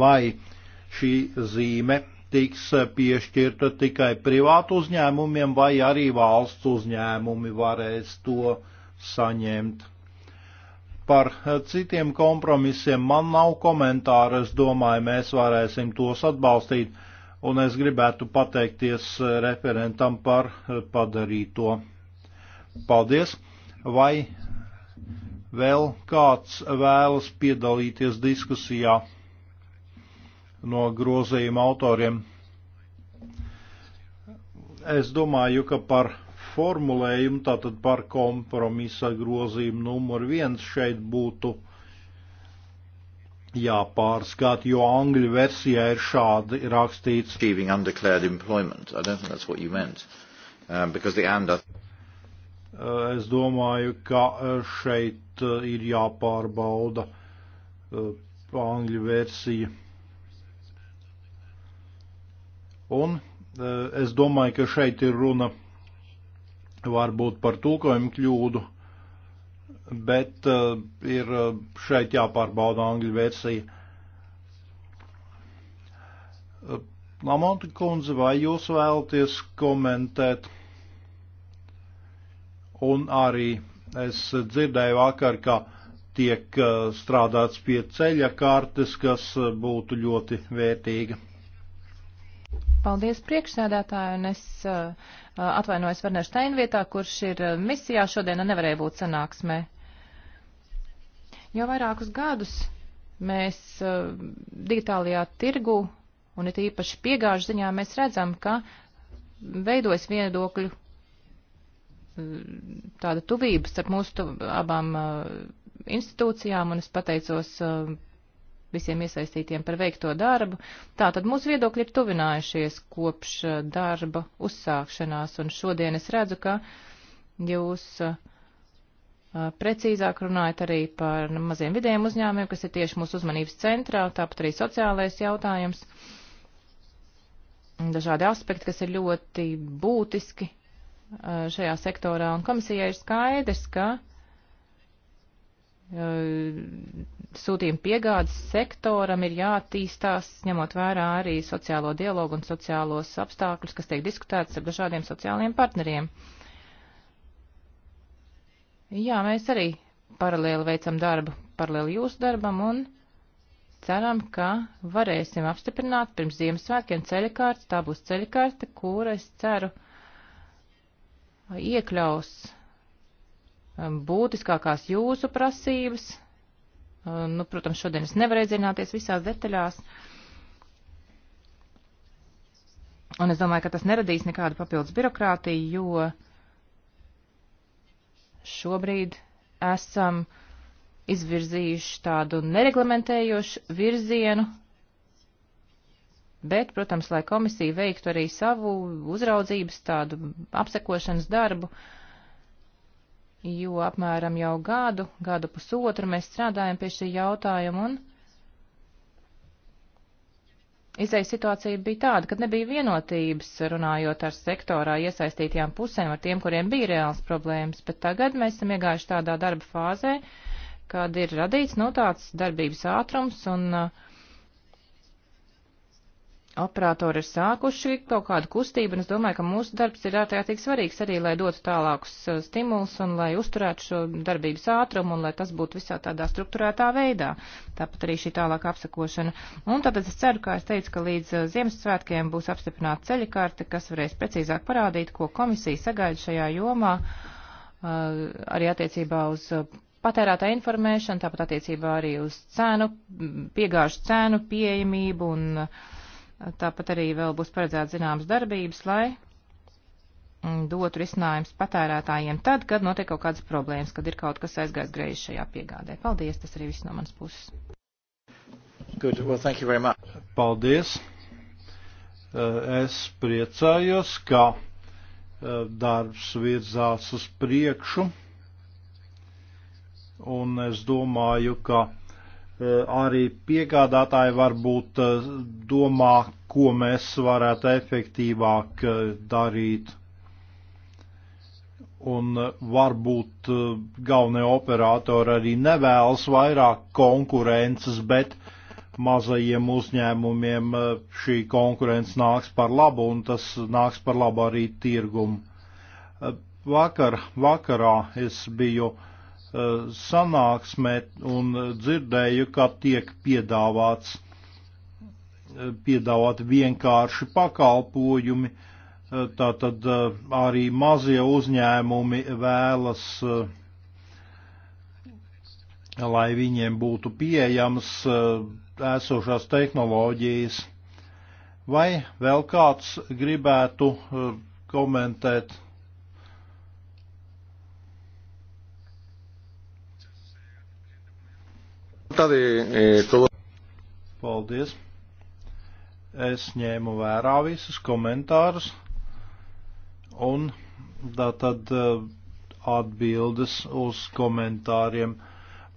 S1: vai šī zīme tiks e, piešķirta tikai privātu uzņēmumiem, vai arī valsts uzņēmumi varēs to saņemt. Par e, citiem kompromisiem man nav komentāru, es domāju, mēs varēsim tos atbalstīt un es gribētu pateikties eh, referentam par eh, padarīto. Paldies! Vai vēl kāds vēlas piedalīties diskusijā no grozījuma autoriem? Es domāju, ka par formulējumu, tātad par kompromisa grozījumu numur viens šeit būtu jāpārskat, jo angļu versijā ir šādi rakstīts. Achieving undeclared employment. I don't think that's what you meant. Um, because the and. Uh, es domāju, ka uh, šeit uh, ir jāpārbauda angļu versija. Un es domāju, ka šeit ir runa varbūt par tulkojumu kļūdu bet uh, ir uh, šeit jāpārbauda angļu versija. Uh, Lamonti kundze, vai jūs vēlaties komentēt? Un arī es dzirdēju vakar, ka tiek uh, strādāts pie ceļa kartes, kas uh, būtu ļoti vērtīga.
S2: Paldies priekšsēdētāju, un es atvainojos Werner Steinvietā, kurš ir misijā šodien un nevarēja būt sanāksmē. Jau vairākus gadus mēs uh, digitālajā tirgu un it īpaši piegāžu ziņā mēs redzam, ka veidojas viedokļu eh, tāda tuvība starp mūsu tuv, abām uh, institūcijām, un es pateicos uh, visiem iesaistītiem par veikto darbu. Tātad mūsu viedokļi ir tuvinājušies kopš darba uzsākšanās, un šodien es redzu, ka jūs uh, Precīzāk runājot arī par maziem vidējiem uzņēmumiem, kas ir tieši mūsu uzmanības centrā, tāpat arī sociālais jautājums. Dažādi aspekti, kas ir ļoti būtiski šajā sektorā, un komisijai ir skaidrs, ka sūtījuma piegādes sektoram ir jātīstās, ņemot vērā arī sociālo dialogu un sociālos apstākļus, kas tiek diskutēts ar dažādiem sociālajiem partneriem. Uh, Jā, mēs arī paralēli veicam darbu, paralēli jūsu darbam un ceram, ka varēsim apstiprināt pirms Ziemassvētkiem ceļakārtu. Tā būs ceļakārta, kura es ceru iekļaus um, būtiskākās jūsu prasības. Uh, nu, protams, šodien es nevarēju zināties visās detaļās. Un es domāju, ka tas neradīs nekādu papildus birokrātiju, jo šobrīd esam izvirzījuši tādu nereglamentējošu virzienu, bet, protams, lai komisija veiktu arī savu uzraudzības tādu apsekošanas darbu, jo apmēram jau gadu, gadu pusotru mēs strādājam pie šī jautājuma un Izēja situācija bija tāda, ka nebija vienotības runājot ar sektorā iesaistītajām pusēm, ar tiem, kuriem bija reāls problēmas, bet tagad mēs esam iegājuši tādā darba fāzē, kad ir radīts, nu, tāds darbības ātrums un uh, operatori ir sākuši kaut kādu kustību, un es domāju, ka mūsu darbs ir ārkārtīgi svarīgs arī, lai dotu tālākus uh, stimulus un lai uzturētu šo darbības ātrumu un lai tas būtu visā tādā struktūrētā veidā. Tāpat arī šī tālāka apsakošana. Un tātad es ceru, kā es teicu, ka līdz uh, Ziemassvētkiem būs apstiprināta ceļakarte, kas varēs precīzāk parādīt, ko komisija sagaida šajā jomā, uh, arī attiecībā uz patērētā informēšanu, tāpat attiecībā arī uz cenu, piegāžu cenu, pieejamību un uh, Tāpat arī vēl būs paredzēts zināmas darbības, lai dotu risinājums patērētājiem tad, kad notiek kaut kādas problēmas, kad ir kaut kas aizgājis greizi šajā piegādē. Paldies, tas arī viss no manas puses.
S1: Good. Well, thank you very much. Paldies. Eh, es priecājos, ka eh, darbs virzās uz priekšu, un es domāju, ka Eh, arī piegādātāji varbūt eh, domā, ko mēs varētu efektīvāk eh, darīt. Un varbūt galvenie operatori arī nevēlas vairāk konkurences, bet mazajiem uzņēmumiem šī konkurence nāks par labu un tas nāks par labu arī tirgumu. Vakar, vakarā es biju uh, Eh, sanāksmē un dzirdēju, ka tiek piedāvāts, eh, piedāvāti vienkārši pakalpojumi, eh, tātad arī mazie uzņēmumi vēlas, lai viņiem būtu pieejamas esošās tehnoloģijas. Vai vēl kāds gribētu komentēt? nota de eh, todo. Paldies. Es ņēmu vērā visus komentārus un tā tad eh, atbildes uz komentāriem.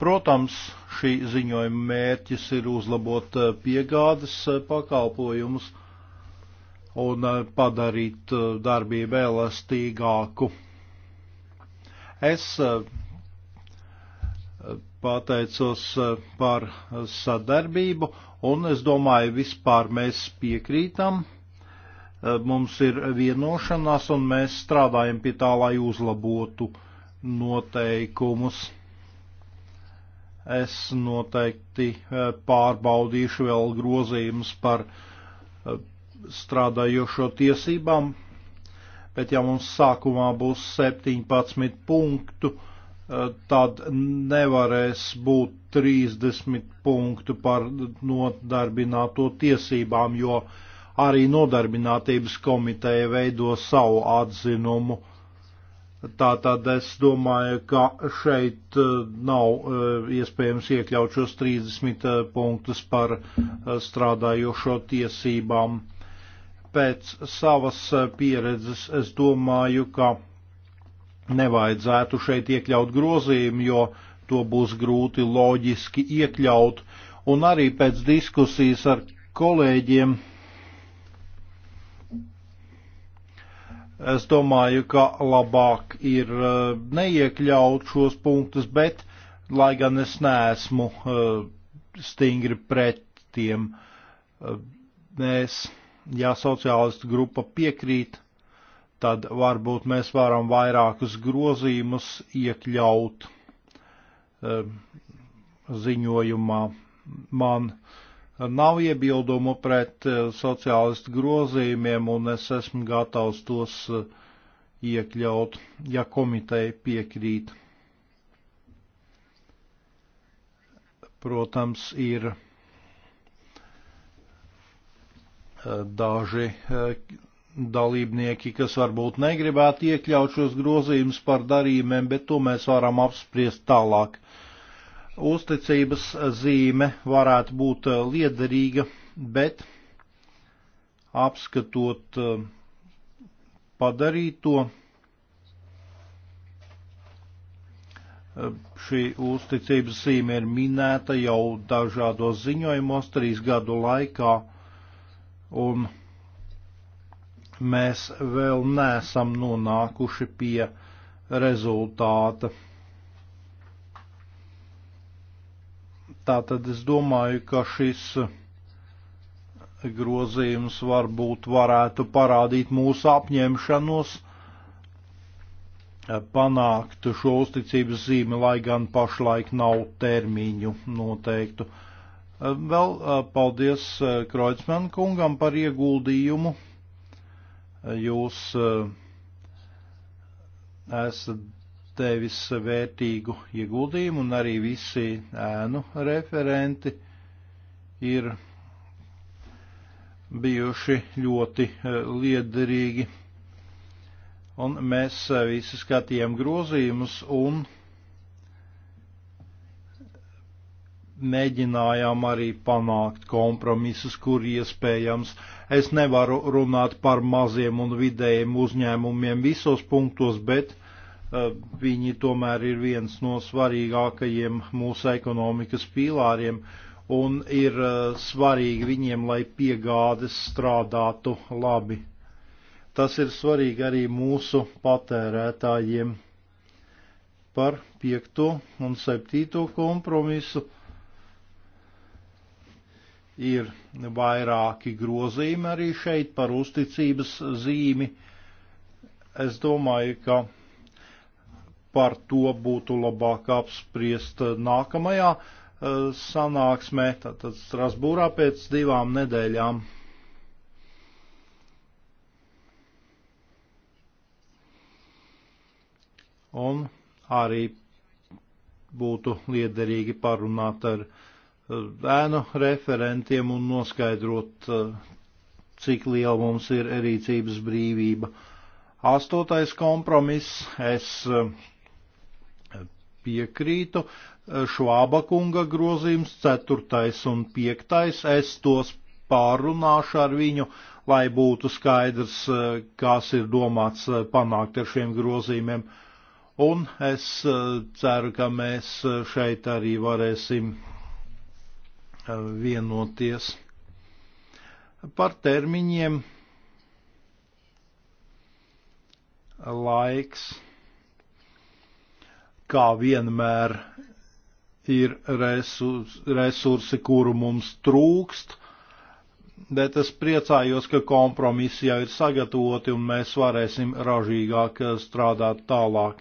S1: Protams, šī ziņojuma mērķis ir uzlabot eh, piegādes eh, pakalpojumus un padarīt darbību elastīgāku. Es pateicos eh, par sadarbību, un es domāju, vispār mēs piekrītam. Eh, mums ir vienošanās, un mēs strādājam pie tā, lai uzlabotu noteikumus. Es noteikti eh, pārbaudīšu vēl grozījumus par strādājošo tiesībām, bet ja mums sākumā būs 17 punktu, tad nevarēs būt 30 punktu par nodarbināto tiesībām, jo arī nodarbinātības komiteja veido savu atzinumu. Tātad es domāju, ka šeit uh, nav uh, iespējams iekļaut šos 30 uh, punktus par strādājošo tiesībām. Pēc savas pieredzes es domāju, ka nevajadzētu šeit iekļaut grozījumu, jo to būs grūti loģiski iekļaut. Un arī pēc diskusijas ar kolēģiem es domāju, ka labāk ir uh, neiekļaut šos punktus, bet, lai gan es neesmu uh, stingri pret tiem, mēs, uh, ja sociālistu grupa piekrīt tad varbūt mēs varam vairākus grozījumus iekļaut eh, ziņojumā. Man nav iebildumu pret eh, sociālistu grozījumiem, un es esmu gatavs tos eh, iekļaut, ja komiteja piekrīt. Protams, ir daži dalībnieki, kas varbūt negribētu iekļaut šos grozījumus par darījumiem, bet to mēs varam apspriest tālāk. Uzticības zīme varētu būt eh, liederīga, bet apskatot eh, padarīto, eh, šī uzticības zīme ir minēta jau dažādos ziņojumos trīs gadu laikā, un mēs vēl neesam nonākuši pie rezultāta. Tātad es domāju, ka šis grozījums varbūt varētu parādīt mūsu apņemšanos panākt šo uzticības zīmi, lai gan pašlaik nav termiņu noteiktu. Vēl paldies Kreutzmann kungam par ieguldījumu jūs eh, esat devis vērtīgu ieguldījumu un arī visi ēnu referenti ir bijuši ļoti eh, liederīgi. Un mēs eh, visi skatījām grozījumus un mēģinājām arī panākt kompromisus, kur iespējams uh, Es nevaru runāt par maziem un vidējiem uzņēmumiem visos punktos, bet eh, viņi tomēr ir viens no svarīgākajiem mūsu ekonomikas pīlāriem un ir eh, svarīgi viņiem, lai piegādes strādātu labi. Tas ir svarīgi arī mūsu patērētājiem. Par piekto un septīto kompromisu ir vairāki grozījumi arī šeit par uzticības zīmi. Es domāju, ka par to būtu labāk apspriest nākamajā eh, sanāksmē, tātad Strasbūrā pēc divām nedēļām. Un arī būtu liederīgi parunāt ar uh, ēnu referentiem un noskaidrot, eh, cik liela mums ir rīcības brīvība. Astotais kompromiss es eh, piekrītu. Eh, Švāba kunga grozījums, ceturtais un piektais, es tos pārunāšu ar viņu, lai būtu skaidrs, kas ir domāts panākt ar šiem grozījumiem. Un es ceru, ka mēs šeit arī varēsim vienoties par termiņiem. Laiks, kā vienmēr, ir resurs, resursi, kuru mums trūkst, bet es priecājos, ka kompromisi jau ir sagatavoti un mēs varēsim ražīgāk strādāt tālāk.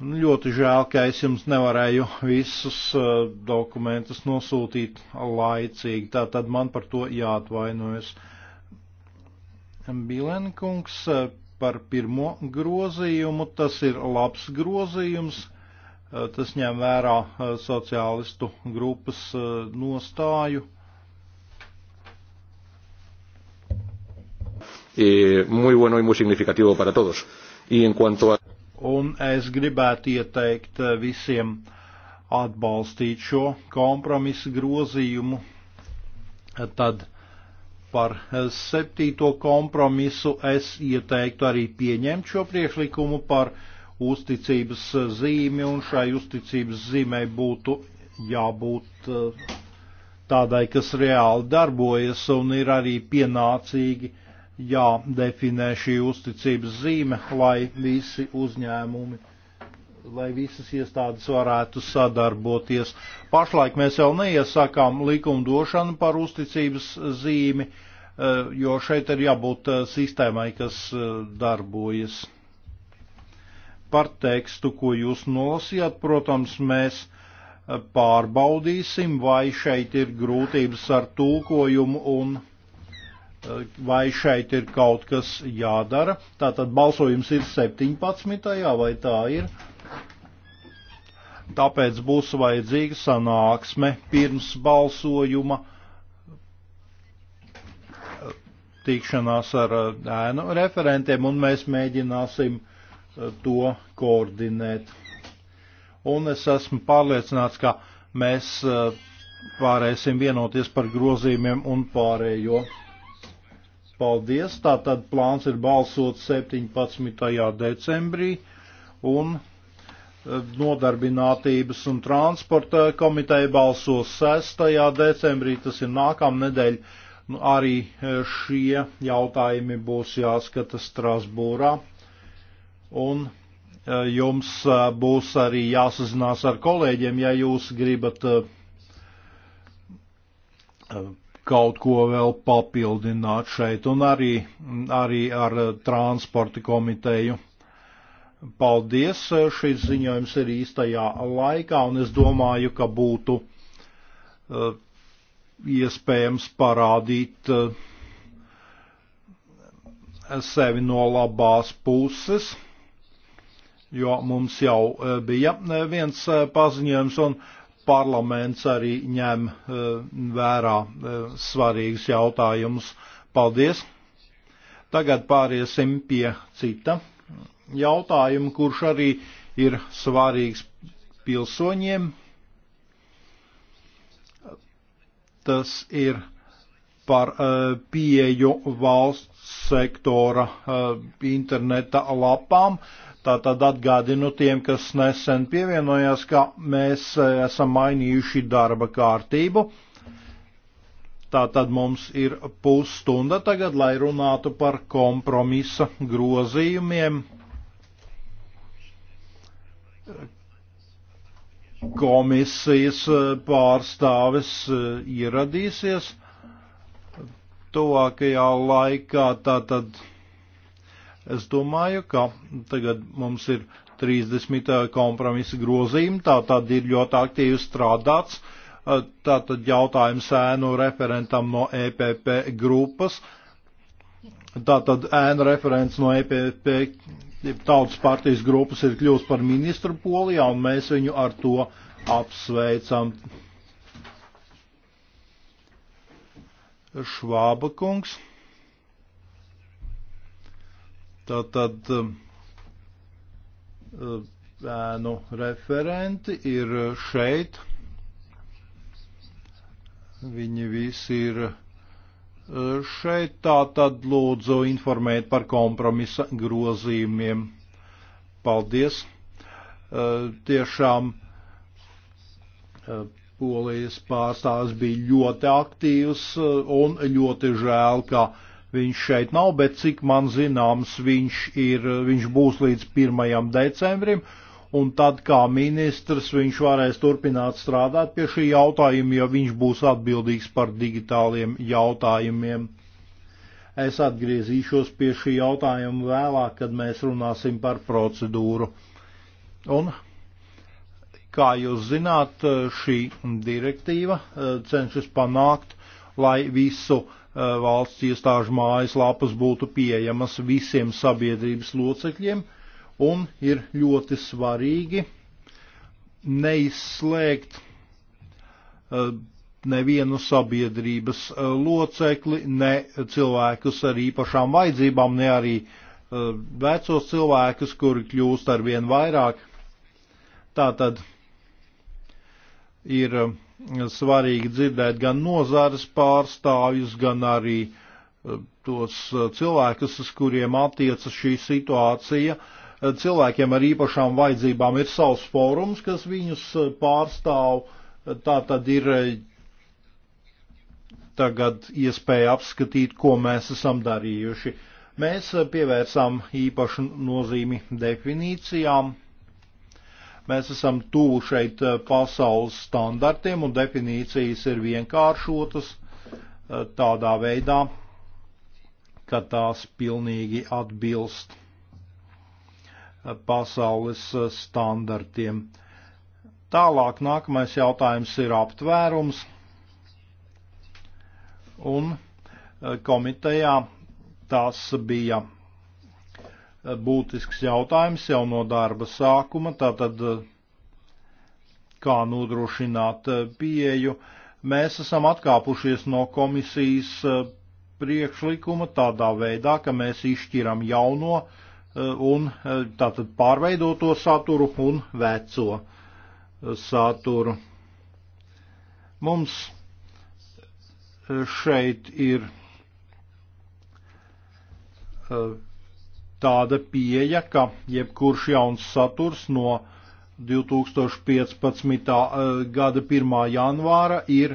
S1: Nu, ļoti žēl, ka es jums nevarēju visus uh, dokumentus nosūtīt laicīgi, tā tad man par to jāatvainojas. Bilenkungs uh, par pirmo grozījumu, tas ir labs grozījums, uh, tas ņem vērā sociālistu grupas nostāju.
S2: Eh, muy bueno y muy significativo para todos. Y en cuanto a
S1: un es gribētu ieteikt eh, visiem atbalstīt šo kompromisu grozījumu. Eh, tad par eh, septīto kompromisu es ieteiktu arī pieņemt šo priekšlikumu par uzticības zīmi, un šai uzticības zīmei būtu jābūt tādai, kas reāli darbojas un ir arī pienācīgi uh, jādefinē šī uzticības zīme, lai visi uzņēmumi, lai visas iestādes varētu sadarboties. Pašlaik mēs jau neiesakām likumdošanu par uzticības zīmi, eh, jo šeit ir jābūt eh, sistēmai, kas eh, darbojas. Par tekstu, ko jūs nolasījāt, protams, mēs pārbaudīsim, vai šeit ir grūtības ar tulkojumu un vai šeit ir kaut kas jādara. Tātad balsojums ir 17. vai tā ir. Tāpēc būs vajadzīga sanāksme pirms balsojuma tikšanās ar uh, ēnu referentiem, un mēs mēģināsim uh, to koordinēt. Un es esmu pārliecināts, ka mēs uh, varēsim vienoties par grozījumiem un pārējo. Paldies! Tātad plāns ir balsot 17. decembrī un e, nodarbinātības un transporta komiteja balsos 6. decembrī, tas ir nākamnedēļ. Nu, arī e, šie jautājumi būs jāskata Strasbūrā. Un e, jums būs arī jāsazinās ar kolēģiem, ja jūs gribat kaut ko vēl papildināt šeit un arī, arī ar transporta komiteju. Paldies, šis ziņojums ir īstajā laikā un es domāju, ka būtu uh, iespējams parādīt uh, sevi no labās puses, jo mums jau eh, bija viens paziņojums un uh, parlaments arī ņem eh, vērā eh, svarīgus jautājumus. Paldies! Tagad pāriesim pie cita jautājuma, kurš arī ir svarīgs pilsoņiem. Tas ir par eh, pieju valsts sektora interneta lapām. Uh, Tātad atgādinu tiem, kas nesen pievienojās, ka mēs e, esam mainījuši darba kārtību. Tātad mums ir pusstunda tagad, lai runātu par kompromisa grozījumiem. Komisijas e, pārstāvis e, ieradīsies tuvākajā laikā, tātad Es domāju, ka tagad mums ir 30 eh, kompromisa grozījumi, tā tad ir ļoti aktīvi strādāts. Eh, Tātad jautājums ēnu referentam no EPP grupas. Tātad ēnu referents no EPP tautas partijas grupas ir kļūst par ministru polijā, un mēs viņu ar to apsveicam. Švāba kungs. Tā tad eh, eh, ēnu referenti ir šeit. Viņi visi ir eh, šeit. Tā tad lūdzu informēt par kompromisa grozījumiem. Paldies! Tiešām polijas pārstāvis bija ļoti aktīvs un ļoti žēl, ka viņš šeit nav, bet cik man zināms, viņš, ir, viņš būs līdz 1. decembrim, un tad kā ministrs viņš varēs turpināt strādāt pie šī jautājuma, jo viņš būs atbildīgs par digitāliem jautājumiem. Es atgriezīšos pie šī jautājuma vēlāk, kad mēs runāsim par procedūru. Un, kā jūs zināt, šī direktīva eh, cenšas panākt, lai visu uh, Eh, valsts iestāžu mājaslapas būtu pieejamas visiem sabiedrības locekļiem, un ir ļoti svarīgi neizslēgt eh, nevienu sabiedrības eh, locekli, ne cilvēkus ar īpašām vajadzībām, ne arī vecos cilvēkus, kuri kļūst ar vien vairāk. Tātad ir svarīgi dzirdēt gan nozares pārstāvjus, gan arī eh, tos eh, cilvēkus, uz kuriem attiecas šī situācija. Eh, cilvēkiem ar īpašām vajadzībām ir savs fórums, kas viņus pārstāv. Tā tad ir tagad iespēja apskatīt, ko mēs esam darījuši. Mēs pievērsām īpašu nozīmi definīcijām, Mēs esam tuvu šeit eh, pasaules standartiem un definīcijas ir vienkāršotas eh, tādā veidā, ka tās pilnīgi atbilst eh, pasaules standartiem. Tālāk nākamais jautājums ir aptvērums. Un komitejā tas bija būtisks jautājums jau no darba sākuma, tātad kā nodrošināt eh, pieeju. Mēs esam atkāpušies no komisijas eh, priekšlikuma tādā veidā, ka mēs izšķiram jauno eh, un tātad pārveidoto saturu un veco saturu. Mums šeit ir tāda pieeja, ka jebkurš jauns saturs no 2015. Eh, gada 1. janvāra ir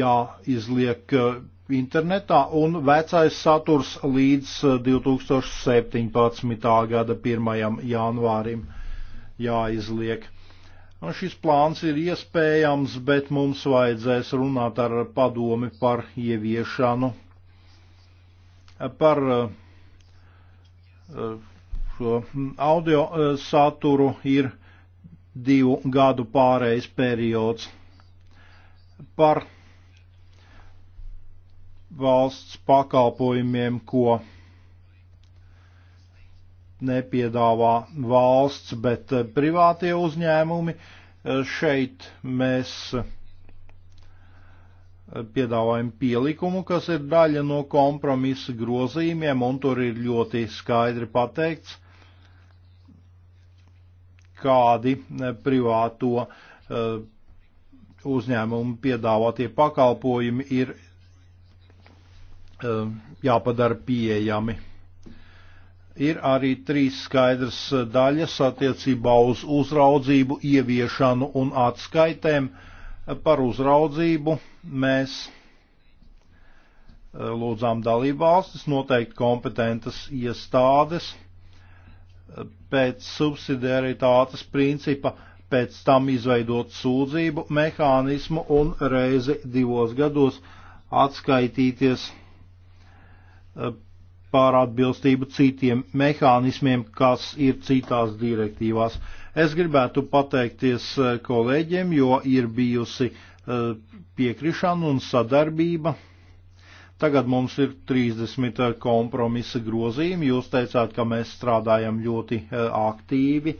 S1: jāizliek eh, internetā un vecais saturs līdz 2017. Eh, gada 1. janvārim jāizliek. Un nu, šis plāns ir iespējams, bet mums vajadzēs runāt ar padomi par ieviešanu. Par uh, šo audio eh, saturu ir divu gadu pārējais periods. Par valsts pakalpojumiem, ko nepiedāvā valsts, bet eh, privātie uzņēmumi. Eh, šeit mēs piedāvājam pielikumu, kas ir daļa no kompromisa grozījumiem, un tur ir ļoti skaidri pateikts, kādi privāto e, uzņēmumu piedāvātie pakalpojumi ir e, jāpadara pieejami. Ir arī trīs skaidras daļas attiecībā uz uzraudzību, ieviešanu un atskaitēm. Uh, Par uzraudzību mēs eh, lūdzām dalībvalstis noteikt kompetentas iestādes eh, pēc subsidiaritātes principa, pēc tam izveidot sūdzību mehānismu un reizi divos gados atskaitīties eh, par atbilstību citiem mehānismiem, kas ir citās direktīvās. Es gribētu pateikties eh, kolēģiem, jo ir bijusi eh, piekrišana un sadarbība. Tagad mums ir 30 eh, kompromisa grozījumi. Jūs teicāt, ka mēs strādājam ļoti aktīvi.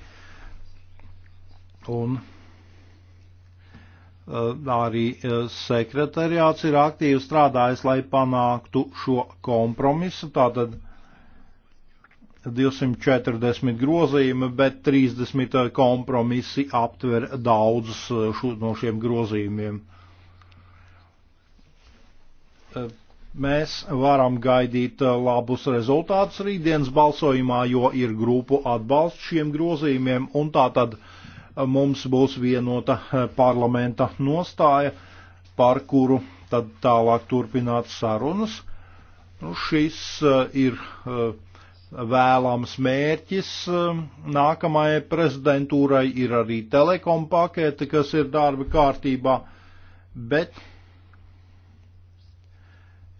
S1: Un arī sekretariāts ir aktīvi strādājis, lai panāktu šo kompromisu. Tātad 240 grozījumi, bet 30 kompromisi aptver daudzus eh, no šiem grozījumiem. Eh, mēs varam gaidīt eh, labus rezultātus rītdienas balsojumā, jo ir grupu atbalsts šiem grozījumiem, un tā tad mums būs vienota parlamenta nostāja, par kuru tad tālāk turpināt sarunas. Nu, šis ir uh, vēlams mērķis um, nākamajai prezidentūrai ir arī telekom pakete, kas ir darba kārtībā, bet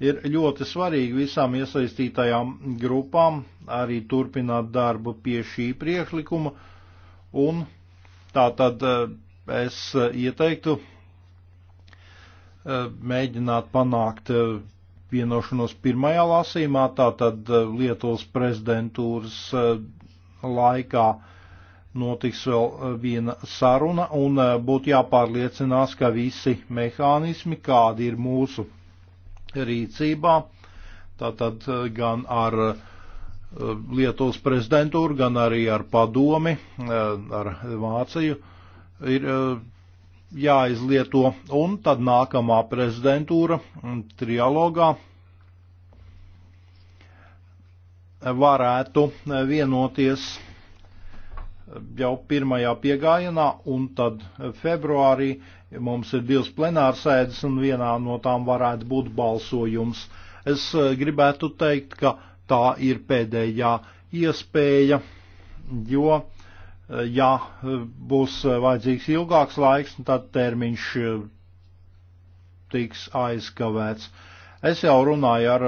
S1: ir ļoti svarīgi visām iesaistītajām grupām arī turpināt darbu pie šī priekšlikuma, un tā tad uh, es ieteiktu uh, mēģināt panākt uh, vienošanos pirmajā lasīmā, tātad eh, Lietuvas prezidentūras eh, laikā notiks vēl eh, viena saruna un būtu jāpārliecinās, ka visi mehānismi, kādi ir mūsu rīcībā, tātad gan ar Lietuvas prezidentūru, gan arī ar padomi, ar Vāciju, ir jāizlieto, un tad nākamā prezidentūra mm, trialogā varētu mm, vienoties mm, jau pirmajā piegājienā, un tad februārī mums ir divas plenārsēdes, un vienā no tām varētu būt balsojums. Es gribētu teikt, ka tā ir pēdējā iespēja, jo ja eh, būs eh, vajadzīgs ilgāks laiks, nu, tad termiņš eh, tiks aizkavēts. Es jau runāju ar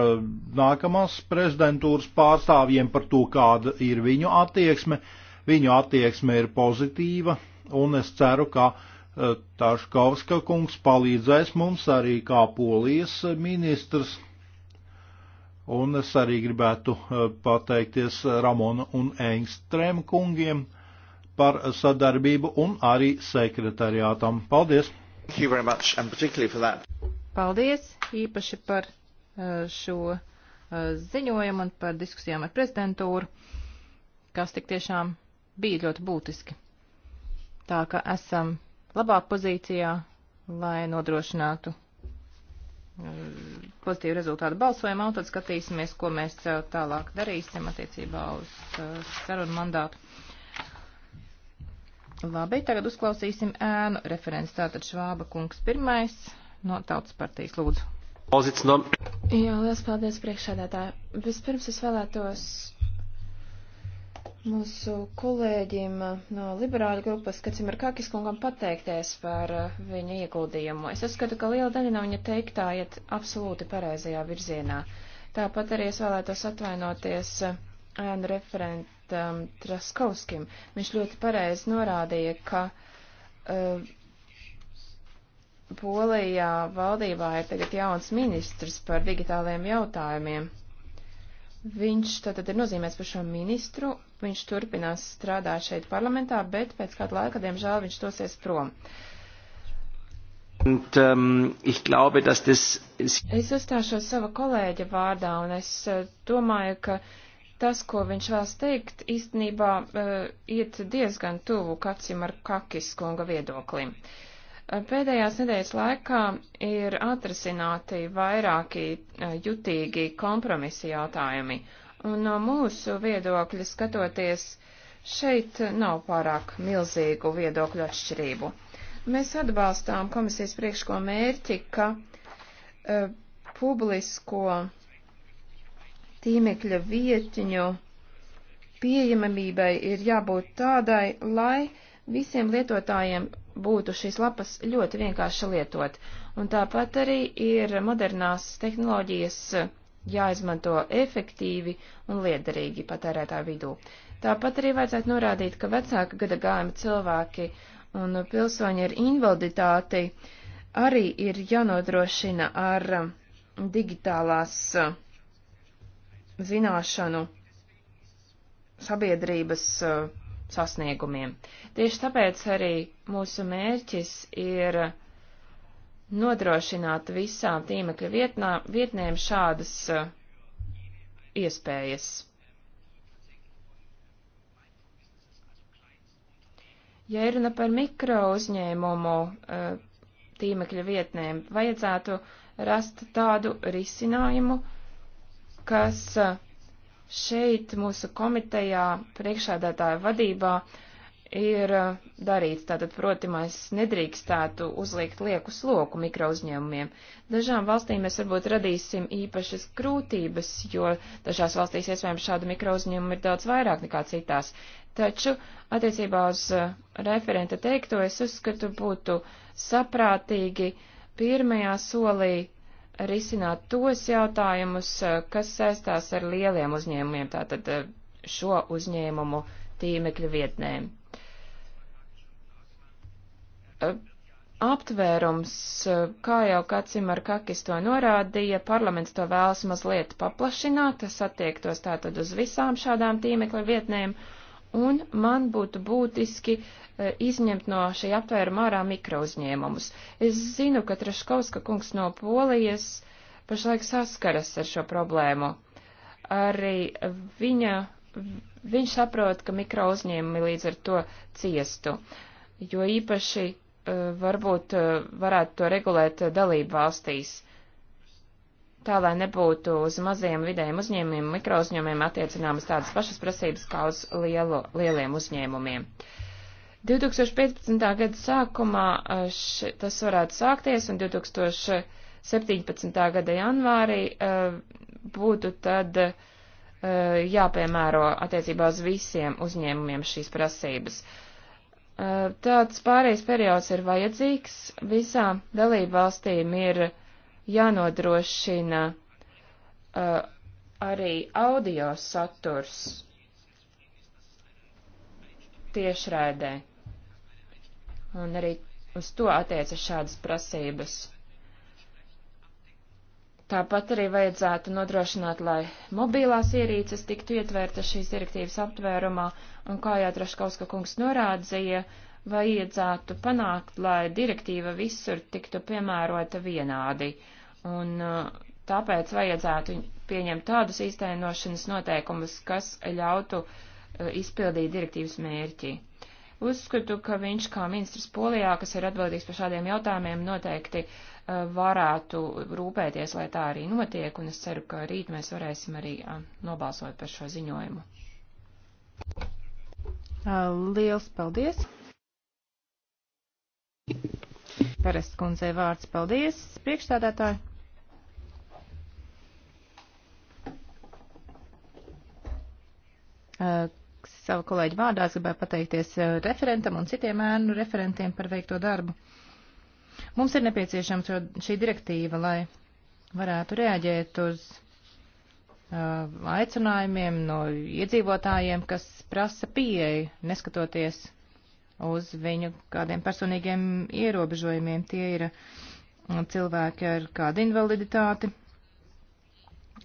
S1: nākamās prezidentūras pārstāvjiem par to, kāda ir viņu attieksme. Viņu attieksme ir pozitīva, un es ceru, ka Taškovska kungs palīdzēs mums arī kā polijas ministrs. Un es arī gribētu pateikties Ramona un Engstrēm kungiem par sadarbību un arī sekretariātam. Paldies!
S2: Paldies īpaši par uh, šo uh, ziņojumu un par diskusijām ar prezidentūru, kas tik tiešām bija ļoti būtiski. Tā ka esam labā pozīcijā, lai nodrošinātu uh, pozitīvu rezultātu balsojumā, un tad skatīsimies, ko mēs tālāk darīsim attiecībā uz sarunu mandātu. Labi, tagad uzklausīsim ēnu referents. Tātad Švāba kungs pirmais no Tautas partijas lūdzu. Pozicinam.
S3: Jā, liels paldies priekšādātā. Vispirms es vēlētos mūsu kolēģim no liberāļu grupas, Kacim ir Kakis kungam pateikties par eh, viņa ieguldījumu. Es uzskatu, ka liela daļa no viņa teiktā iet absolūti pareizajā virzienā. Tāpat arī es vēlētos atvainoties eh, ēnu referent, um, Traskauskim. Viņš ļoti pareizi norādīja, ka uh, Polijā valdībā ir tagad jauns ministrs par digitāliem jautājumiem. Viņš tātad ir nozīmēts par šo ministru, viņš turpinās strādāt šeit parlamentā, bet pēc kāda laika, diemžēl, viņš dosies prom.
S2: Und, um, ich glaube, dass das... Es
S3: uzstāšos sava kolēģa vārdā, un es eh, domāju, ka uh, tas, ko viņš vēlas teikt, īstenībā uh, iet diezgan tuvu Kacim ar Kakis kunga viedoklim. E, pēdējās nedēļas laikā ir atrasināti vairāki uh, jutīgi kompromisi jautājumi, un no mūsu viedokļa skatoties, šeit nav pārāk milzīgu viedokļu atšķirību. Mēs atbalstām komisijas priekško mērķi, ka uh, publisko uh, tīmekļa vietiņu pieejamībai ir jābūt tādai, lai visiem lietotājiem būtu šīs lapas ļoti vienkārši lietot. Un tāpat arī ir modernās tehnoloģijas jāizmanto efektīvi un liederīgi patērētāju vidū. Tāpat arī vajadzētu norādīt, ka vecāka gada gājuma cilvēki un pilsoņi ar invaliditāti arī ir jānodrošina ar digitālās uh, zināšanu sabiedrības uh, sasniegumiem. Tieši tāpēc arī mūsu mērķis ir nodrošināt visām tīmekļa vietnā, vietnēm šādas uh, iespējas. Ja runa par mikro uzņēmumu uh, tīmekļa vietnēm, vajadzētu rast tādu risinājumu, uh, kas eh, šeit mūsu komitejā priekšādātāja vadībā ir eh, darīts. Tātad, proti, mēs nedrīkstētu uzliekt lieku sloku mikrouzņēmumiem. Dažām valstīm mēs varbūt radīsim īpašas grūtības, jo dažās valstīs iespējams šādu mikrouzņēmumu ir daudz vairāk nekā citās. Taču, attiecībā uz eh, referenta teikto, es uzskatu būtu saprātīgi pirmajā solī risināt tos jautājumus, eh, kas saistās ar lieliem uzņēmumiem, tātad eh, šo uzņēmumu tīmekļu vietnēm. Eh, aptvērums, kā jau Kacimar Kakis to norādīja, parlaments to vēlas mazliet paplašināt, tas attiektos tātad uz visām šādām tīmekļa vietnēm, uh, un man būtu būtiski eh, izņemt no šī aptvēruma ārā mikrouzņēmumus. Es zinu, ka Traškovska kungs no Polijas pašlaik saskaras ar šo problēmu. Arī viņa, viņš saprot, ka mikrouzņēmumi līdz ar to ciestu, jo īpaši eh, varbūt eh, varētu to regulēt dalību valstīs. Uh, tā lai nebūtu uz maziem vidējiem uzņēmumiem, mikrouzņēmumiem attiecināmas tādas pašas prasības kā uz lielu, lieliem uzņēmumiem. 2015. gada sākumā eh, š, tas varētu sākties, un 2017. gada janvārī eh, būtu tad eh, jāpiemēro attiecībā uz visiem uzņēmumiem šīs prasības. Tāds pārējais periods ir vajadzīgs, visām dalībvalstīm ir uh, jānodrošina uh, arī audio saturs tiešraidē. Un arī uz to attiecas šādas prasības. Tāpat arī vajadzētu nodrošināt, lai mobilās ierīces tiktu ietvērta šīs direktīvas aptvērumā, un kā jau Traškauska kungs norādīja, uh, vajadzētu panākt, lai direktīva visur tiktu piemērota vienādi. Un uh, tāpēc vajadzētu pieņemt tādus īstenošanas noteikumus, kas ļautu uh, izpildīt direktīvas mērķi. Uzskatu, ka viņš kā ministrs Polijā, kas ir atbildīgs par šādiem jautājumiem, noteikti uh, varētu rūpēties, lai tā arī notiek, un es ceru, ka rīt mēs varēsim arī nobalsot par šo ziņojumu.
S2: Liels paldies! Parests kundzei vārds. Paldies, priekšstādātāji. Uh, savu kolēģu vārdā es gribēju pateikties referentam un citiem ēnu referentiem par veikto darbu. Mums ir nepieciešama šo, šī direktīva, lai varētu reaģēt uz uh, aicinājumiem no iedzīvotājiem, kas prasa pieeju, neskatoties uz viņu kādiem personīgiem ierobežojumiem. Tie ir mm, cilvēki ar kādu invaliditāti,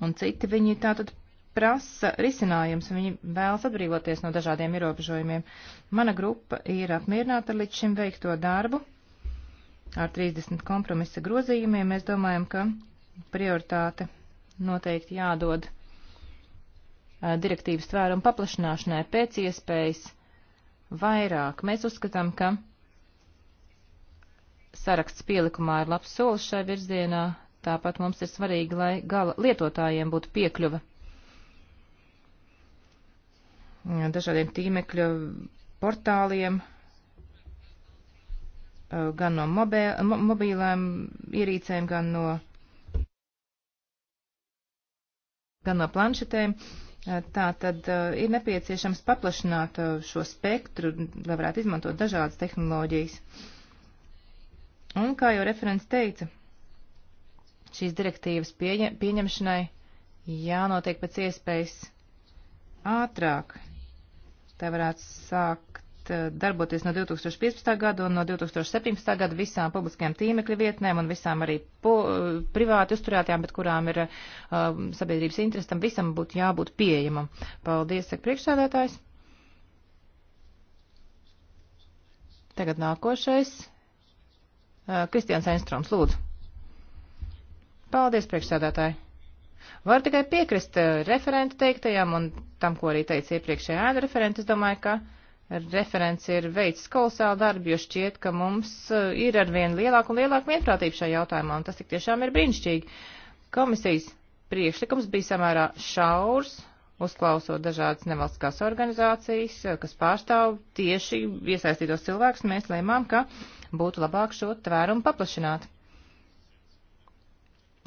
S2: un citi viņi tātad prasa risinājums, viņi vēlas atbrīvoties no dažādiem ierobežojumiem. Mana grupa ir apmierināta ar līdz šim veikto darbu. Ar 30 kompromisa grozījumiem mēs domājam, ka prioritāte noteikti jādod direktīvas tvērumu paplašanāšanai pēc iespējas vairāk. Mēs uzskatām, ka saraksts pielikumā ir labs solis šai virzienā, tāpat mums ir svarīgi, lai gala lietotājiem būtu piekļuve dažādiem tīmekļu portāliem, eh, gan no mobē, mobīlēm ierīcēm, gan no, gan no planšetēm. Uh, Tā tad ir nepieciešams paplašināt šo spektru, lai varētu izmantot dažādas tehnoloģijas. Un, kā jau referents teica, šīs direktīvas pieņem, pieņemšanai jānotiek pēc iespējas ātrāk. Tā varētu sākt Eh, darboties no 2015. gada un no 2017. gada visām publiskajām tīmekļa vietnēm un visām arī po, eh, privāti uzturētajām, bet kurām ir uh, sabiedrības interesam, visam būtu jābūt pieejamam. Paldies, saka priekšsēdētājs. Tagad nākošais. Uh, Kristians Einstroms, lūdzu. Paldies, priekšsēdētāji. Var tikai piekrist referenta teiktajam un tam, ko arī teica iepriekšējā ēda referenta. Es domāju, ka referents ir veicis kolosālu darbu, jo šķiet, ka mums eh, ir arvien lielāka un lielāka vienprātība šajā jautājumā, un tas tik tiešām ir brīnišķīgi. Komisijas priekšlikums bija samērā šaurs, uzklausot dažādas nevalstiskās organizācijas, eh, kas pārstāv tieši iesaistītos cilvēkus, mēs lēmām, ka būtu labāk šo tvērumu paplašināt.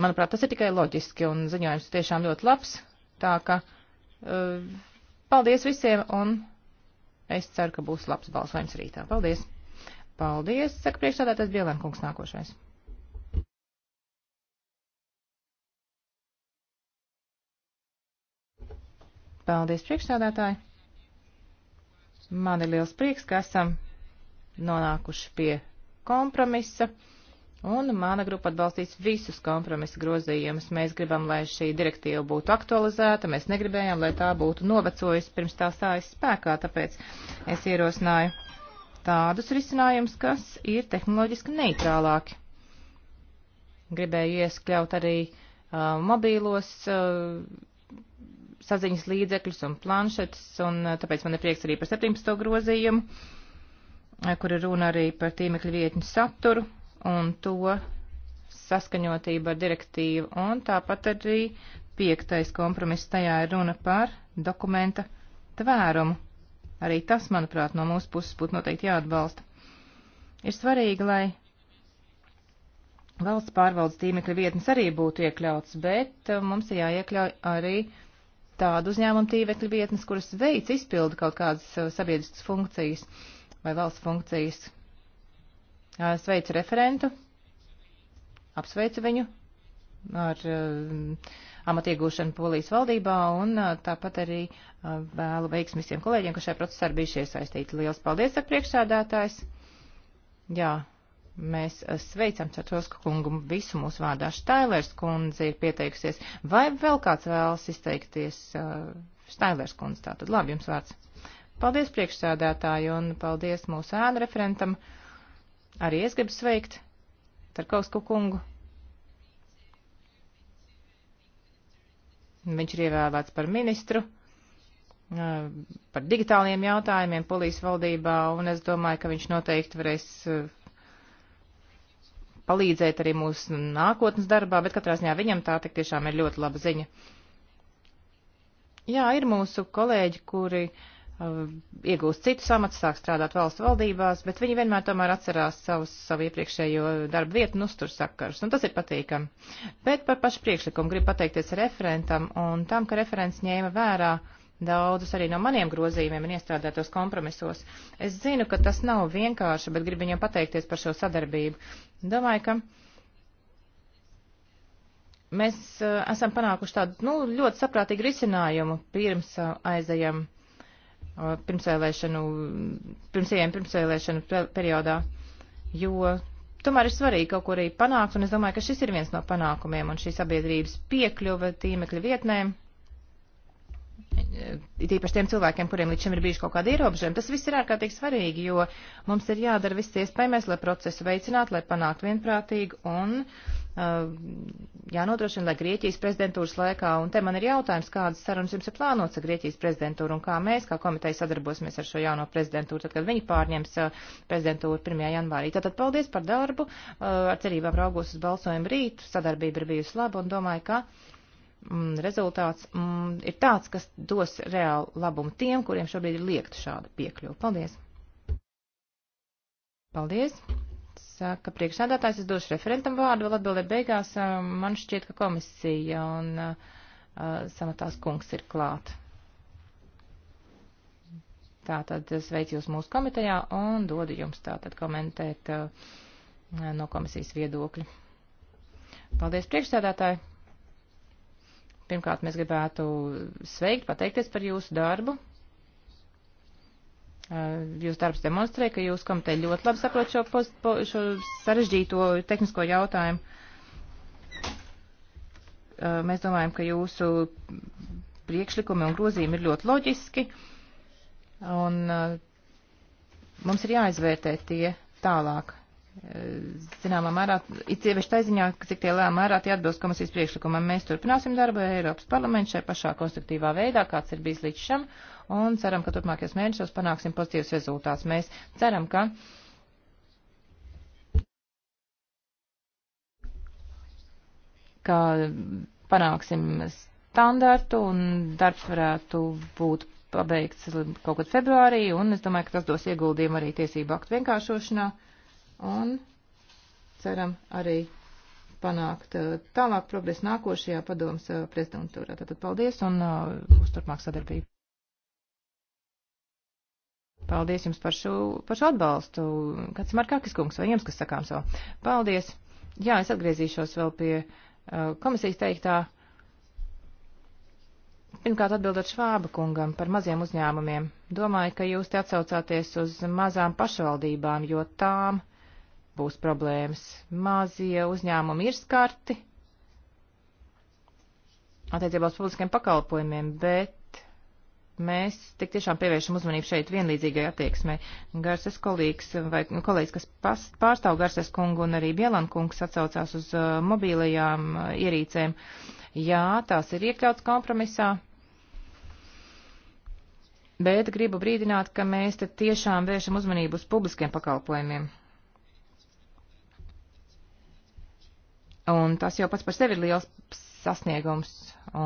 S2: Manuprāt, tas ir tikai loģiski, un ziņojums tiešām ļoti labs, tā ka uh, paldies visiem, un Es ceru, ka būs labs balsojums rītā. Paldies! Paldies! Saka priekšstādātais Bielenkungs nākošais. Paldies, priekšstādātāji! Man ir liels prieks, ka esam nonākuši pie kompromisa. Un mana grupa atbalstīs visus kompromisa grozījumus. Mēs gribam, lai šī direktīva būtu aktualizēta, mēs negribējām, lai tā būtu novecojusi pirms tā stājas spēkā, tāpēc es ierosināju tādus risinājumus, kas ir tehnoloģiski neitrālāki. Gribēju ieskļaut arī uh, mobīlos uh, saziņas līdzekļus un planšetes, un uh, tāpēc man ir prieks arī par 17. grozījumu, uh, kur ir runa arī par tīmekļa vietņu saturu un to saskaņotību ar direktīvu, un tāpat arī piektais kompromiss tajā ir runa par dokumenta tvērumu. Arī tas, manuprāt, no mūsu puses būtu noteikti jāatbalsta. Ir svarīgi, lai valsts pārvaldes tīmekļa vietnes arī būtu iekļauts, bet uh, mums ir jāiekļauj arī tādu uzņēmumu tīmekļa vietnes, kuras veids izpildu kaut kādas uh, sabiedriskas funkcijas vai valsts funkcijas, Sveicu referentu, apsveicu viņu ar amatiegūšanu Polijas valdībā un tāpat arī vēlu veiksmi visiem kolēģiem, kas šajā procesā ir bijuši iesaistīti. Liels paldies, ar priekšsēdētājs! Jā, mēs sveicam Čatosku kungu visu mūsu vārdā. Štailers kundze ir pieteikusies. Vai vēl kāds vēlas izteikties? Štailers kundze, tātad labi jums vārds. Paldies priekšsēdētāju un paldies mūsu ēnu referentam. Arī es gribu sveikt Tarkovsku kungu. Viņš ir ievēlēts par ministru, par digitāliem jautājumiem polijas valdībā, un es domāju, ka viņš noteikti varēs palīdzēt arī mūsu nākotnes darbā, bet katrā ziņā viņam tā tik tiešām ir ļoti laba ziņa. Jā, ir mūsu kolēģi, kuri uh, Uh, iegūst citus amatus, sāk strādāt valstu valdībās, bet viņi vienmēr tomēr atcerās savus, savu iepriekšējo darbu vietu un nu, uztur sakarus, un tas ir patīkami. Bet par pašu priekšlikumu gribu pateikties referentam un tam, ka referents ņēma vērā daudzus arī no maniem grozījumiem un iestrādētos kompromisos. Es zinu, ka tas nav vienkārši, bet gribu viņam pateikties par šo sadarbību. Domāju, ka mēs uh, esam panākuši tādu nu, ļoti saprātīgu risinājumu pirms uh, aizējam pirmsvēlēšanu, pirms ejam pirmsvēlēšanu periodā, jo tomēr ir svarīgi kaut ko arī panākt, un es domāju, ka šis ir viens no panākumiem, un šī sabiedrības piekļuva tīmekļa vietnēm tīpaši tiem cilvēkiem, kuriem līdz šim ir bijuši kaut kādi ierobežojumi. Tas viss ir ārkārtīgi svarīgi, jo mums ir jādara viss iespējamais, lai procesu veicinātu, lai panāktu vienprātīgu un uh, jānodrošina, lai Grieķijas prezidentūras laikā, un te man ir jautājums, kādas sarunas jums ir plānotas ar Grieķijas prezidentūru un kā mēs, kā komiteja, sadarbosimies ar šo jauno prezidentūru, tad, kad viņi pārņems uh, prezidentūru 1. janvārī. Tātad paldies par darbu, uh, ar cerībām raugos uz balsojumu rīt, sadarbība ir bijusi laba un domāju, ka. Un rezultāts mm, ir tāds, kas dos reālu labumu tiem, kuriem šobrīd ir liekta šāda piekļuva. Paldies! Paldies! Saka priekšsēdātājs, es došu referentam vārdu, vēl atbildēt beigās. Man šķiet, ka komisija un uh, samatās kungs ir klāt. Tātad sveicu jūs mūsu komitejā un dodu jums tātad komentēt uh, no komisijas viedokļa. Paldies priekšsēdātāji! Pirmkārt, mēs gribētu sveikt, pateikties par jūsu darbu. Jūsu darbs demonstrē, ka jūs komiteja ļoti labi saprot šo, post, po, šo sarežģīto tehnisko jautājumu. Mēs domājam, ka jūsu priekšlikumi un grozījumi ir ļoti loģiski, un mums ir jāizvērtē tie tālāk zināmā mērā, it īpaši tā ziņā, cik tie lielā mērā tie atbilst komisijas priekšlikumam. Mēs turpināsim darbu Eiropas parlamentā šai pašā konstruktīvā veidā, kāds ir bijis līdz šim, un ceram, ka turpmākajos mēnešos panāksim pozitīvus rezultātus. Mēs ceram, ka. ka panāksim standartu un darbs varētu būt pabeigts kaut kad februārī, un es domāju, ka tas dos ieguldījumu arī tiesību aktu vienkāršošanā un ceram arī panākt uh, tālāk progresu nākošajā padomas uh, prezidentūrā. Tātad paldies un uh, uz turpmāk sadarbību. Paldies jums par šo, par šo atbalstu. Kāds Markakis kungs vai jums, kas sakām savu? Paldies. Jā, es atgriezīšos vēl pie komisijas teiktā. Pirmkārt, atbildot Švāba kungam par maziem uzņēmumiem, domāju, ka jūs te atsaucāties uz mazām pašvaldībām, jo tām uh, būs problēmas. Mazie uzņēmumi ir skarti attiecībā uz publiskiem pakalpojumiem, bet mēs tik tiešām pievēršam uzmanību šeit vienlīdzīgai attieksmei. Garses kolīgs vai kolēģis, kas pas, pārstāv Garses kungu un arī Bielan kungs atsaucās uz uh, mobīlajām uh, ierīcēm. Jā, tās ir iekļauts kompromisā, bet gribu brīdināt, ka mēs te tiešām vēršam uzmanību uz publiskiem pakalpojumiem. Un tas jau pats par sevi ir liels sasniegums.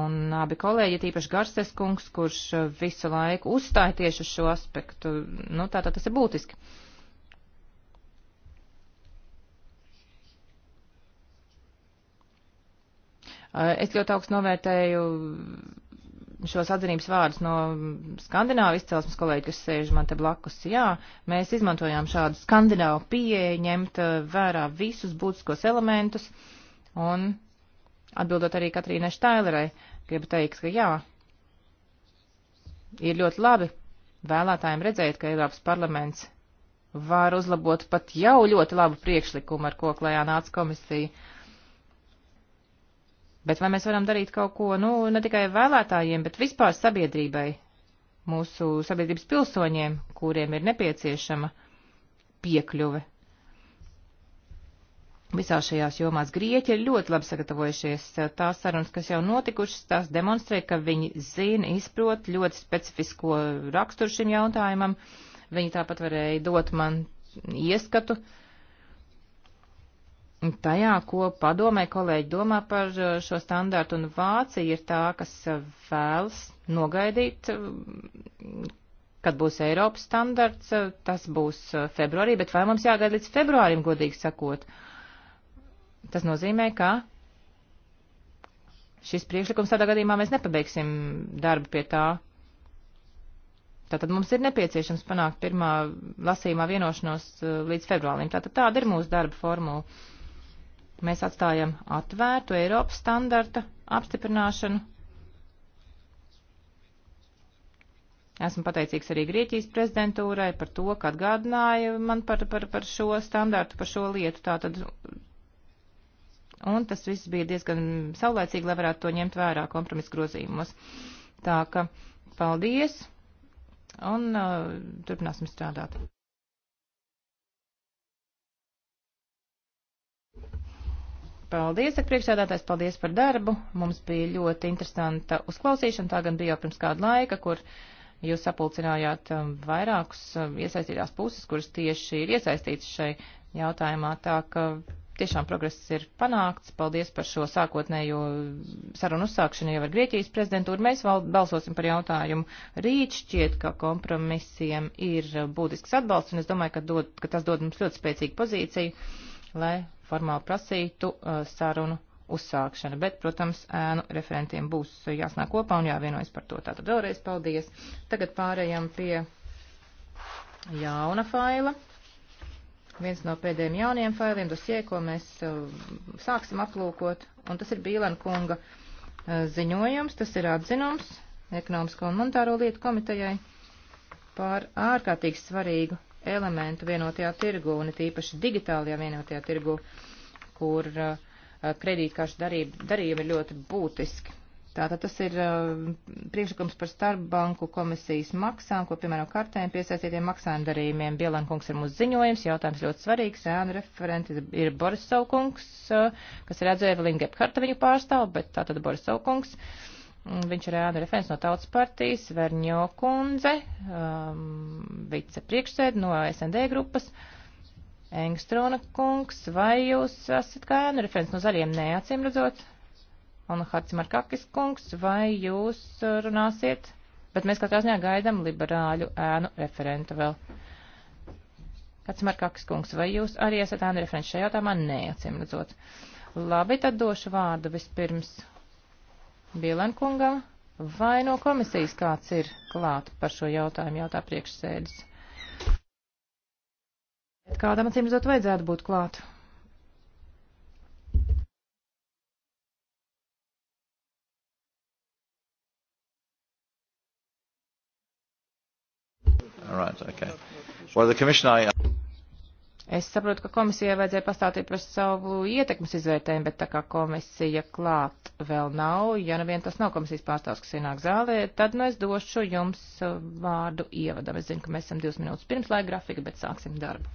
S2: Un abi kolēģi, tīpaši Garses kungs, kurš visu laiku uzstāja tieši uz šo aspektu, nu tātad tā tas ir būtiski. Eh, es ļoti augstu novērtēju šos atzinības vārdus no skandināvu izcelsmes kolēģi, kas sēž man te blakus. Jā, mēs izmantojām šādu skandināvu pieeju, ņemt eh, vērā visus būtiskos elementus. Uh, Un atbildot arī Katrīnai Štailerai, gribu teikt, ka jā, ir ļoti labi vēlētājiem redzēt, ka Eiropas parlaments var uzlabot pat jau ļoti labu priekšlikumu, ar ko klajā nāca komisija. Bet vai mēs varam darīt kaut ko, nu, ne tikai vēlētājiem, bet vispār sabiedrībai, mūsu sabiedrības pilsoņiem, kuriem ir nepieciešama piekļuve Visā šajās jomās Grieķi ir ļoti labi sagatavojušies. Eh, tās sarunas, kas jau notikušas, tās demonstrē, ka viņi zina, izprot ļoti specifisko raksturu šim jautājumam. Viņi tāpat varēja dot man ieskatu tajā, ko padomē kolēģi domā par eh, šo standārtu, un Vācija ir tā, kas eh, vēlas nogaidīt, kad būs Eiropas standarts, tas būs februārī, bet vai mums jāgaida līdz februārim, godīgi sakot? Uh, Tas nozīmē, ka šis priekšlikums tādā gadījumā mēs nepabeigsim darbu pie tā. Tātad mums ir nepieciešams panākt pirmā lasījumā vienošanos uh, līdz februālim. Tātad tāda ir mūsu darba formula. Mēs atstājam atvērtu Eiropas standarta apstiprināšanu. Esmu pateicīgs arī Grieķijas prezidentūrai par to, ka atgādināja man par, par, par šo standārtu, par šo lietu. Tātad Un tas viss bija diezgan saulēcīgi, lai varētu to ņemt vērā kompromisu grozījumos. Tā ka paldies un uh, turpināsim strādāt. Paldies, ak, priekšsēdētājs, paldies par darbu. Mums bija ļoti interesanta uzklausīšana, tā gan bija jau pirms kāda laika, kur jūs sapulcinājāt um, vairākus um, iesaistītās puses, kuras tieši ir iesaistītas šai jautājumā, tā ka Tiešām progress ir panākts. Paldies par šo sākotnējo sarunu uzsākšanu jau ar Grieķijas prezidentūru. Mēs vēl balsosim par jautājumu. Rīt šķiet, ka kompromisiem ir būtisks atbalsts, un es domāju, ka, dod, ka tas dod mums ļoti spēcīgu pozīciju, lai formāli prasītu uh, sarunu uzsākšanu. Bet, protams, ēnu referentiem būs jāsnāk kopā un jāvienojas par to. Tātad vēlreiz paldies. Tagad pārējām pie jauna faila viens no pēdējiem jauniem failiem, dosie, ko mēs eh, sāksim aplūkot, un tas ir Bīlena kunga eh, ziņojums, tas ir atzinums ekonomisko un monetāro lietu komitejai par ārkārtīgi svarīgu elementu vienotajā tirgu, un tīpaši digitālajā vienotajā tirgu, kur eh, kredītkāršu darījumi ir ļoti būtiski. Tātad tas ir uh, priekšlikums par starpbanku komisijas maksām, ko piemēram kartēm piesaistītiem maksājumu darījumiem. Bielankungs ir mūsu ziņojums, jautājums ļoti svarīgs. Ēnu referenti ir Borisovkungs, uh, kas ir atzēja Evelīna Gepharta viņu pārstāv, bet tātad Borisovkungs. Mm, viņš ir ēnu referents no Tautas partijas, Verņo kundze, um, vicepriekšsēd no SND grupas. Engstrona kungs, vai jūs esat kā ēnu referents no zaļiem? Nē, acīm redzot un Hatsimarkakis kungs, vai jūs uh, runāsiet? Bet mēs katrā ziņā gaidam liberāļu ēnu referentu vēl. Hatsimarkakis kungs, vai jūs arī esat ēnu referents šajā jautājumā? Nē, acīm redzot. Labi, tad došu vārdu vispirms Bielenkungam. Vai no komisijas kāds ir klāt par šo jautājumu, jautā priekšsēdis? Kādam acīm redzot vajadzētu būt klāt?
S1: All right, okay. Well, the commission I... Uh,
S2: es saprotu, ka komisijai vajadzēja pastāstīt par savu ietekmes izvērtējumu, bet tā kā komisija klāt vēl nav, ja nu vien tas nav komisijas pārstāvs, kas ienāk zālē, tad nu es došu jums uh, vārdu ievadam. Es zinu, ka mēs esam divas minūtes pirms laika grafika, bet sāksim darbu.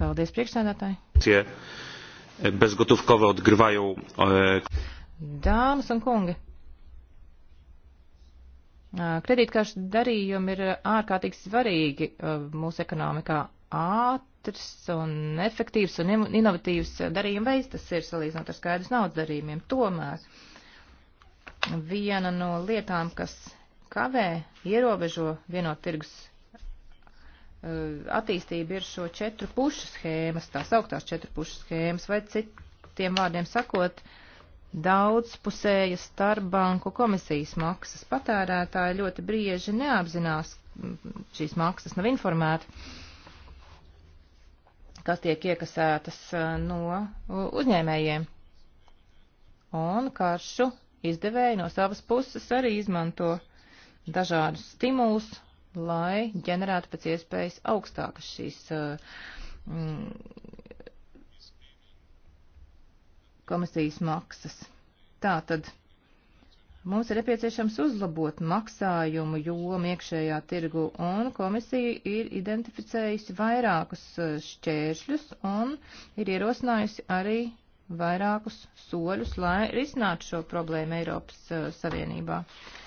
S2: Paldies, priekšsēdētāji.
S1: Eh, bezgotuvkovi odgrivaju. Eh,
S2: Dāmas un kungi. Kredītkāršu darījumi ir ārkārtīgi svarīgi mūsu ekonomikā. Ātrs un efektīvs un inovatīvs darījuma veids tas ir salīdzinot ar skaidrs naudas darījumiem. Tomēr viena no lietām, kas kavē, ierobežo vienot tirgus attīstību, ir šo četru pušu schēmas, tās augtās četru pušu schēmas, vai citiem vārdiem sakot, uh, daudzpusējas starpbanku komisijas maksas. Patērētāji ļoti brieži neapzinās šīs maksas, nav informēti, kas tiek iekasētas e, no uzņēmējiem. Un karšu izdevēji no savas puses arī izmanto dažādus stimulus, lai ģenerētu pēc iespējas augstākas šīs uh, komisijas maksas. Tātad mums ir nepieciešams uzlabot maksājumu jomu iekšējā tirgu, un komisija ir identificējusi vairākus eh, šķēršļus un ir ierosinājusi arī vairākus soļus, lai risinātu šo problēmu Eiropas eh, Savienībā. Uh,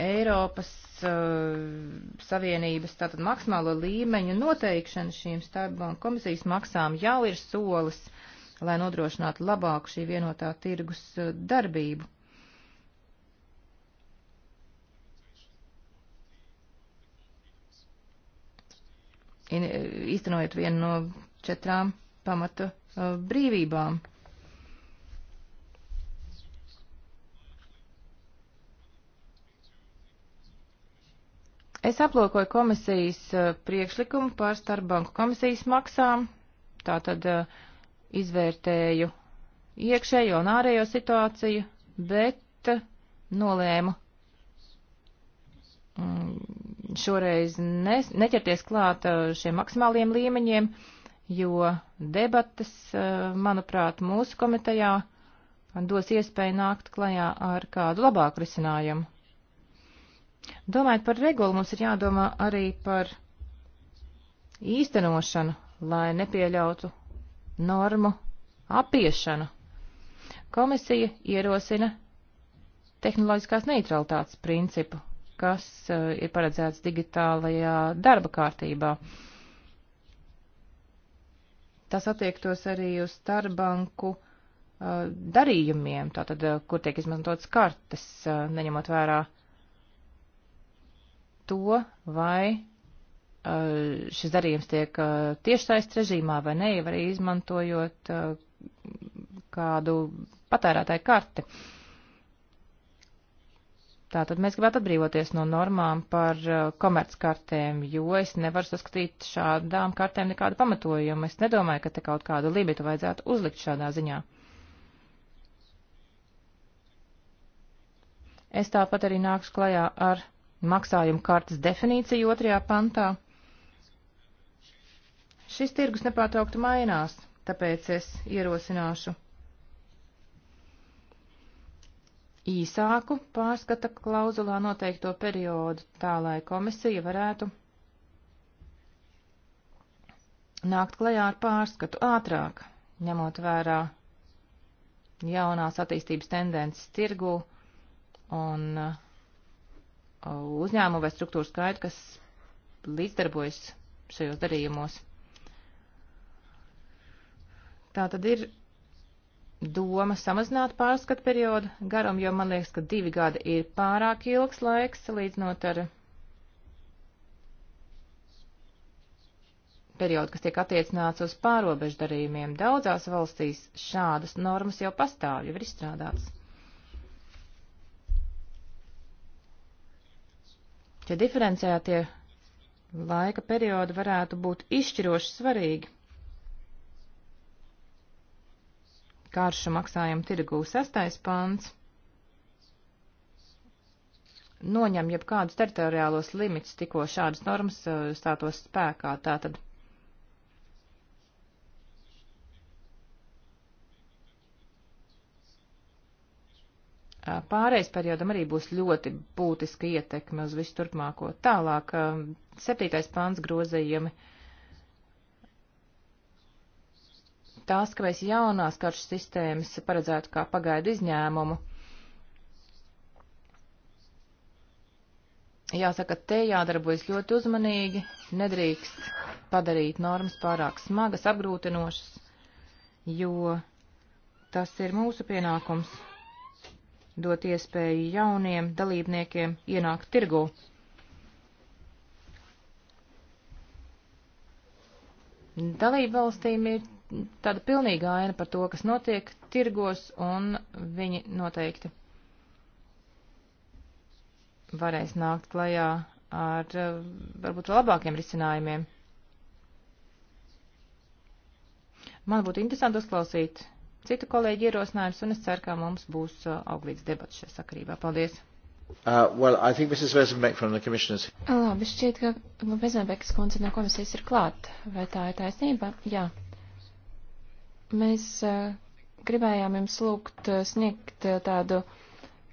S2: Eiropas uh, Savienības tātad maksimālo līmeņu noteikšana šīm starpbanku komisijas maksām jau ir solis, lai nodrošinātu labāku šī vienotā tirgus uh, darbību. In, uh, īstenojot vienu no četrām pamatu uh, brīvībām. Es aplūkoju komisijas eh, priekšlikumu par starpbanku komisijas maksām, tātad eh, izvērtēju iekšējo un ārējo situāciju, bet eh, nolēmu mm, šoreiz ne, neķerties klāt šiem maksimāliem līmeņiem, jo debatas, manuprāt, mūsu komitejā dos iespēju nākt klajā ar kādu labāku risinājumu. Domājot par regulu, mums ir jādomā arī par īstenošanu, lai nepieļautu normu apiešanu. Komisija ierosina tehnoloģiskās neutralitātes principu, kas uh, ir paredzēts digitālajā darba kārtībā. Tas attiektos arī uz starbanku uh, darījumiem, tātad, uh, kur tiek izmantotas kartes, uh, neņemot vērā to, vai uh, šis darījums tiek uh, tiešsaist režīmā vai ne, vai arī izmantojot uh, kādu patērētāju karti. Tātad mēs gribētu atbrīvoties no normām par komerckartēm, jo es nevaru saskatīt šādām kartēm nekādu pamatojumu. Es nedomāju, ka te kaut kādu limitu vajadzētu uzlikt šādā ziņā. Es tāpat arī nākšu klajā ar maksājuma kartes definīciju otrajā pantā. Šis tirgus nepārtraukti mainās, tāpēc es ierosināšu īsāku pārskata klauzulā noteikto periodu, tā lai komisija varētu nākt klajā ar pārskatu ātrāk, ņemot vērā jaunās attīstības tendences tirgu un uh, uzņēmumu vai struktūru skaitu, kas līdzdarbojas šajos darījumos. Tā tad ir doma samazināt pārskatu periodu garumu, jo man liekas, ka divi gadi ir pārāk ilgs laiks salīdzinot ar periodu, kas tiek attiecināts uz pārobežu darījumiem. Daudzās valstīs šādas normas jau pastāv, jau ir izstrādātas. Tie diferenciētie laika periodi varētu būt izšķiroši svarīgi. Kāršu maksājumu tirgū sastais pants noņem jebkādus teritoriālos limitus, tikko šādas normas uh, stātos spēkā. Tātad pārējais periodam arī būs ļoti būtiska ietekme uz visu turpmāko. Tālāk, septītais pāns grozījumi. Tās, ka mēs jaunās karšu sistēmas paredzētu kā pagaidu izņēmumu. Jāsaka, te jādarbojas ļoti uzmanīgi, nedrīkst padarīt normas pārāk smagas, apgrūtinošas, jo tas ir mūsu pienākums dot iespēju jauniem dalībniekiem ienākt tirgū. Dalība valstīm ir tāda pilnīga aina par to, kas notiek tirgos, un viņi noteikti varēs nākt klajā ar varbūt labākiem risinājumiem. Man būtu interesanti uzklausīt citu kolēģu ierosinājumus, un es ceru, ka mums būs uh, auglīgs debats šajā sakarībā.
S3: Paldies!
S1: Uh, well, I think Mrs. Wesenbeck from the Commissioners.
S3: Uh, labi, šķiet, ka Wesenbeckas kundze no komisijas ir klāt. Vai tā ir taisnība? Jā. Mēs uh, gribējām jums lūgt uh, sniegt tādu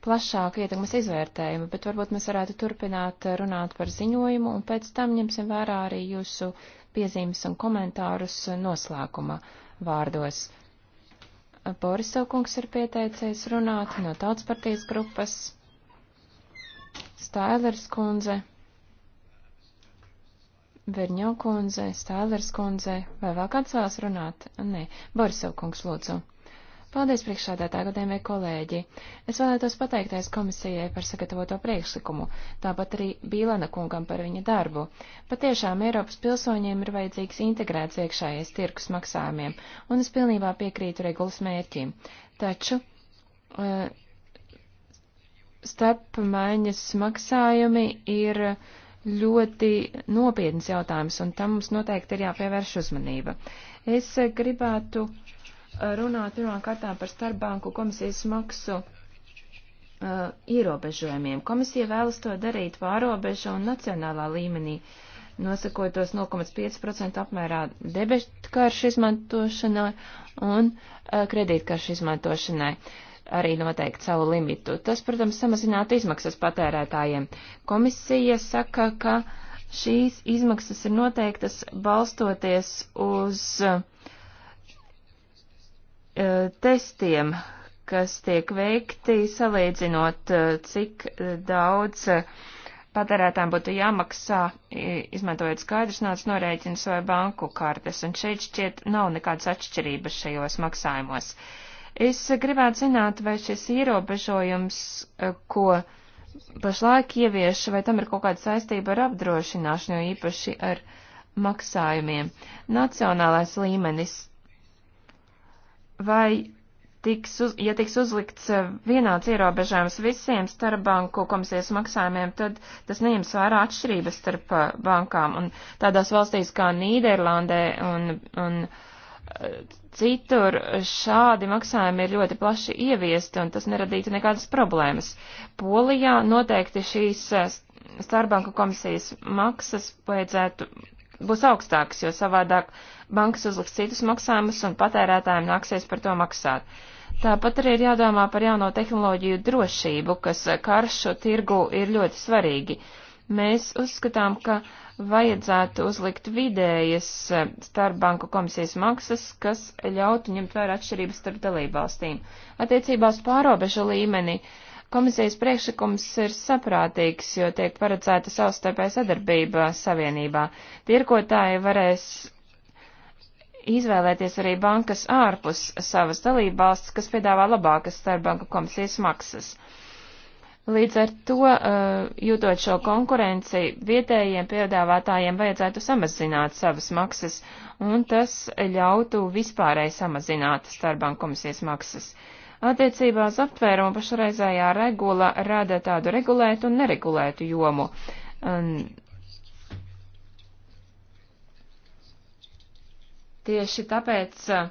S3: plašāku ietekmes izvērtējumu, bet varbūt mēs varētu turpināt runāt par ziņojumu un pēc tam ņemsim vērā arī jūsu piezīmes un komentārus noslēguma vārdos. Borisovkungs ir pieteicies runāt no tautas partijas grupas. Stailers kundze, Verņo kundze, Stailers kundze, vai vēl kāds vēlas runāt? Nē, Borisovkungs lūdzu. Paldies priekšādātā gadējumie kolēģi. Es vēlētos pateikties komisijai par sagatavoto priekšlikumu, tāpat arī Bīlana kungam par viņa darbu. Patiešām Eiropas pilsoņiem ir vajadzīgs integrēts iekšējais tirkus maksājumiem, un es pilnībā piekrītu regulas mērķim. Taču uh, starpmaiņas maksājumi ir ļoti nopietns jautājums, un tam mums noteikti ir jāpievērš uzmanība. Es gribētu uh, runāt pirmkārt par starpbanku komisijas maksu uh, ierobežojumiem. Komisija vēlas to darīt pārobežu un nacionālā līmenī, nosakot tos 0,5% apmērā debetkaršu izmantošanai un uh, kredītkaršu izmantošanai arī noteikt savu limitu. Tas, protams, samazinātu izmaksas patērētājiem. Komisija saka, ka šīs izmaksas ir noteiktas balstoties uz uh, Eh, testiem, kas tiek veikti, salīdzinot, eh, cik eh, daudz patērētām būtu jāmaksā, izmantojot skaidrs naudas norēķinus vai banku kartes, un šeit šķiet nav nekādas atšķirības šajos maksājumos. Es gribētu zināt, vai šis ierobežojums, ko pašlaik ievieš, vai tam ir kaut kāda saistība ar apdrošināšanu, jo īpaši ar maksājumiem. Nacionālais līmenis vai tiks, uz, ja tiks uzlikts eh, vienāds ierobežojums visiem starpbanku komisijas maksājumiem, tad tas neņems vērā atšķirības starp eh, bankām. Un tādās valstīs kā Nīderlandē un, un eh, citur šādi maksājumi ir ļoti plaši ieviesti, un tas neradītu nekādas problēmas. Polijā noteikti šīs starpbanku komisijas maksas vajadzētu būs augstāks, jo savādāk bankas uzliks citus maksājumus un patērētājiem nāksies par to maksāt. Tāpat arī ir jādomā par jauno tehnoloģiju drošību, kas karšu tirgu ir ļoti svarīgi. Mēs uzskatām, ka vajadzētu uzlikt vidējas starpbanku komisijas maksas, kas ļautu ņemt vērā atšķirības starp dalībvalstīm. Attiecībā uz pārobežu līmeni uh, Komisijas priekšlikums ir saprātīgs, jo tiek paredzēta savstarpē sadarbība savienībā. Tirkotāji varēs izvēlēties arī bankas ārpus savas dalībvalsts, kas piedāvā labākas starpbanku komisijas maksas. Līdz ar to, eh, jūtot šo konkurenci, vietējiem piedāvātājiem vajadzētu samazināt savas maksas, un tas ļautu vispārēji samazināt starpbanku komisijas maksas. Uh, Attiecībā uz aptvērumu pašreizējā regula rada tādu regulētu un neregulētu jomu. Un tieši tāpēc uh,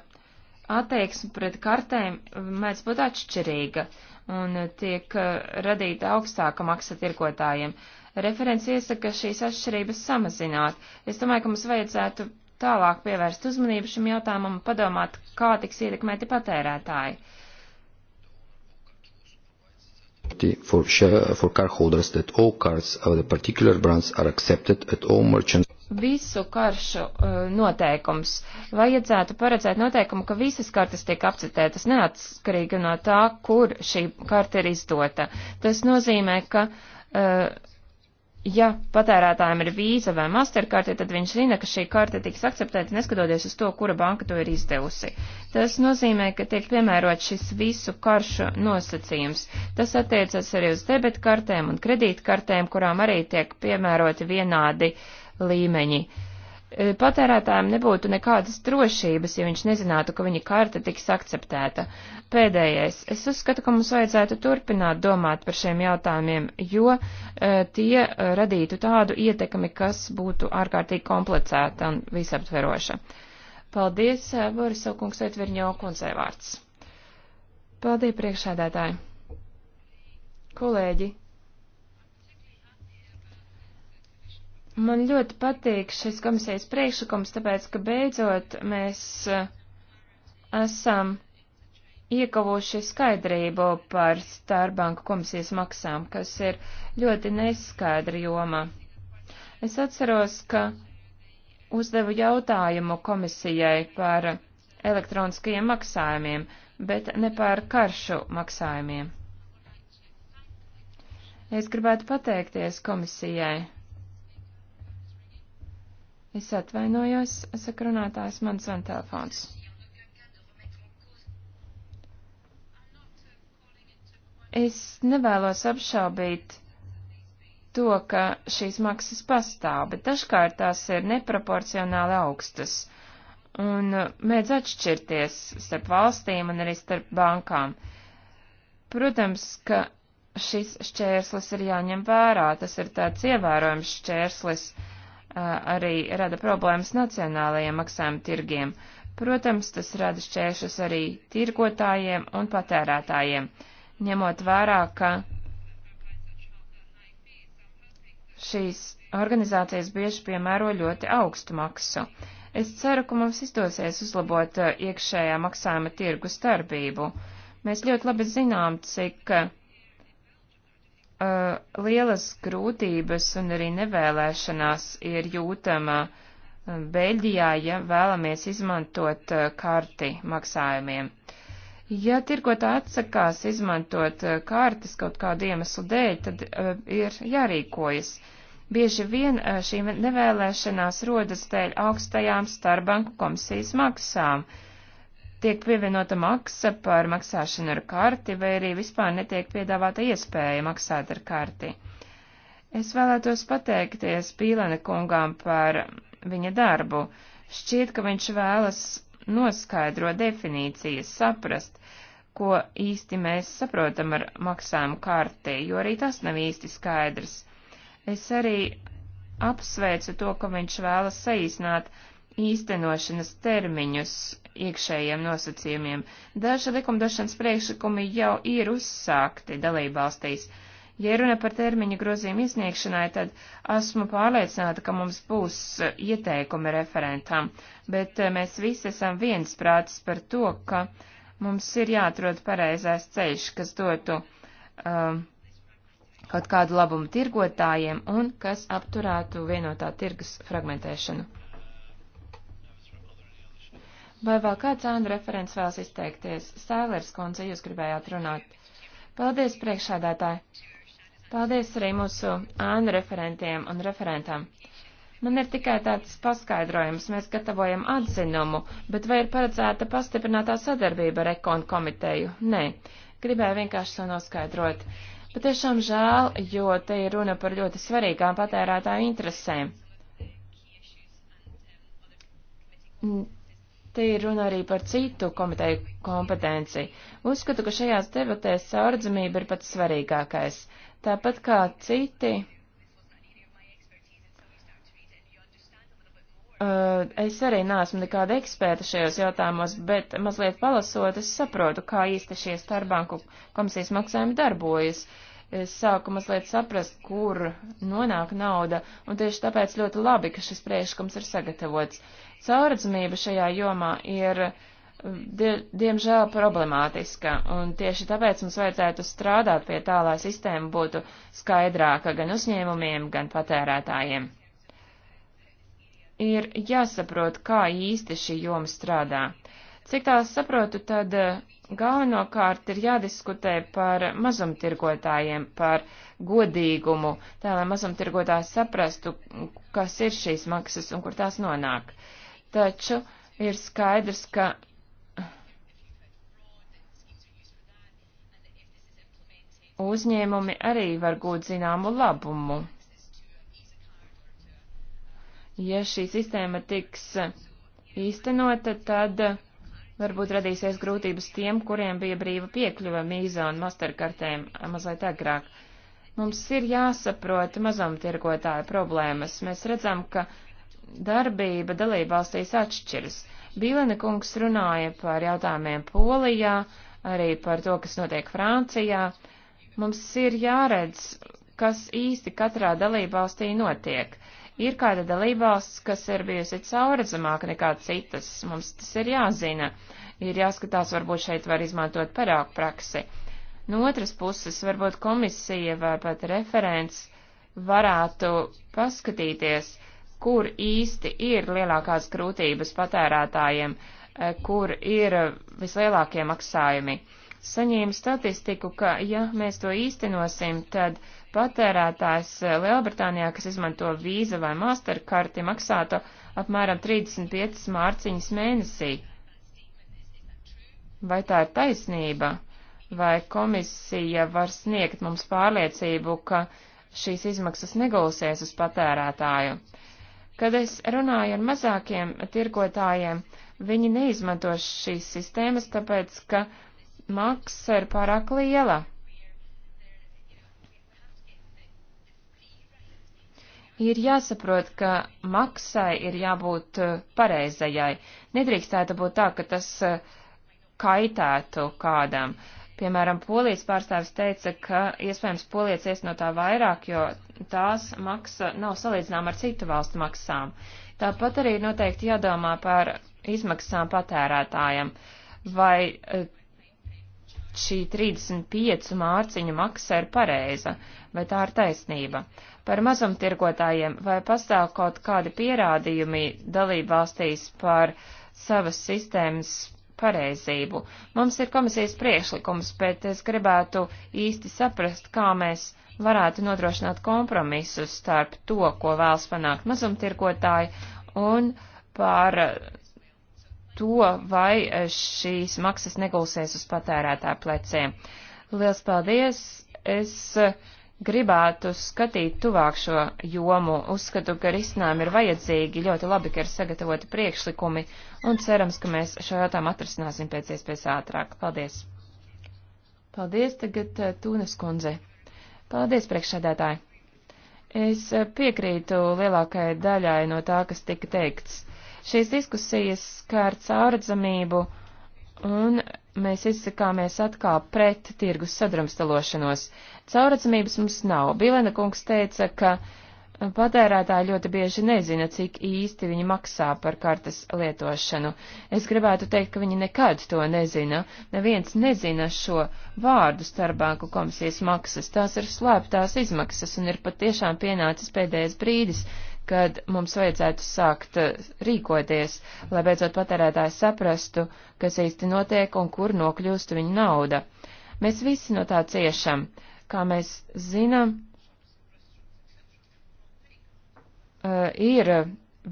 S3: attieksme pret kartēm mēdz būt atšķirīga un tiek uh, radīta augstāka maksa tirkotājiem. Referents iesaka šīs atšķirības samazināt. Es domāju, ka mums vajadzētu tālāk pievērst uzmanību šim jautājumam un padomāt, kā tiks ietekmēti patērētāji. Uh, for, share, for car holders that all cars of the particular brands are accepted at all merchants. Visu karšu uh, noteikums. Vajadzētu paredzēt noteikumu, ka visas kartes tiek apcitētas neatskarīgi no tā, kur šī karte ir izdota. Tas nozīmē, ka uh, ja patērētājiem ir vīza vai masterkarte, tad viņš zina, ka šī karte tiks akceptēta neskatoties uz to, kura banka to ir izdevusi. Tas nozīmē, ka tiek piemērots šis visu karšu nosacījums. Tas attiecas arī uz debetkartēm un kredītkartēm, kurām arī tiek piemēroti vienādi līmeņi. E, patērētājiem nebūtu nekādas drošības, ja viņš nezinātu, ka viņa karte tiks akceptēta pēdējais. Es uzskatu, ka mums vajadzētu turpināt domāt par šiem jautājumiem, jo uh, tie e, radītu tādu ietekmi, kas būtu ārkārtīgi komplicēta un visaptveroša. Paldies, e, Borisa kungs, Etverņo kundzei vārds. Paldies, priekšsēdētāji. Kolēģi. Man ļoti patīk šis komisijas priekšlikums, tāpēc, ka beidzot mēs esam. Uh, iekavuši skaidrību par starpbanku komisijas maksām, kas ir ļoti neskaidra joma. Es atceros, ka uzdevu jautājumu komisijai par elektroniskajiem maksājumiem, bet ne par karšu maksājumiem. Es gribētu pateikties komisijai. Es atvainojos, sakrunātājs man zvan telefons. Es nevēlos apšaubīt to, ka šīs maksas pastāv, bet dažkārt tās ir neproporcionāli augstas un mēdz atšķirties starp valstīm un arī starp bankām. Protams, ka šis šķērslis ir jāņem vērā, tas ir tāds ievērojams šķērslis, arī rada problēmas nacionālajiem maksājuma tirgiem. Protams, tas rada šķēršus arī tirgotājiem un patērētājiem. Uh, ņemot vērā, ka šīs organizācijas bieži piemēro ļoti augstu maksu. Es ceru, ka mums izdosies uzlabot uh, iekšējā maksājuma tirgu starpību. Mēs ļoti labi zinām, cik uh, lielas grūtības un arī nevēlēšanās ir jūtama uh, Beļģijā, ja vēlamies izmantot uh, karti maksājumiem. Uh, Ja tirgotā atsakās izmantot eh, kārtas kaut kādu iemeslu dēļ, tad uh, ir jārīkojas. Bieži vien uh, eh, šī nevēlēšanās rodas dēļ augstajām starpbanku komisijas maksām. Tiek pievienota maksa par maksāšanu ar karti, vai arī vispār netiek piedāvāta iespēja maksāt ar karti. Es vēlētos pateikties Pīlene kungām par viņa darbu. Šķiet, ka viņš vēlas noskaidro definīcijas, saprast, ko īsti mēs saprotam ar maksājumu kartē, jo arī tas nav īsti skaidrs. Es arī apsveicu to, ka viņš vēlas saīsināt īstenošanas termiņus iekšējiem nosacījumiem. Daži likumdošanas priekšlikumi jau ir uzsākti dalībvalstīs. valstīs Ja runa par termiņu grozījumu iesniegšanai, tad esmu pārliecināta, ka mums būs e, ieteikumi referentam, bet e, mēs visi esam viensprātis par to, ka mums ir jāatrod pareizais ceļš, kas dotu um, kaut kādu labumu tirgotājiem un kas apturētu vienotā tirgus fragmentēšanu. Vai vēl kāds ānu referents vēlas izteikties? Sēlers, kundze, jūs gribējāt runāt. Paldies, priekšādātāji! Paldies arī mūsu ānu referentiem un referentam. Man ir tikai tāds paskaidrojums, mēs gatavojam atzinumu, bet vai ir paredzēta pastiprinātā sadarbība ar ekonu komiteju? Nē, gribēju vienkārši to noskaidrot. Bet tiešām žēl, jo te ir runa par ļoti svarīgām patērētāju interesēm. Te ir runa arī par citu komiteju kompetenci. Uzskatu, ka šajās debatēs saurdzamība ir pats svarīgākais. Tāpat kā citi, eh, es arī neesmu nekāda eksperta šajos jautājumos, bet mazliet palasot, es saprotu, kā īsti šie starpbanku komisijas maksājumi darbojas. Es sāku mazliet saprast, kur nonāk nauda, un tieši tāpēc ļoti labi, ka šis priekšlikums ir sagatavots. Cauradzamība šajā jomā ir, die, diemžēl, problemātiska, un tieši tāpēc mums vajadzētu strādāt pie tā, lai sistēma būtu skaidrāka gan uzņēmumiem, gan patērētājiem. Ir jāsaprot, kā īsti šī joma strādā. Cik tā saprotu, tad eh, galvenokārt ir jādiskutē par mazumtirgotājiem, par godīgumu, tā lai mazumtirgotājs saprastu, kas ir šīs maksas un kur tās nonāk taču ir skaidrs, ka uzņēmumi arī var gūt zināmu labumu. Ja šī sistēma tiks īstenota, tad varbūt radīsies grūtības tiem, kuriem bija brīva piekļuva mīza un masterkartēm mazliet agrāk. Mums ir jāsaprot mazumtirgotāju problēmas. Mēs redzam, ka darbība dalībvalstīs atšķiras. Bīlene kungs runāja par jautājumiem Polijā, arī par to, kas notiek Francijā. Mums ir jāredz, kas īsti katrā dalībvalstī notiek. Ir kāda dalībvalsts, kas ir bijusi caurredzamāka nekā citas. Mums tas ir jāzina. Ir jāskatās, varbūt šeit var izmantot parāk praksi. No otras puses, varbūt komisija vai pat referents varētu paskatīties, uh, kur īsti ir lielākās grūtības patērētājiem, e, kur ir vislielākie maksājumi. Saņēmu statistiku, ka ja mēs to īstenosim, tad patērētājs Lielbritānijā, kas izmanto vīza vai masterkarti, maksātu apmēram 35 mārciņas mēnesī. Vai tā ir taisnība? Vai komisija var sniegt mums pārliecību, ka šīs izmaksas negulsies uz patērētāju? Uh, Kad es runāju ar mazākiem tirgotājiem, viņi neizmanto šīs sistēmas, tāpēc, ka maksa ir pārāk liela. Ir jāsaprot, ka maksai ir jābūt eh, pareizajai. Nedrīkstētu būt tā, ka tas eh, kaitētu kādam. Uh, Piemēram, polijas pārstāvis teica, ka iespējams polija cies no tā vairāk, jo tās maksa nav salīdzināma ar citu valstu maksām. Tāpat arī noteikti jādomā par izmaksām patērētājiem. Vai eh, šī 35 mārciņu maksa ir pareiza, vai tā ir taisnība? Par mazumtirgotājiem vai pastāv kaut kādi pierādījumi dalībvalstīs par savas sistēmas pareizību. Mums ir komisijas priekšlikums, bet es gribētu īsti saprast, kā mēs varētu nodrošināt kompromisus starp to, ko vēlas panākt mazumtirkotāji, un par to, vai šīs maksas negulsies uz patērētāju pleciem. Liels paldies! Es uh, gribētu skatīt tuvāk šo jomu. Uzskatu, ka risinājumi ir vajadzīgi, ļoti labi, ka ir sagatavoti priekšlikumi, un cerams, ka mēs šo jautājumu atrasināsim pēc iespējas ātrāk. Paldies! Paldies tagad eh, Tūnes kundze. Paldies, priekšsēdētāji! Es eh, piekrītu lielākajai daļai no tā, kas tika teikts. Šīs diskusijas skār cauradzamību un mēs izsakāmies atkal pret tirgus sadrumstalošanos. Cauradzamības mums nav. Bilena kungs teica, ka patērētāji ļoti bieži nezina, cik īsti viņi maksā par kartes lietošanu. Es gribētu teikt, ka viņi nekad to nezina. Neviens nezina šo vārdu starpbanku komisijas maksas. Tās ir slēptās izmaksas un ir patiešām pienācis pēdējais brīdis, kad mums vajadzētu sākt eh, rīkoties, lai beidzot patērētājs saprastu, kas īsti notiek un kur nokļūst viņa nauda. Mēs visi no tā ciešam. Kā mēs zinām, eh, ir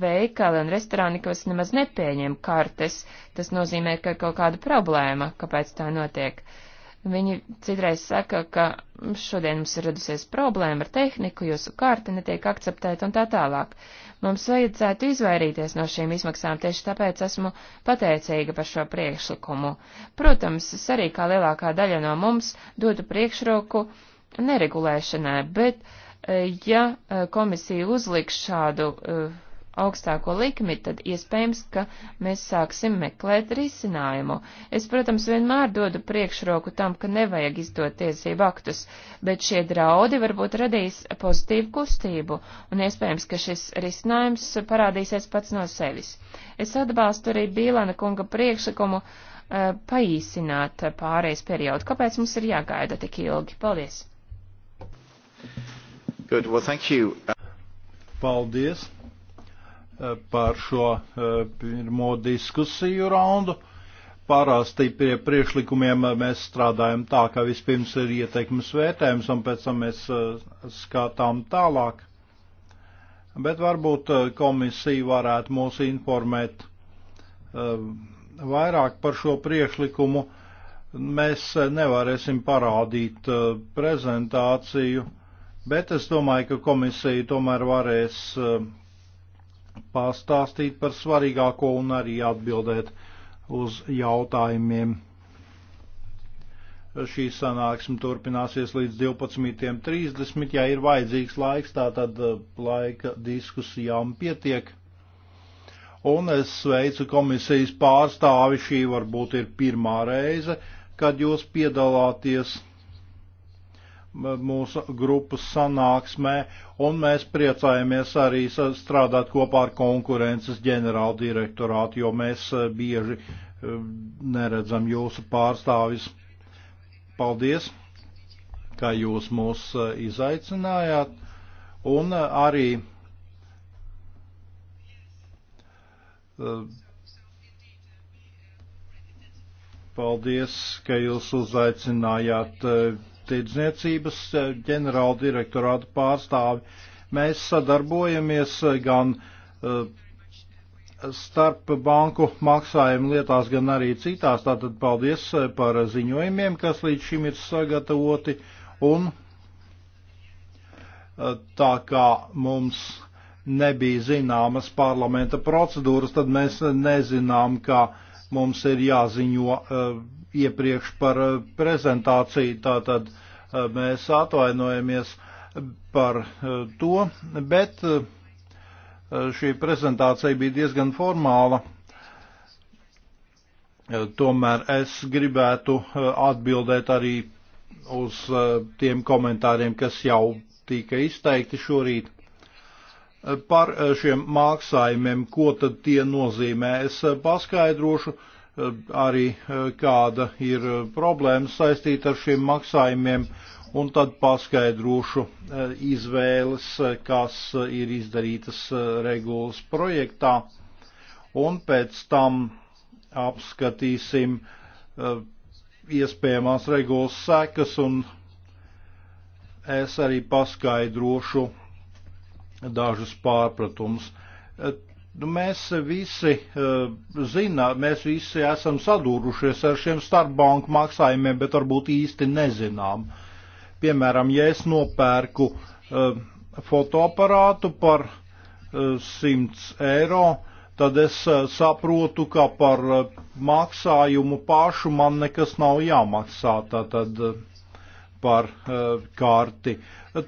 S3: veikali un restorāni, kas nemaz nepieņem kartes. Tas nozīmē, ka ir kaut kāda problēma, kāpēc tā notiek. Uh, Viņi citreiz saka, ka šodien mums ir radusies problēma ar tehniku, jūsu karte netiek akceptēta un tā tālāk. Mums vajadzētu izvairīties no šīm izmaksām, tieši tāpēc esmu pateicīga par šo priekšlikumu. Protams, es arī kā lielākā daļa no mums dotu priekšroku neregulēšanai, bet eh, ja eh, komisija uzliks šādu uh, augstāko likmi, tad iespējams, ka mēs sāksim meklēt risinājumu. Es, protams, vienmēr dodu priekšroku tam, ka nevajag izdot tiesību aktus, bet šie draudi varbūt radīs pozitīvu kustību, un iespējams, ka šis risinājums parādīsies pats no sevis. Es atbalstu arī Bīlana kunga priekšlikumu uh, paīsināt pārējais periodu. Kāpēc mums ir jāgaida tik ilgi? Paldies!
S1: Good. Well, thank you. Paldies par šo eh, pirmo diskusiju raundu. Parasti pie priekšlikumiem eh, mēs strādājam tā, ka vispirms ir ieteikums vērtējums un pēc tam mēs eh, skatām tālāk. Bet varbūt komisija varētu mūs informēt vairāk par šo priekšlikumu. Mēs nevarēsim parādīt prezentāciju, bet es domāju, ka komisija tomēr varēs pastāstīt par svarīgāko un arī atbildēt uz jautājumiem. Šī sanāksme turpināsies līdz 12.30. Ja ir vajadzīgs laiks, tā tad eh, laika diskusijām pietiek. Un es sveicu komisijas pārstāvi, šī varbūt ir pirmā reize, kad jūs piedalāties mūsu grupas sanāksmē, un mēs priecājamies arī strādāt kopā ar konkurences ģenerālu direktorātu, jo mēs eh, bieži eh, neredzam jūsu pārstāvis. Paldies, ka jūs mūs eh, izaicinājāt, un arī Paldies, ka jūs uzaicinājāt tirdzniecības eh, ģenerāla direktorāta pārstāvi. Mēs sadarbojamies eh, gan eh, starp banku maksājumu lietās, gan arī citās. Tātad paldies par ziņojumiem, kas līdz šim ir sagatavoti. Un tā kā mums nebija zināmas parlamenta procedūras, tad mēs nezinām, ka mums ir jāziņo iepriekš par eh, prezentāciju, tātad eh, mēs atvainojamies eh, par to, bet šī prezentācija bija diezgan formāla. Tomēr es gribētu atbildēt arī uz tiem komentāriem, kas jau tika izteikti šorīt par šiem mākslājumiem, ko tad tie nozīmē. Es paskaidrošu, uh, arī eh, kāda ir eh, problēma saistīta ar šiem maksājumiem, un tad paskaidrošu eh, izvēles, kas ir izdarītas regulas projektā, un pēc tam apskatīsim iespējamās regulas sekas, un es arī paskaidrošu dažus pārpratumus. Nu, mēs visi uh, eh, zinām, mēs visi esam sadūrušies ar šiem starpbanku maksājumiem, bet varbūt īsti nezinām. Piemēram, ja es nopērku uh, fotoaparātu par uh, eh, 100 eiro, tad es saprotu, ka par maksājumu pašu man nekas nav jāmaksā tātad par kārti.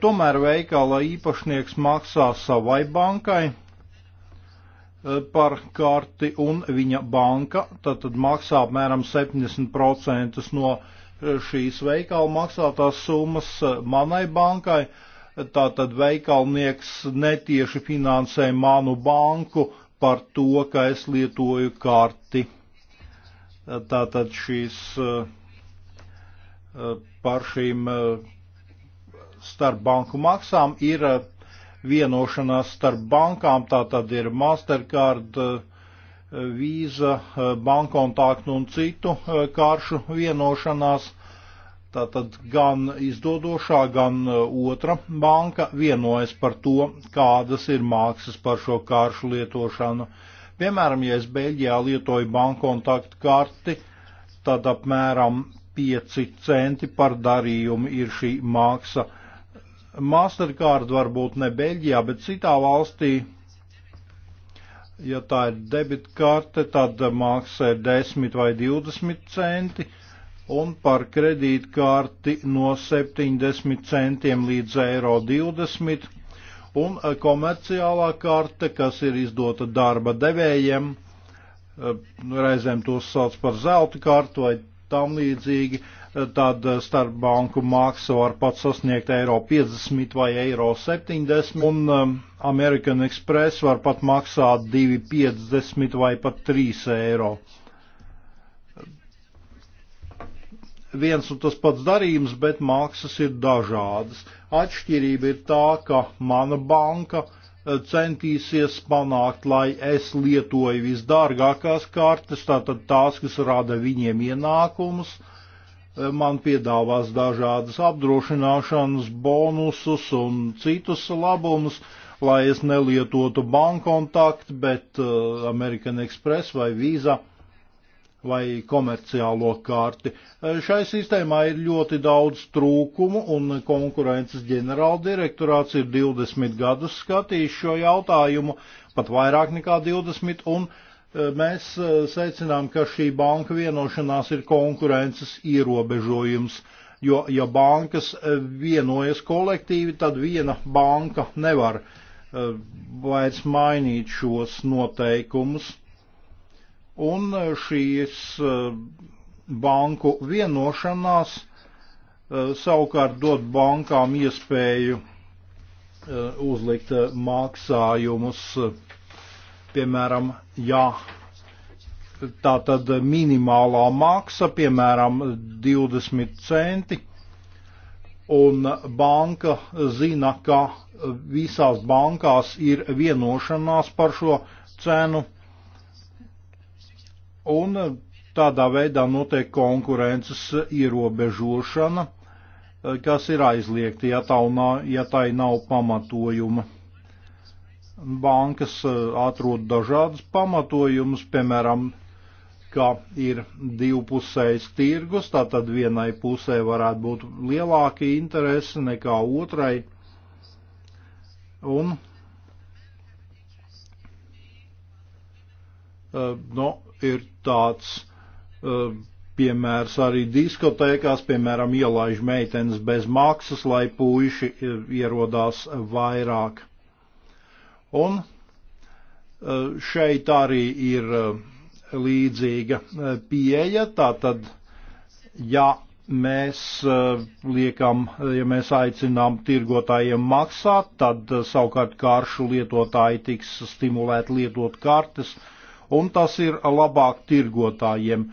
S1: Tomēr veikala īpašnieks maksā savai bankai Eh, par karti un viņa banka tātad maksā apmēram 70% no eh, šīs veikala maksātās summas eh, manai bankai. Tātad veikalnieks netieši finansē manu banku par to, ka es lietoju karti. Tātad šīs par šīm starpbanku maksām ir vienošanās starp bankām, tā tad ir Mastercard, eh, Visa, eh, Bankontaktu un citu eh, karšu vienošanās. Tātad gan izdodošā, gan otra banka vienojas par to, kādas ir mākslas par šo karšu lietošanu. Piemēram, ja es Beļģijā lietoju bankontaktu karti, tad apmēram 5 centi par darījumu ir šī māksla Mastercard varbūt ne Beļģijā, bet citā valstī, ja tā ir debitkarte, tad maksā 10 vai 20 centi un par kredītkarti no 70 centiem līdz eiro 20 un eh, komerciālā karte, kas ir izdota darba devējiem, eh, reizēm tos sauc par zelta kartu vai tam līdzīgi, uh, tad starp banku maksu var pat sasniegt eiro 50 vai eiro 70, un um, American Express var pat maksāt 2,50 vai pat 3 eiro. Viens un tas pats darījums, bet maksas ir dažādas. Atšķirība ir tā, ka mana banka uh, centīsies panākt, lai es lietoju visdārgākās kartes, tātad tās, kas rada viņiem ienākumus, uh, Eh, man piedāvās dažādas apdrošināšanas bonusus un citus labumus, lai es nelietotu bankontaktu, bet eh, American Express vai Visa vai komerciālo karti. Eh, šai sistēmā ir ļoti daudz trūkumu un konkurences ģenerāldirektorāts ir 20 gadus skatījis šo jautājumu, pat vairāk nekā 20 un 20 Eh, mēs eh, secinām, ka šī banka vienošanās ir konkurences ierobežojums, jo ja bankas eh, vienojas kolektīvi, tad viena banka nevar vairs mainīt šos noteikumus. Un šīs banku vienošanās savukārt dod bankām iespēju uzlikt maksājumus uh, piemēram, ja tā tad minimālā maksa, piemēram, 20 centi, un banka zina, ka visās bankās ir vienošanās par šo cenu, un tādā veidā notiek konkurences ierobežošana, kas ir aizliegta, ja, ja tai nav pamatojuma bankas eh, atrod dažādas pamatojumus, piemēram, ka ir divpusējs tirgus, tātad vienai pusē varētu būt lielāki interesi nekā otrai. Un, eh, no, nu, ir tāds eh, piemērs arī diskotēkās, piemēram, ielaiž meitenes bez maksas, lai puiši ierodās vairāk. Un e, šeit arī ir e, līdzīga e, pieeja. Tātad, ja mēs liekam, ja mēs aicinām tirgotājiem maksāt, tad savukārt karšu lietotāji tiks stimulēti lietot kartes, un tas ir labāk tirgotājiem.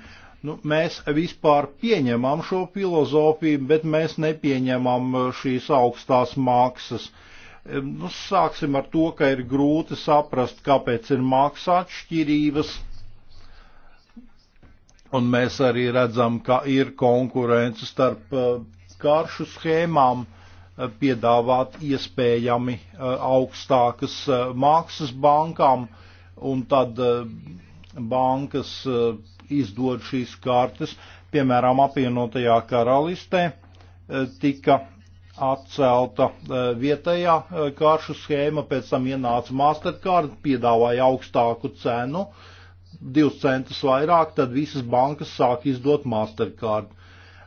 S1: Nu, mēs vispār pieņemam šo filozofiju, bet mēs nepieņemam šīs augstās mākslas uh, Nu, sāksim ar to, ka ir grūti saprast, kāpēc ir maksā atšķirības. Un mēs arī redzam, ka ir konkurence starp e, karšu schēmām e, piedāvāt iespējami e, augstākas maksas bankām, un tad bankas izdod šīs kartes, piemēram, apvienotajā karalistē tika atcelta e, vietējā e, karšu schēma, pēc tam ienāca Mastercard, piedāvāja augstāku cenu, divus centus vairāk, tad visas bankas sāk izdot Mastercard.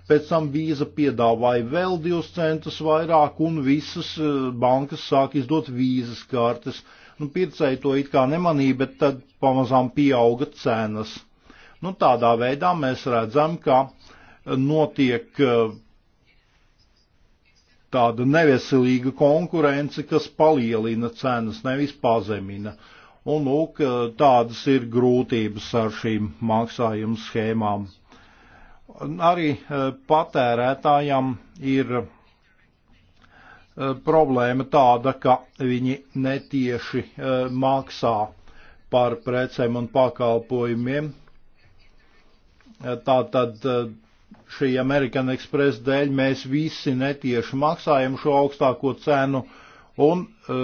S1: Pēc tam vīza piedāvāja vēl divus centus vairāk, un visas e, bankas sāk izdot vīzas kartes. Nu, pircēji to it kā nemanīja, bet tad pamazām pieauga cenas. Nu, tādā veidā mēs redzam, ka notiek uh, tāda neveselīga konkurence, kas palielina cenas, nevis pazemina. Un lūk, tādas ir grūtības ar šīm maksājumu schēmām. Arī e, patērētājam ir e, problēma tāda, ka viņi netieši e, maksā par precēm un pakalpojumiem. Tātad šī American Express dēļ mēs visi netieši maksājam šo augstāko cenu, un e,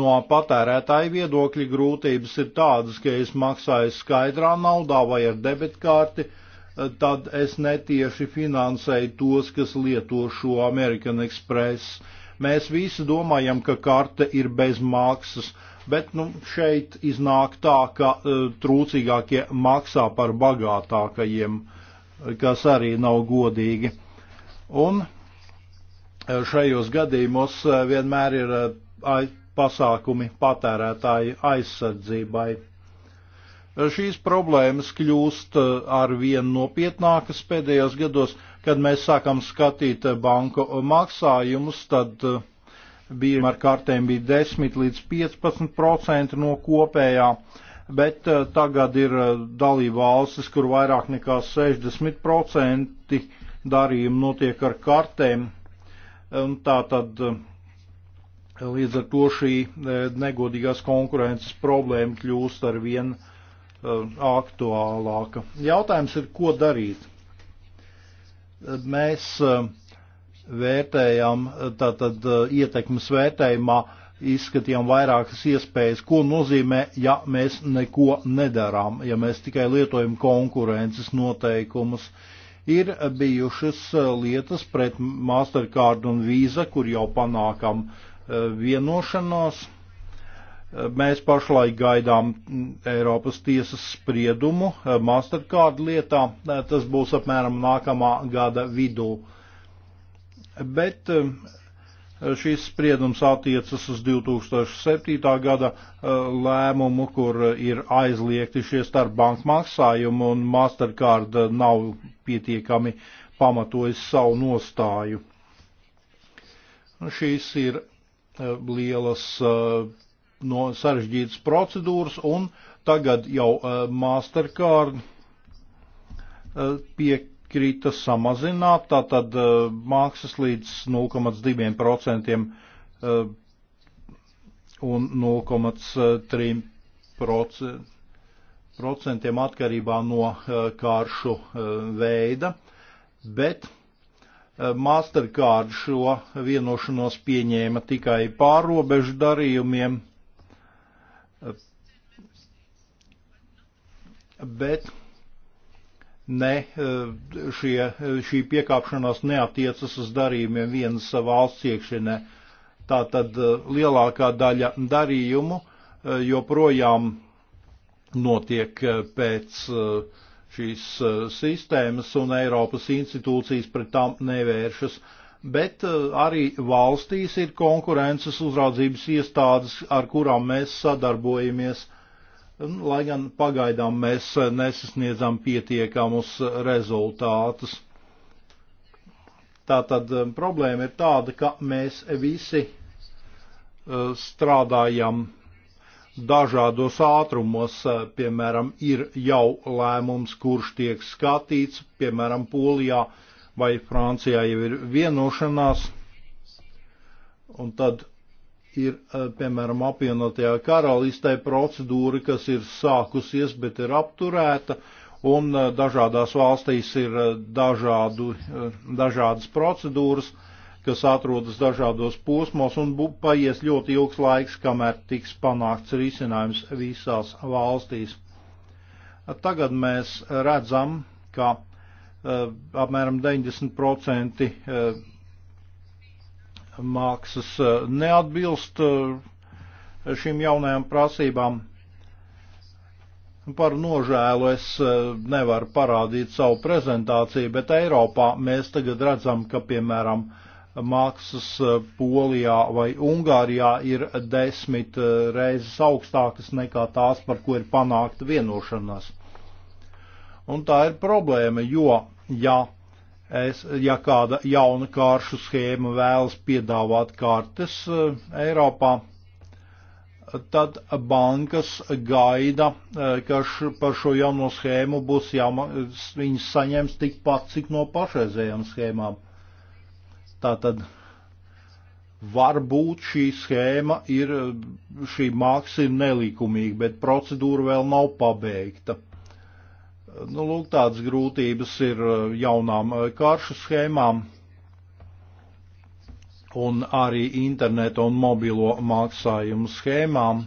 S1: no patērētāja viedokļa grūtības ir tādas, ka es maksāju skaidrā naudā vai ar debitkārti, e, tad es netieši finansēju tos, kas lieto šo American Express. Mēs visi domājam, ka karte ir bez maksas, bet nu, šeit iznāk tā, ka uh, trūcīgākie maksā par bagātākajiem. Uh, kas arī nav godīgi. Un e, šajos gadījumos e, vienmēr ir e, pasākumi patērētāju aizsardzībai. Šīs problēmas kļūst ar vien nopietnākas pēdējos gados, kad mēs sākam skatīt banku maksājumus, tad bija ar kartēm bija 10 līdz 15% no kopējā uh, bet eh, tagad ir eh, dalība valstis, kur vairāk nekā 60% darījumu notiek ar kartēm. Un tā tad eh, līdz ar to šī negodīgās konkurences problēma kļūst ar vien aktuālāka. Jautājums ir, ko darīt? Mēs vērtējam, tātad ietekmes vērtējumā izskatījām vairākas iespējas, ko nozīmē, ja mēs neko nedarām, ja mēs tikai lietojam konkurences noteikumus. Ir bijušas eh, lietas pret Mastercard un Visa, kur jau panākam eh, vienošanos. Eh, mēs pašlaik gaidām mm, Eiropas tiesas spriedumu Mastercard lietā. Tas būs apmēram nākamā gada vidū. Bet Šis spriedums attiecas uz 2007. gada eh, lēmumu, kur ir aizliegti šie starpbanku maksājumi un Mastercard nav pietiekami pamatojis savu nostāju. Šīs ir eh, lielas eh, no sarežģītas procedūras, un tagad jau Mastercard pie, piekrita samazināt, tātad eh, mākslas līdz 0,2% eh, un 0,3% atkarībā no eh, kāršu veida, bet Mastercard šo vienošanos pieņēma tikai pārobežu darījumiem, bet ne, eh, šie, eh, šī piekāpšanās neatiecas uz darījumiem vienas valsts iekšienē. Tātad eh, lielākā daļa darījumu joprojām notiek pēc šīs sistēmas un Eiropas institūcijas pret tām nevēršas, bet arī valstīs ir konkurences uzraudzības iestādes, ar kurām mēs sadarbojamies. Nu, lai gan pagaidām mēs eh, nesasniedzam pietiekamus eh, rezultātus. Tātad eh, problēma ir tāda, ka mēs visi strādājam dažādos ātrumos, piemēram, ir jau lēmums, kurš tiek skatīts, piemēram, Polijā vai Francijā jau ir vienošanās, un tad ir, eh, piemēram, apvienotajā karalistē procedūra, kas ir sākusies, bet ir apturēta, un eh, dažādās valstīs ir eh, dažādu, dažādas procedūras, kas atrodas dažādos posmos, un paies ļoti ilgs laiks, kamēr tiks panākts risinājums visās valstīs. Tagad mēs redzam, ka apmēram 90% maksas eh, neatbilst eh, šīm jaunajām prasībām. Par nožēlu es eh, nevaru parādīt savu prezentāciju, bet Eiropā mēs tagad redzam, ka, piemēram, maksas Polijā vai Ungārijā ir desmit reizes augstākas nekā tās, par ko ir panākta vienošanās. Un tā ir problēma, jo, ja Es, ja kāda jauna kāršu schēma vēlas piedāvāt kartes eh, Eiropā, tad bankas gaida, eh, ka š, par šo jauno schēmu būs jāma, viņas saņems tikpat, cik no pašreizējām schēmām. Tātad varbūt šī schēma ir, šī māksla ir nelikumīga, bet procedūra vēl nav pabeigta. Nu, lūk, tādas grūtības ir eh, jaunām eh, karšu schēmām un arī interneta un mobilo maksājumu schēmām.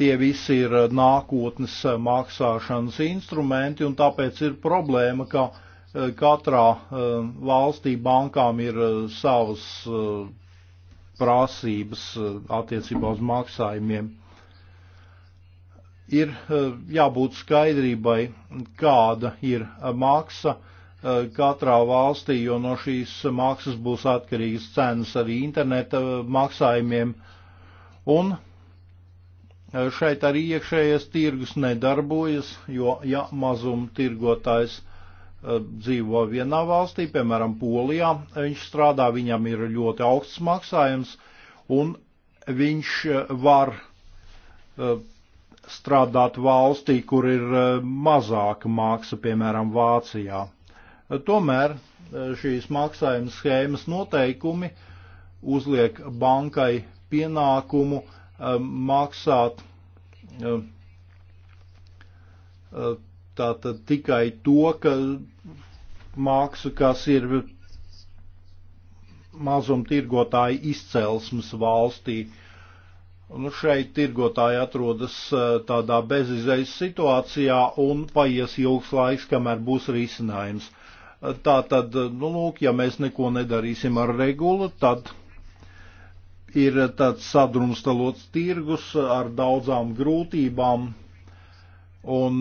S1: Tie visi ir eh, nākotnes maksāšanas instrumenti, un tāpēc ir problēma, ka katrā valstī bankām ir savas prasības attiecībā uz maksājumiem ir e, jābūt skaidrībai, kāda ir maksa e, katrā valstī, jo no šīs maksas būs atkarīgas cenas arī interneta maksājumiem. Un e, šeit arī iekšējais tirgus nedarbojas, jo ja mazumtirgotājs dzīvo vienā valstī, piemēram, Polijā, viņš strādā, viņam ir ļoti augsts maksājums, un viņš var strādāt valstī, kur ir e, mazāka maksa, piemēram, Vācijā. E, tomēr e, šīs maksājuma schēmas noteikumi uzliek bankai pienākumu maksāt tātad tikai to, ka maksu, kas ir mazumtirgotāji izcelsmes valstī, uh, Nu, šeit tirgotāji atrodas e, tādā bezizejas situācijā un paies ilgs laiks, kamēr būs risinājums. E, tā tad, e, nu, lūk, ja mēs neko nedarīsim ar regulu, tad ir tāds sadrumstalots tirgus ar daudzām grūtībām, un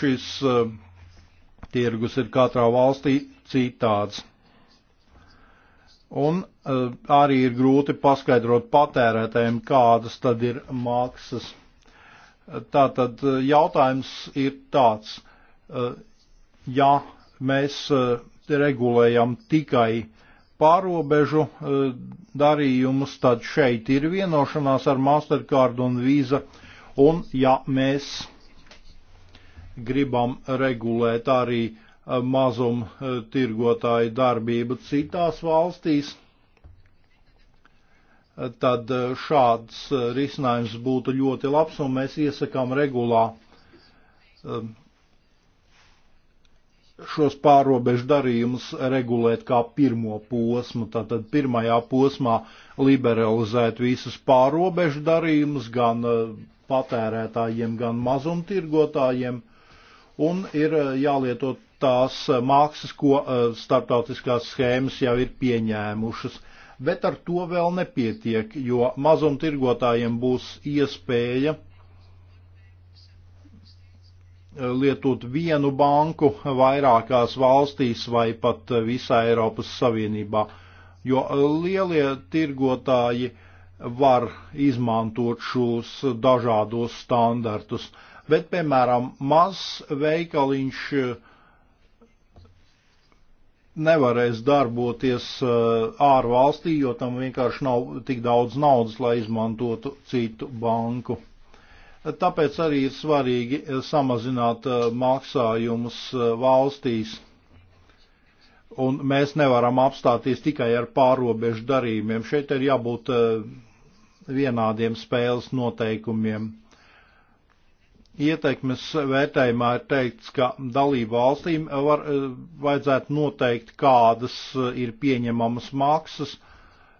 S1: šis tirgus ir katrā valstī citāds. Un eh, arī ir grūti paskaidrot patērētājiem, kādas tad ir maksas. Eh, tātad eh, jautājums ir tāds, ja mēs regulējam tikai pārobežu darījumus, tad šeit ir vienošanās ar Mastercard un Visa, un ja mēs gribam regulēt arī uh, Eh, mazumtirgotāju eh, darbību citās valstīs, eh, tad šāds risinājums būtu ļoti labs un mēs iesakām regulā šos pārobežu darījumus regulēt kā pirmo posmu. Tātad pirmajā posmā liberalizēt visus pārobežu darījumus gan patērētājiem, gan mazumtirgotājiem. Un ir jālietot tās eh, mākslas, ko eh, starptautiskās schēmas jau ir pieņēmušas. Bet ar to vēl nepietiek, jo mazumtirgotājiem būs iespēja eh, lietot vienu banku vairākās valstīs vai pat visā Eiropas Savienībā, jo lielie tirgotāji var izmantot šos dažādos standartus. Bet, piemēram, mazs veikaliņš uh, nevarēs darboties eh, ārvalstī, jo tam vienkārši nav tik daudz naudas, lai izmantotu citu banku. Tāpēc arī ir svarīgi eh, samazināt eh, maksājumus valstīs. Un mēs nevaram apstāties tikai ar pārobežu darījumiem. Šeit ir jābūt vienādiem spēles noteikumiem ieteikmes vērtējumā ir teikts, ka dalību valstīm var, eh, vajadzētu noteikt, kādas eh, ir pieņemamas maksas.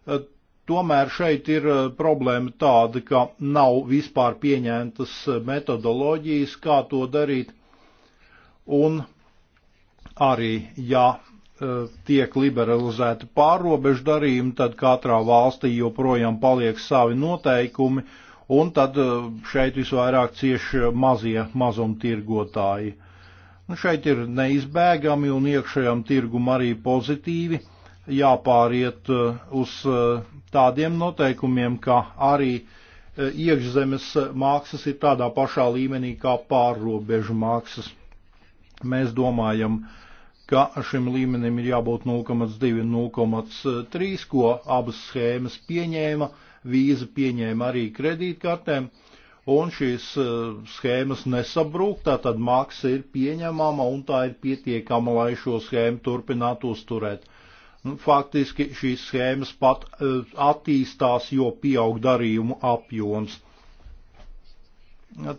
S1: Eh, tomēr šeit ir problēma tāda, ka nav vispār pieņemtas metodoloģijas, kā to darīt. Un arī, ja tiek liberalizēti pārobežu darījumi, tad katrā valstī joprojām paliek savi noteikumi, uh, un tad eh, šeit visvairāk cieši eh, mazie mazumtirgotāji. Nu, šeit ir neizbēgami un iekšējam tirgum arī pozitīvi jāpāriet eh, uz tādiem noteikumiem, ka arī iekšzemes mākslas ir tādā pašā līmenī kā pārrobežu mākslas. Mēs domājam, ka šim līmenim ir jābūt 0,2-0,3, ko abas schēmas pieņēma vīzu pieņēma arī kredītkartēm, un šīs uh, schēmas nesabrūk, tātad maksa ir pieņemama un tā ir pietiekama, lai šo schēmu turpinātu uzturēt. Nu, faktiski šīs schēmas pat uh, attīstās, jo pieaug darījumu apjoms.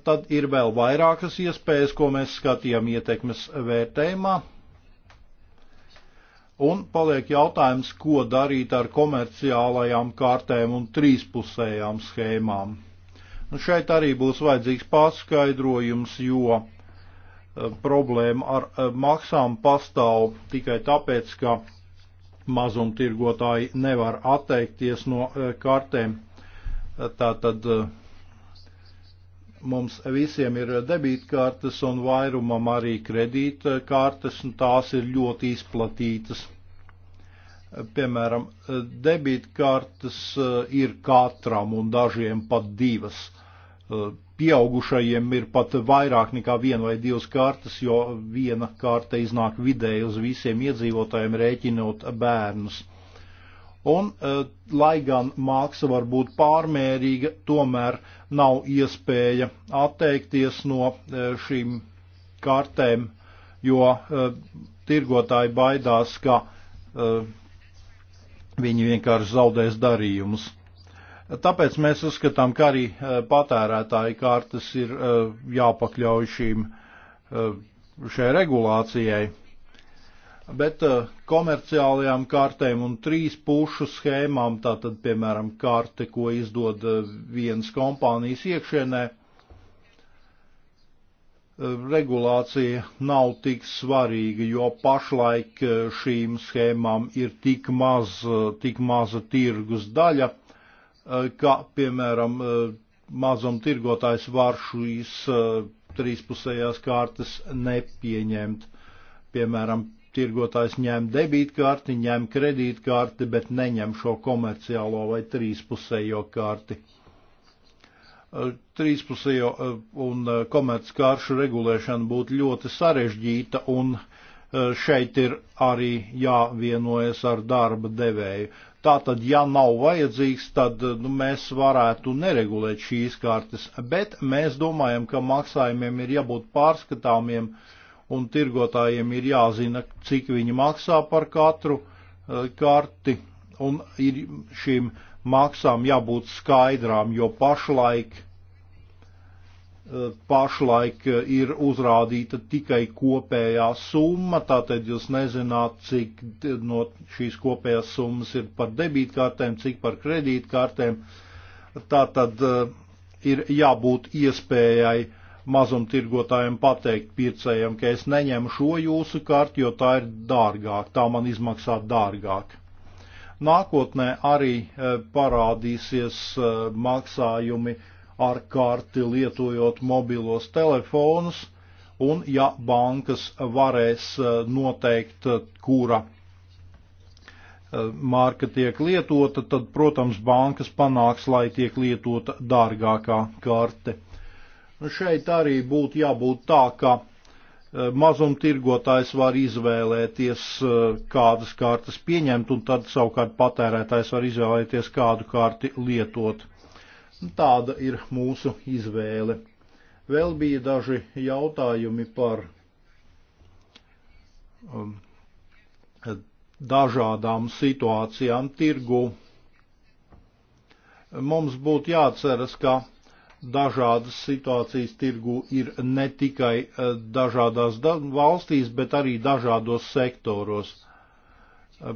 S1: Tad ir vēl vairākas iespējas, ko mēs skatījām ietekmes vērtējumā. Un paliek jautājums, ko darīt ar komerciālajām kārtēm un trīspusējām schēmām. Nu, šeit arī būs vajadzīgs paskaidrojums, jo eh, problēma ar eh, maksām pastāv tikai tāpēc, ka mazumtirgotāji nevar atteikties no eh, kartēm. Tātad mums visiem ir debītkartes un vairumam arī kredītkartes, un tās ir ļoti izplatītas. Piemēram, debītkartes eh, ir katram un dažiem pat divas. Eh, pieaugušajiem ir pat vairāk nekā viena vai divas kartes, jo viena karte iznāk vidēji uz visiem iedzīvotājiem rēķinot bērnus. Un, e, lai gan māksla var būt pārmērīga, tomēr nav iespēja atteikties no e, šīm kartēm, jo e, tirgotāji baidās, ka viņi vienkārši zaudēs darījumus. Tāpēc mēs uzskatām, ka arī patērētāju kārtas ir jāpakļauj šīm, šai regulācijai bet eh, komerciālajām kartēm un trīs pušu schēmām, tātad, piemēram, karte, ko izdod eh, vienas kompānijas iekšienē, eh, regulācija nav tik svarīga, jo pašlaik šīm schēmām ir tik, maz, tik maza tirgus daļa, ka, piemēram, mazumtirgotājs var šīs trīspusējās kārtas nepieņemt. Piemēram, tirgotājs ņem debītkarti, ņem kredītkarti, bet neņem šo komerciālo vai trīspusējo karti. Trīspusējo un komerckāršu regulēšana būtu ļoti sarežģīta un šeit ir arī jāvienojas ar darba devēju. Tātad, ja nav vajadzīgs, tad nu, mēs varētu neregulēt šīs kartes, bet mēs domājam, ka maksājumiem ir jābūt pārskatāmiem, uh, un tirgotājiem ir jāzina, cik viņi maksā par katru eh, karti, un ir šīm maksām jābūt skaidrām, jo pašlaik, eh, pašlaik eh, ir uzrādīta tikai kopējā summa, tātad jūs nezināt, cik no šīs kopējās summas ir par debītkartēm, cik par kredītkartēm. Tātad ir jābūt iespējai uh, mazumtirgotājiem pateikt pircējiem, ka es neņemu šo jūsu karti, jo tā ir dārgāk, tā man izmaksā dārgāk. Nākotnē arī e, parādīsies e, maksājumi ar karti lietojot mobilos telefonus, un ja bankas varēs e, noteikt, kura marka tiek lietota, tad, protams, bankas panāks, lai tiek lietota dārgākā karte. Nu, šeit arī būtu jābūt tā, ka e, mazumtirgotājs var izvēlēties, e, kādas kartas pieņemt, un tad savukārt patērētājs var izvēlēties, kādu karti lietot. Nu, tāda ir mūsu izvēle. Vēl bija daži jautājumi par um, dažādām situācijām tirgu. Mums būtu jāatceras, ka dažādas situācijas tirgu ir ne tikai e, dažādās da valstīs, bet arī dažādos sektoros. E,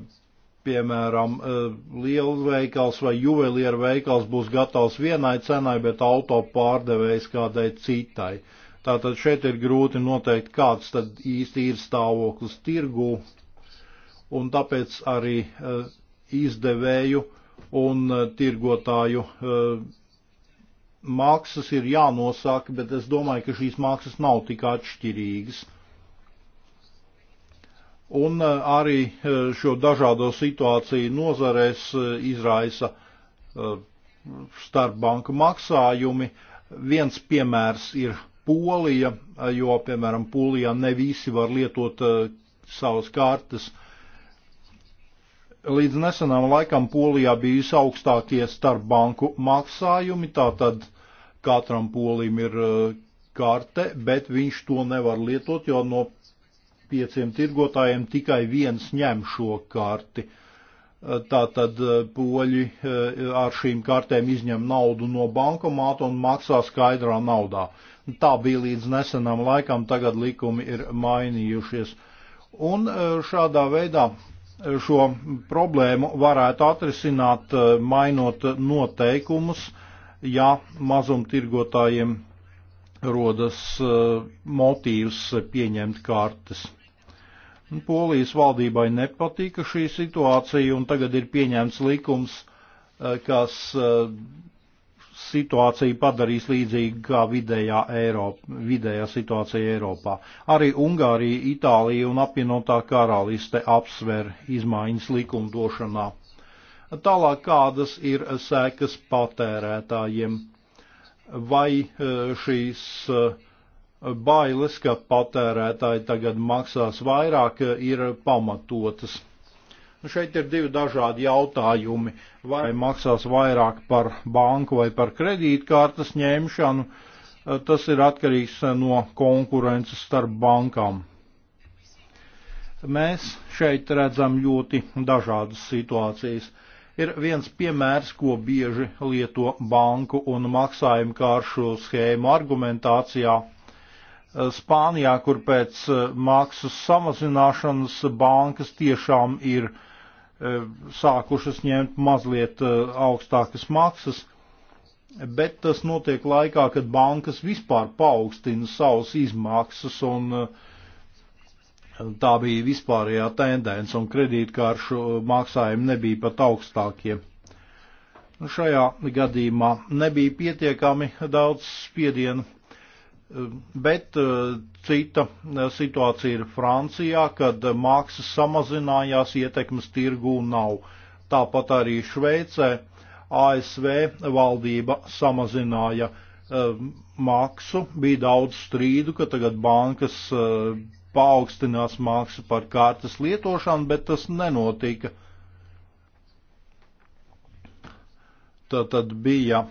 S1: piemēram, e, lielveikals vai juvelieru veikals būs gatavs vienai cenai, bet auto pārdevējs kādai citai. Tātad šeit ir grūti noteikt, kāds tad īsti ir stāvoklis tirgū, un tāpēc arī izdevēju un tirgotāju maksas ir jānosaka, bet es domāju, ka šīs maksas nav tik atšķirīgas. Un uh, arī uh, šo dažādo situāciju nozarēs uh, izraisa starpbanku maksājumi. Viens piemērs ir Polija, jo, piemēram, Polijā ne visi var lietot savas kartes uh, līdz nesenām laikam Polijā bijusi augstākie starpbanku maksājumi, tātad katram polim ir e, karte, bet viņš to nevar lietot, jo no pieciem tirgotājiem tikai viens ņem šo karti. E, tātad e, poļi ar šīm kartēm izņem naudu no bankomāta un maksā skaidrā naudā. Tā bija līdz nesenam laikam, tagad likumi ir mainījušies. Un šādā veidā šo problēmu varētu atrisināt, eh, mainot noteikumus, ja mazumtirgotājiem rodas eh, motīvs pieņemt kartes. Nu, Polijas valdībai nepatika šī situācija, un tagad ir pieņemts likums, eh, kas situācija padarīs līdzīgu kā vidējā, Eiropa, vidējā situācija Eiropā. Arī Ungārija, Itālija un apvienotā karaliste apsver izmaiņas likumdošanā. Tālāk kādas ir sēkas patērētājiem? Vai e, šīs e, bailes, ka patērētāji tagad maksās vairāk, e, ir pamatotas? Nu, šeit ir divi dažādi jautājumi. Vai maksās vairāk par banku vai par kredītkartes ņemšanu, eh, tas ir atkarīgs eh, no konkurences starp bankām. Mēs šeit redzam ļoti dažādas situācijas. Ir viens piemērs, ko bieži lieto banku un maksājumu kāršu schēmu argumentācijā. Eh, Spānijā, kur pēc maksas samazināšanas bankas tiešām ir uh, E, sākušas ņemt mazliet e, augstākas maksas, bet tas notiek laikā, kad bankas vispār paaugstina savas izmaksas un e, tā bija vispārējā tendence un kredītkāršu maksājumi nebija pat augstākie. Šajā gadījumā nebija pietiekami daudz spiedienu Bet eh, cita eh, situācija ir Francijā, kad eh, maksas samazinājās, ietekmes tirgū nav. Tāpat arī Šveicē ASV valdība samazināja maksu, bija daudz strīdu, ka tagad bankas paaugstinās maksu par kārtas lietošanu, bet tas nenotika. Tad, tad bija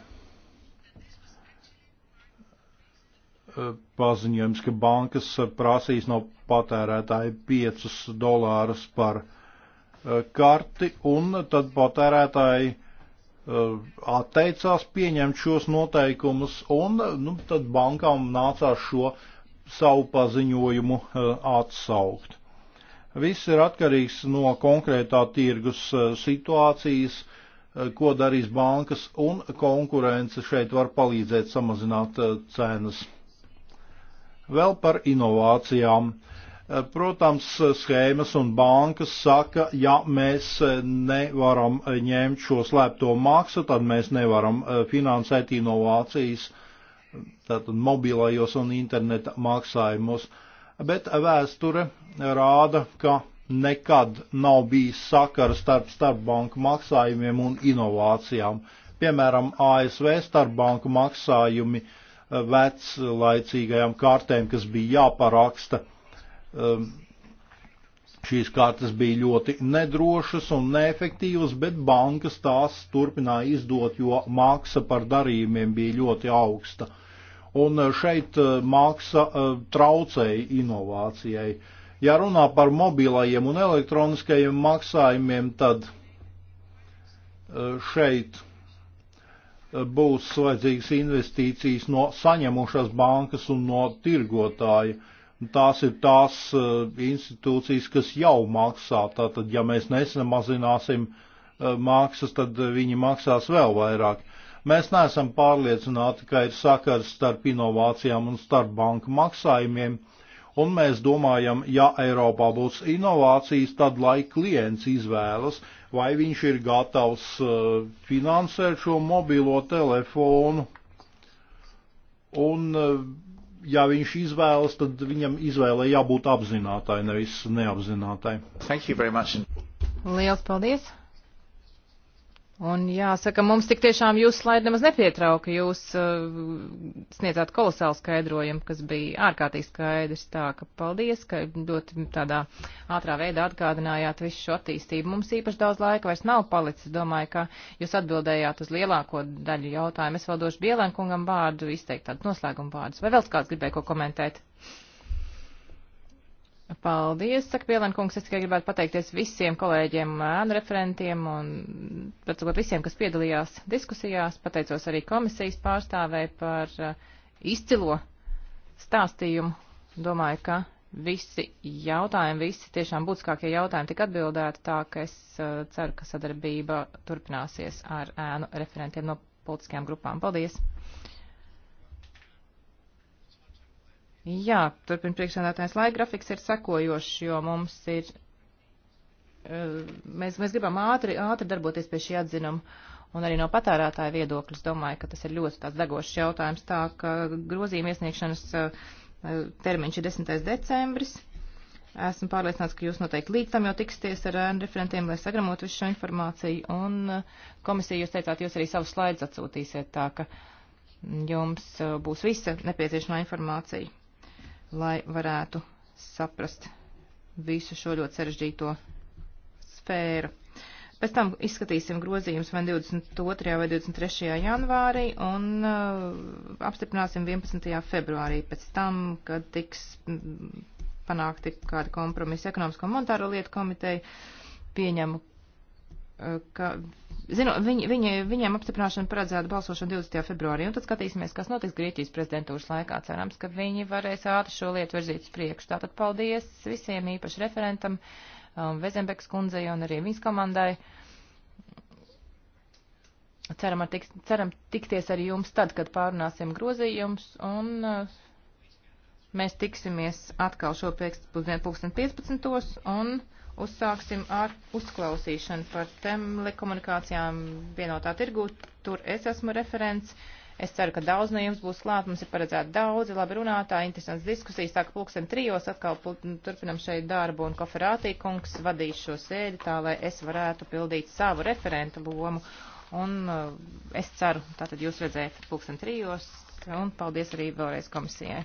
S1: paziņojums, ka bankas prasīs no patērētāja 5 dolārus par eh, karti, un tad patērētāji eh, atteicās pieņemt šos noteikumus, un nu, tad bankām nācās šo savu paziņojumu eh, atsaukt. Viss ir atkarīgs no konkrētā tirgus situācijas, ko darīs bankas, un konkurence šeit var palīdzēt samazināt cenas. Vēl par inovācijām. Eh, protams, schēmas un bankas saka, ja mēs eh, nevaram eh, ņemt šo slēpto maksu, tad mēs nevaram finansēt inovācijas, tātad mobilajos un interneta maksājumus. Bet vēsture rāda, ka nekad nav bijis sakara starp starpbanku maksājumiem un inovācijām. Piemēram, ASV starpbanku maksājumi uh, veclaicīgajām kartēm, kas bija jāparaksta. Um, šīs kartes bija ļoti nedrošas un neefektīvas, bet bankas tās turpināja izdot, jo maksa par darījumiem bija ļoti augsta. Un uh, šeit uh, maksa uh, traucēja inovācijai. Ja runā par mobilajiem un elektroniskajiem maksājumiem, tad šeit būs vajadzīgas investīcijas no saņemušās bankas un no tirgotāja. Tās ir tās uh, institūcijas, kas jau maksā. Tātad, ja mēs nesamazināsim uh, maksas, tad viņi maksās vēl vairāk. Mēs neesam pārliecināti, ka ir sakars starp inovācijām un starp banku maksājumiem, un mēs domājam, ja Eiropā būs inovācijas, tad lai klients izvēlas, uh, vai viņš ir gatavs eh, finansēt šo mobilo telefonu. Un, eh, ja viņš izvēlas, tad viņam izvēle jābūt apzinātai, nevis neapzinātai. Lielas
S2: paldies! Un jāsaka, mums tik tiešām jūsu slaidi nemaz nepietrauka. Jūs uh, sniedzāt kolosālu skaidrojumu, kas bija ārkārtīgi skaidrs. Tā ka paldies, ka ļoti tādā ātrā veidā atgādinājāt visu šo attīstību. Mums īpaši daudz laika vairs nav palicis. Domāju, ka jūs atbildējāt uz lielāko daļu jautājumu. Es vēl došu Bielenkungam vārdu, izteikt tādu noslēgumu vārdus. Vai vēl kāds gribēja ko komentēt? Uh, Paldies, saka Pielēn kungs, es tikai gribētu pateikties visiem kolēģiem, ēnu referentiem un, redzot, visiem, kas piedalījās diskusijās. Pateicos arī komisijas pārstāvēji par eh, izcilo stāstījumu. Domāju, ka visi jautājumi, visi tiešām būtiskākie jautājumi tika atbildēti, tā ka es eh, ceru, ka sadarbība turpināsies ar ēnu referentiem no politiskajām grupām. Paldies! Jā, turpin priekšsēdētājs laika grafiks ir sekojošs, jo mums ir, eh, mēs, mēs gribam ātri, ātri darboties pie šī atzinuma. Un arī no patērētāja viedokļa es domāju, ka tas ir ļoti tāds degošs jautājums, tā ka grozījuma iesniegšanas eh, termiņš ir 10. decembris. Esmu pārliecināts, ka jūs noteikti līdz tam jau tiksties ar referentiem, lai sagramotu visu šo informāciju. Un eh, komisija, jūs teicāt, jūs arī savus slaidus atsūtīsiet, tā ka jums būs visa nepieciešamā informācija lai varētu saprast visu šo ļoti sarežģīto sfēru. Pēc tam izskatīsim grozījums vai 22. vai 23. janvārī un uh, apstiprināsim 11. februārī pēc tam, kad tiks mm, panākti kādi kompromisi ekonomisko un monetāro lietu komiteju. Pieņemu, ka zinu, viņi, viņi, viņiem apstiprināšana paredzēta balsošana 20. februārī, un tad skatīsimies, kas notiks Grieķijas prezidentūras laikā. Cerams, ka viņi varēs ātri šo lietu virzīt uz priekšu. Tātad paldies visiem īpaši referentam, um, Vezembekas kundzei un arī viņas komandai. Ceram, ar tiks, ceram tikties arī jums tad, kad pārunāsim grozījumus, un uh, mēs tiksimies atkal šo pēcpusdienu 2015. un. Uzsāksim ar uzklausīšanu par telekomunikācijām vienotā tirgū. Tur es esmu referents. Es ceru, ka daudz no jums būs klāt. Mums ir paredzēti daudzi labi runātāji, interesants diskusijas. Tā kā pulksten trijos atkal nu, turpinam šeit darbu un koferātī kungs vadīs šo sēdi tā, lai es varētu pildīt savu referentu lomu. Un uh, es ceru, tātad jūs redzēt pulksten trijos. Un paldies arī vēlreiz komisijai.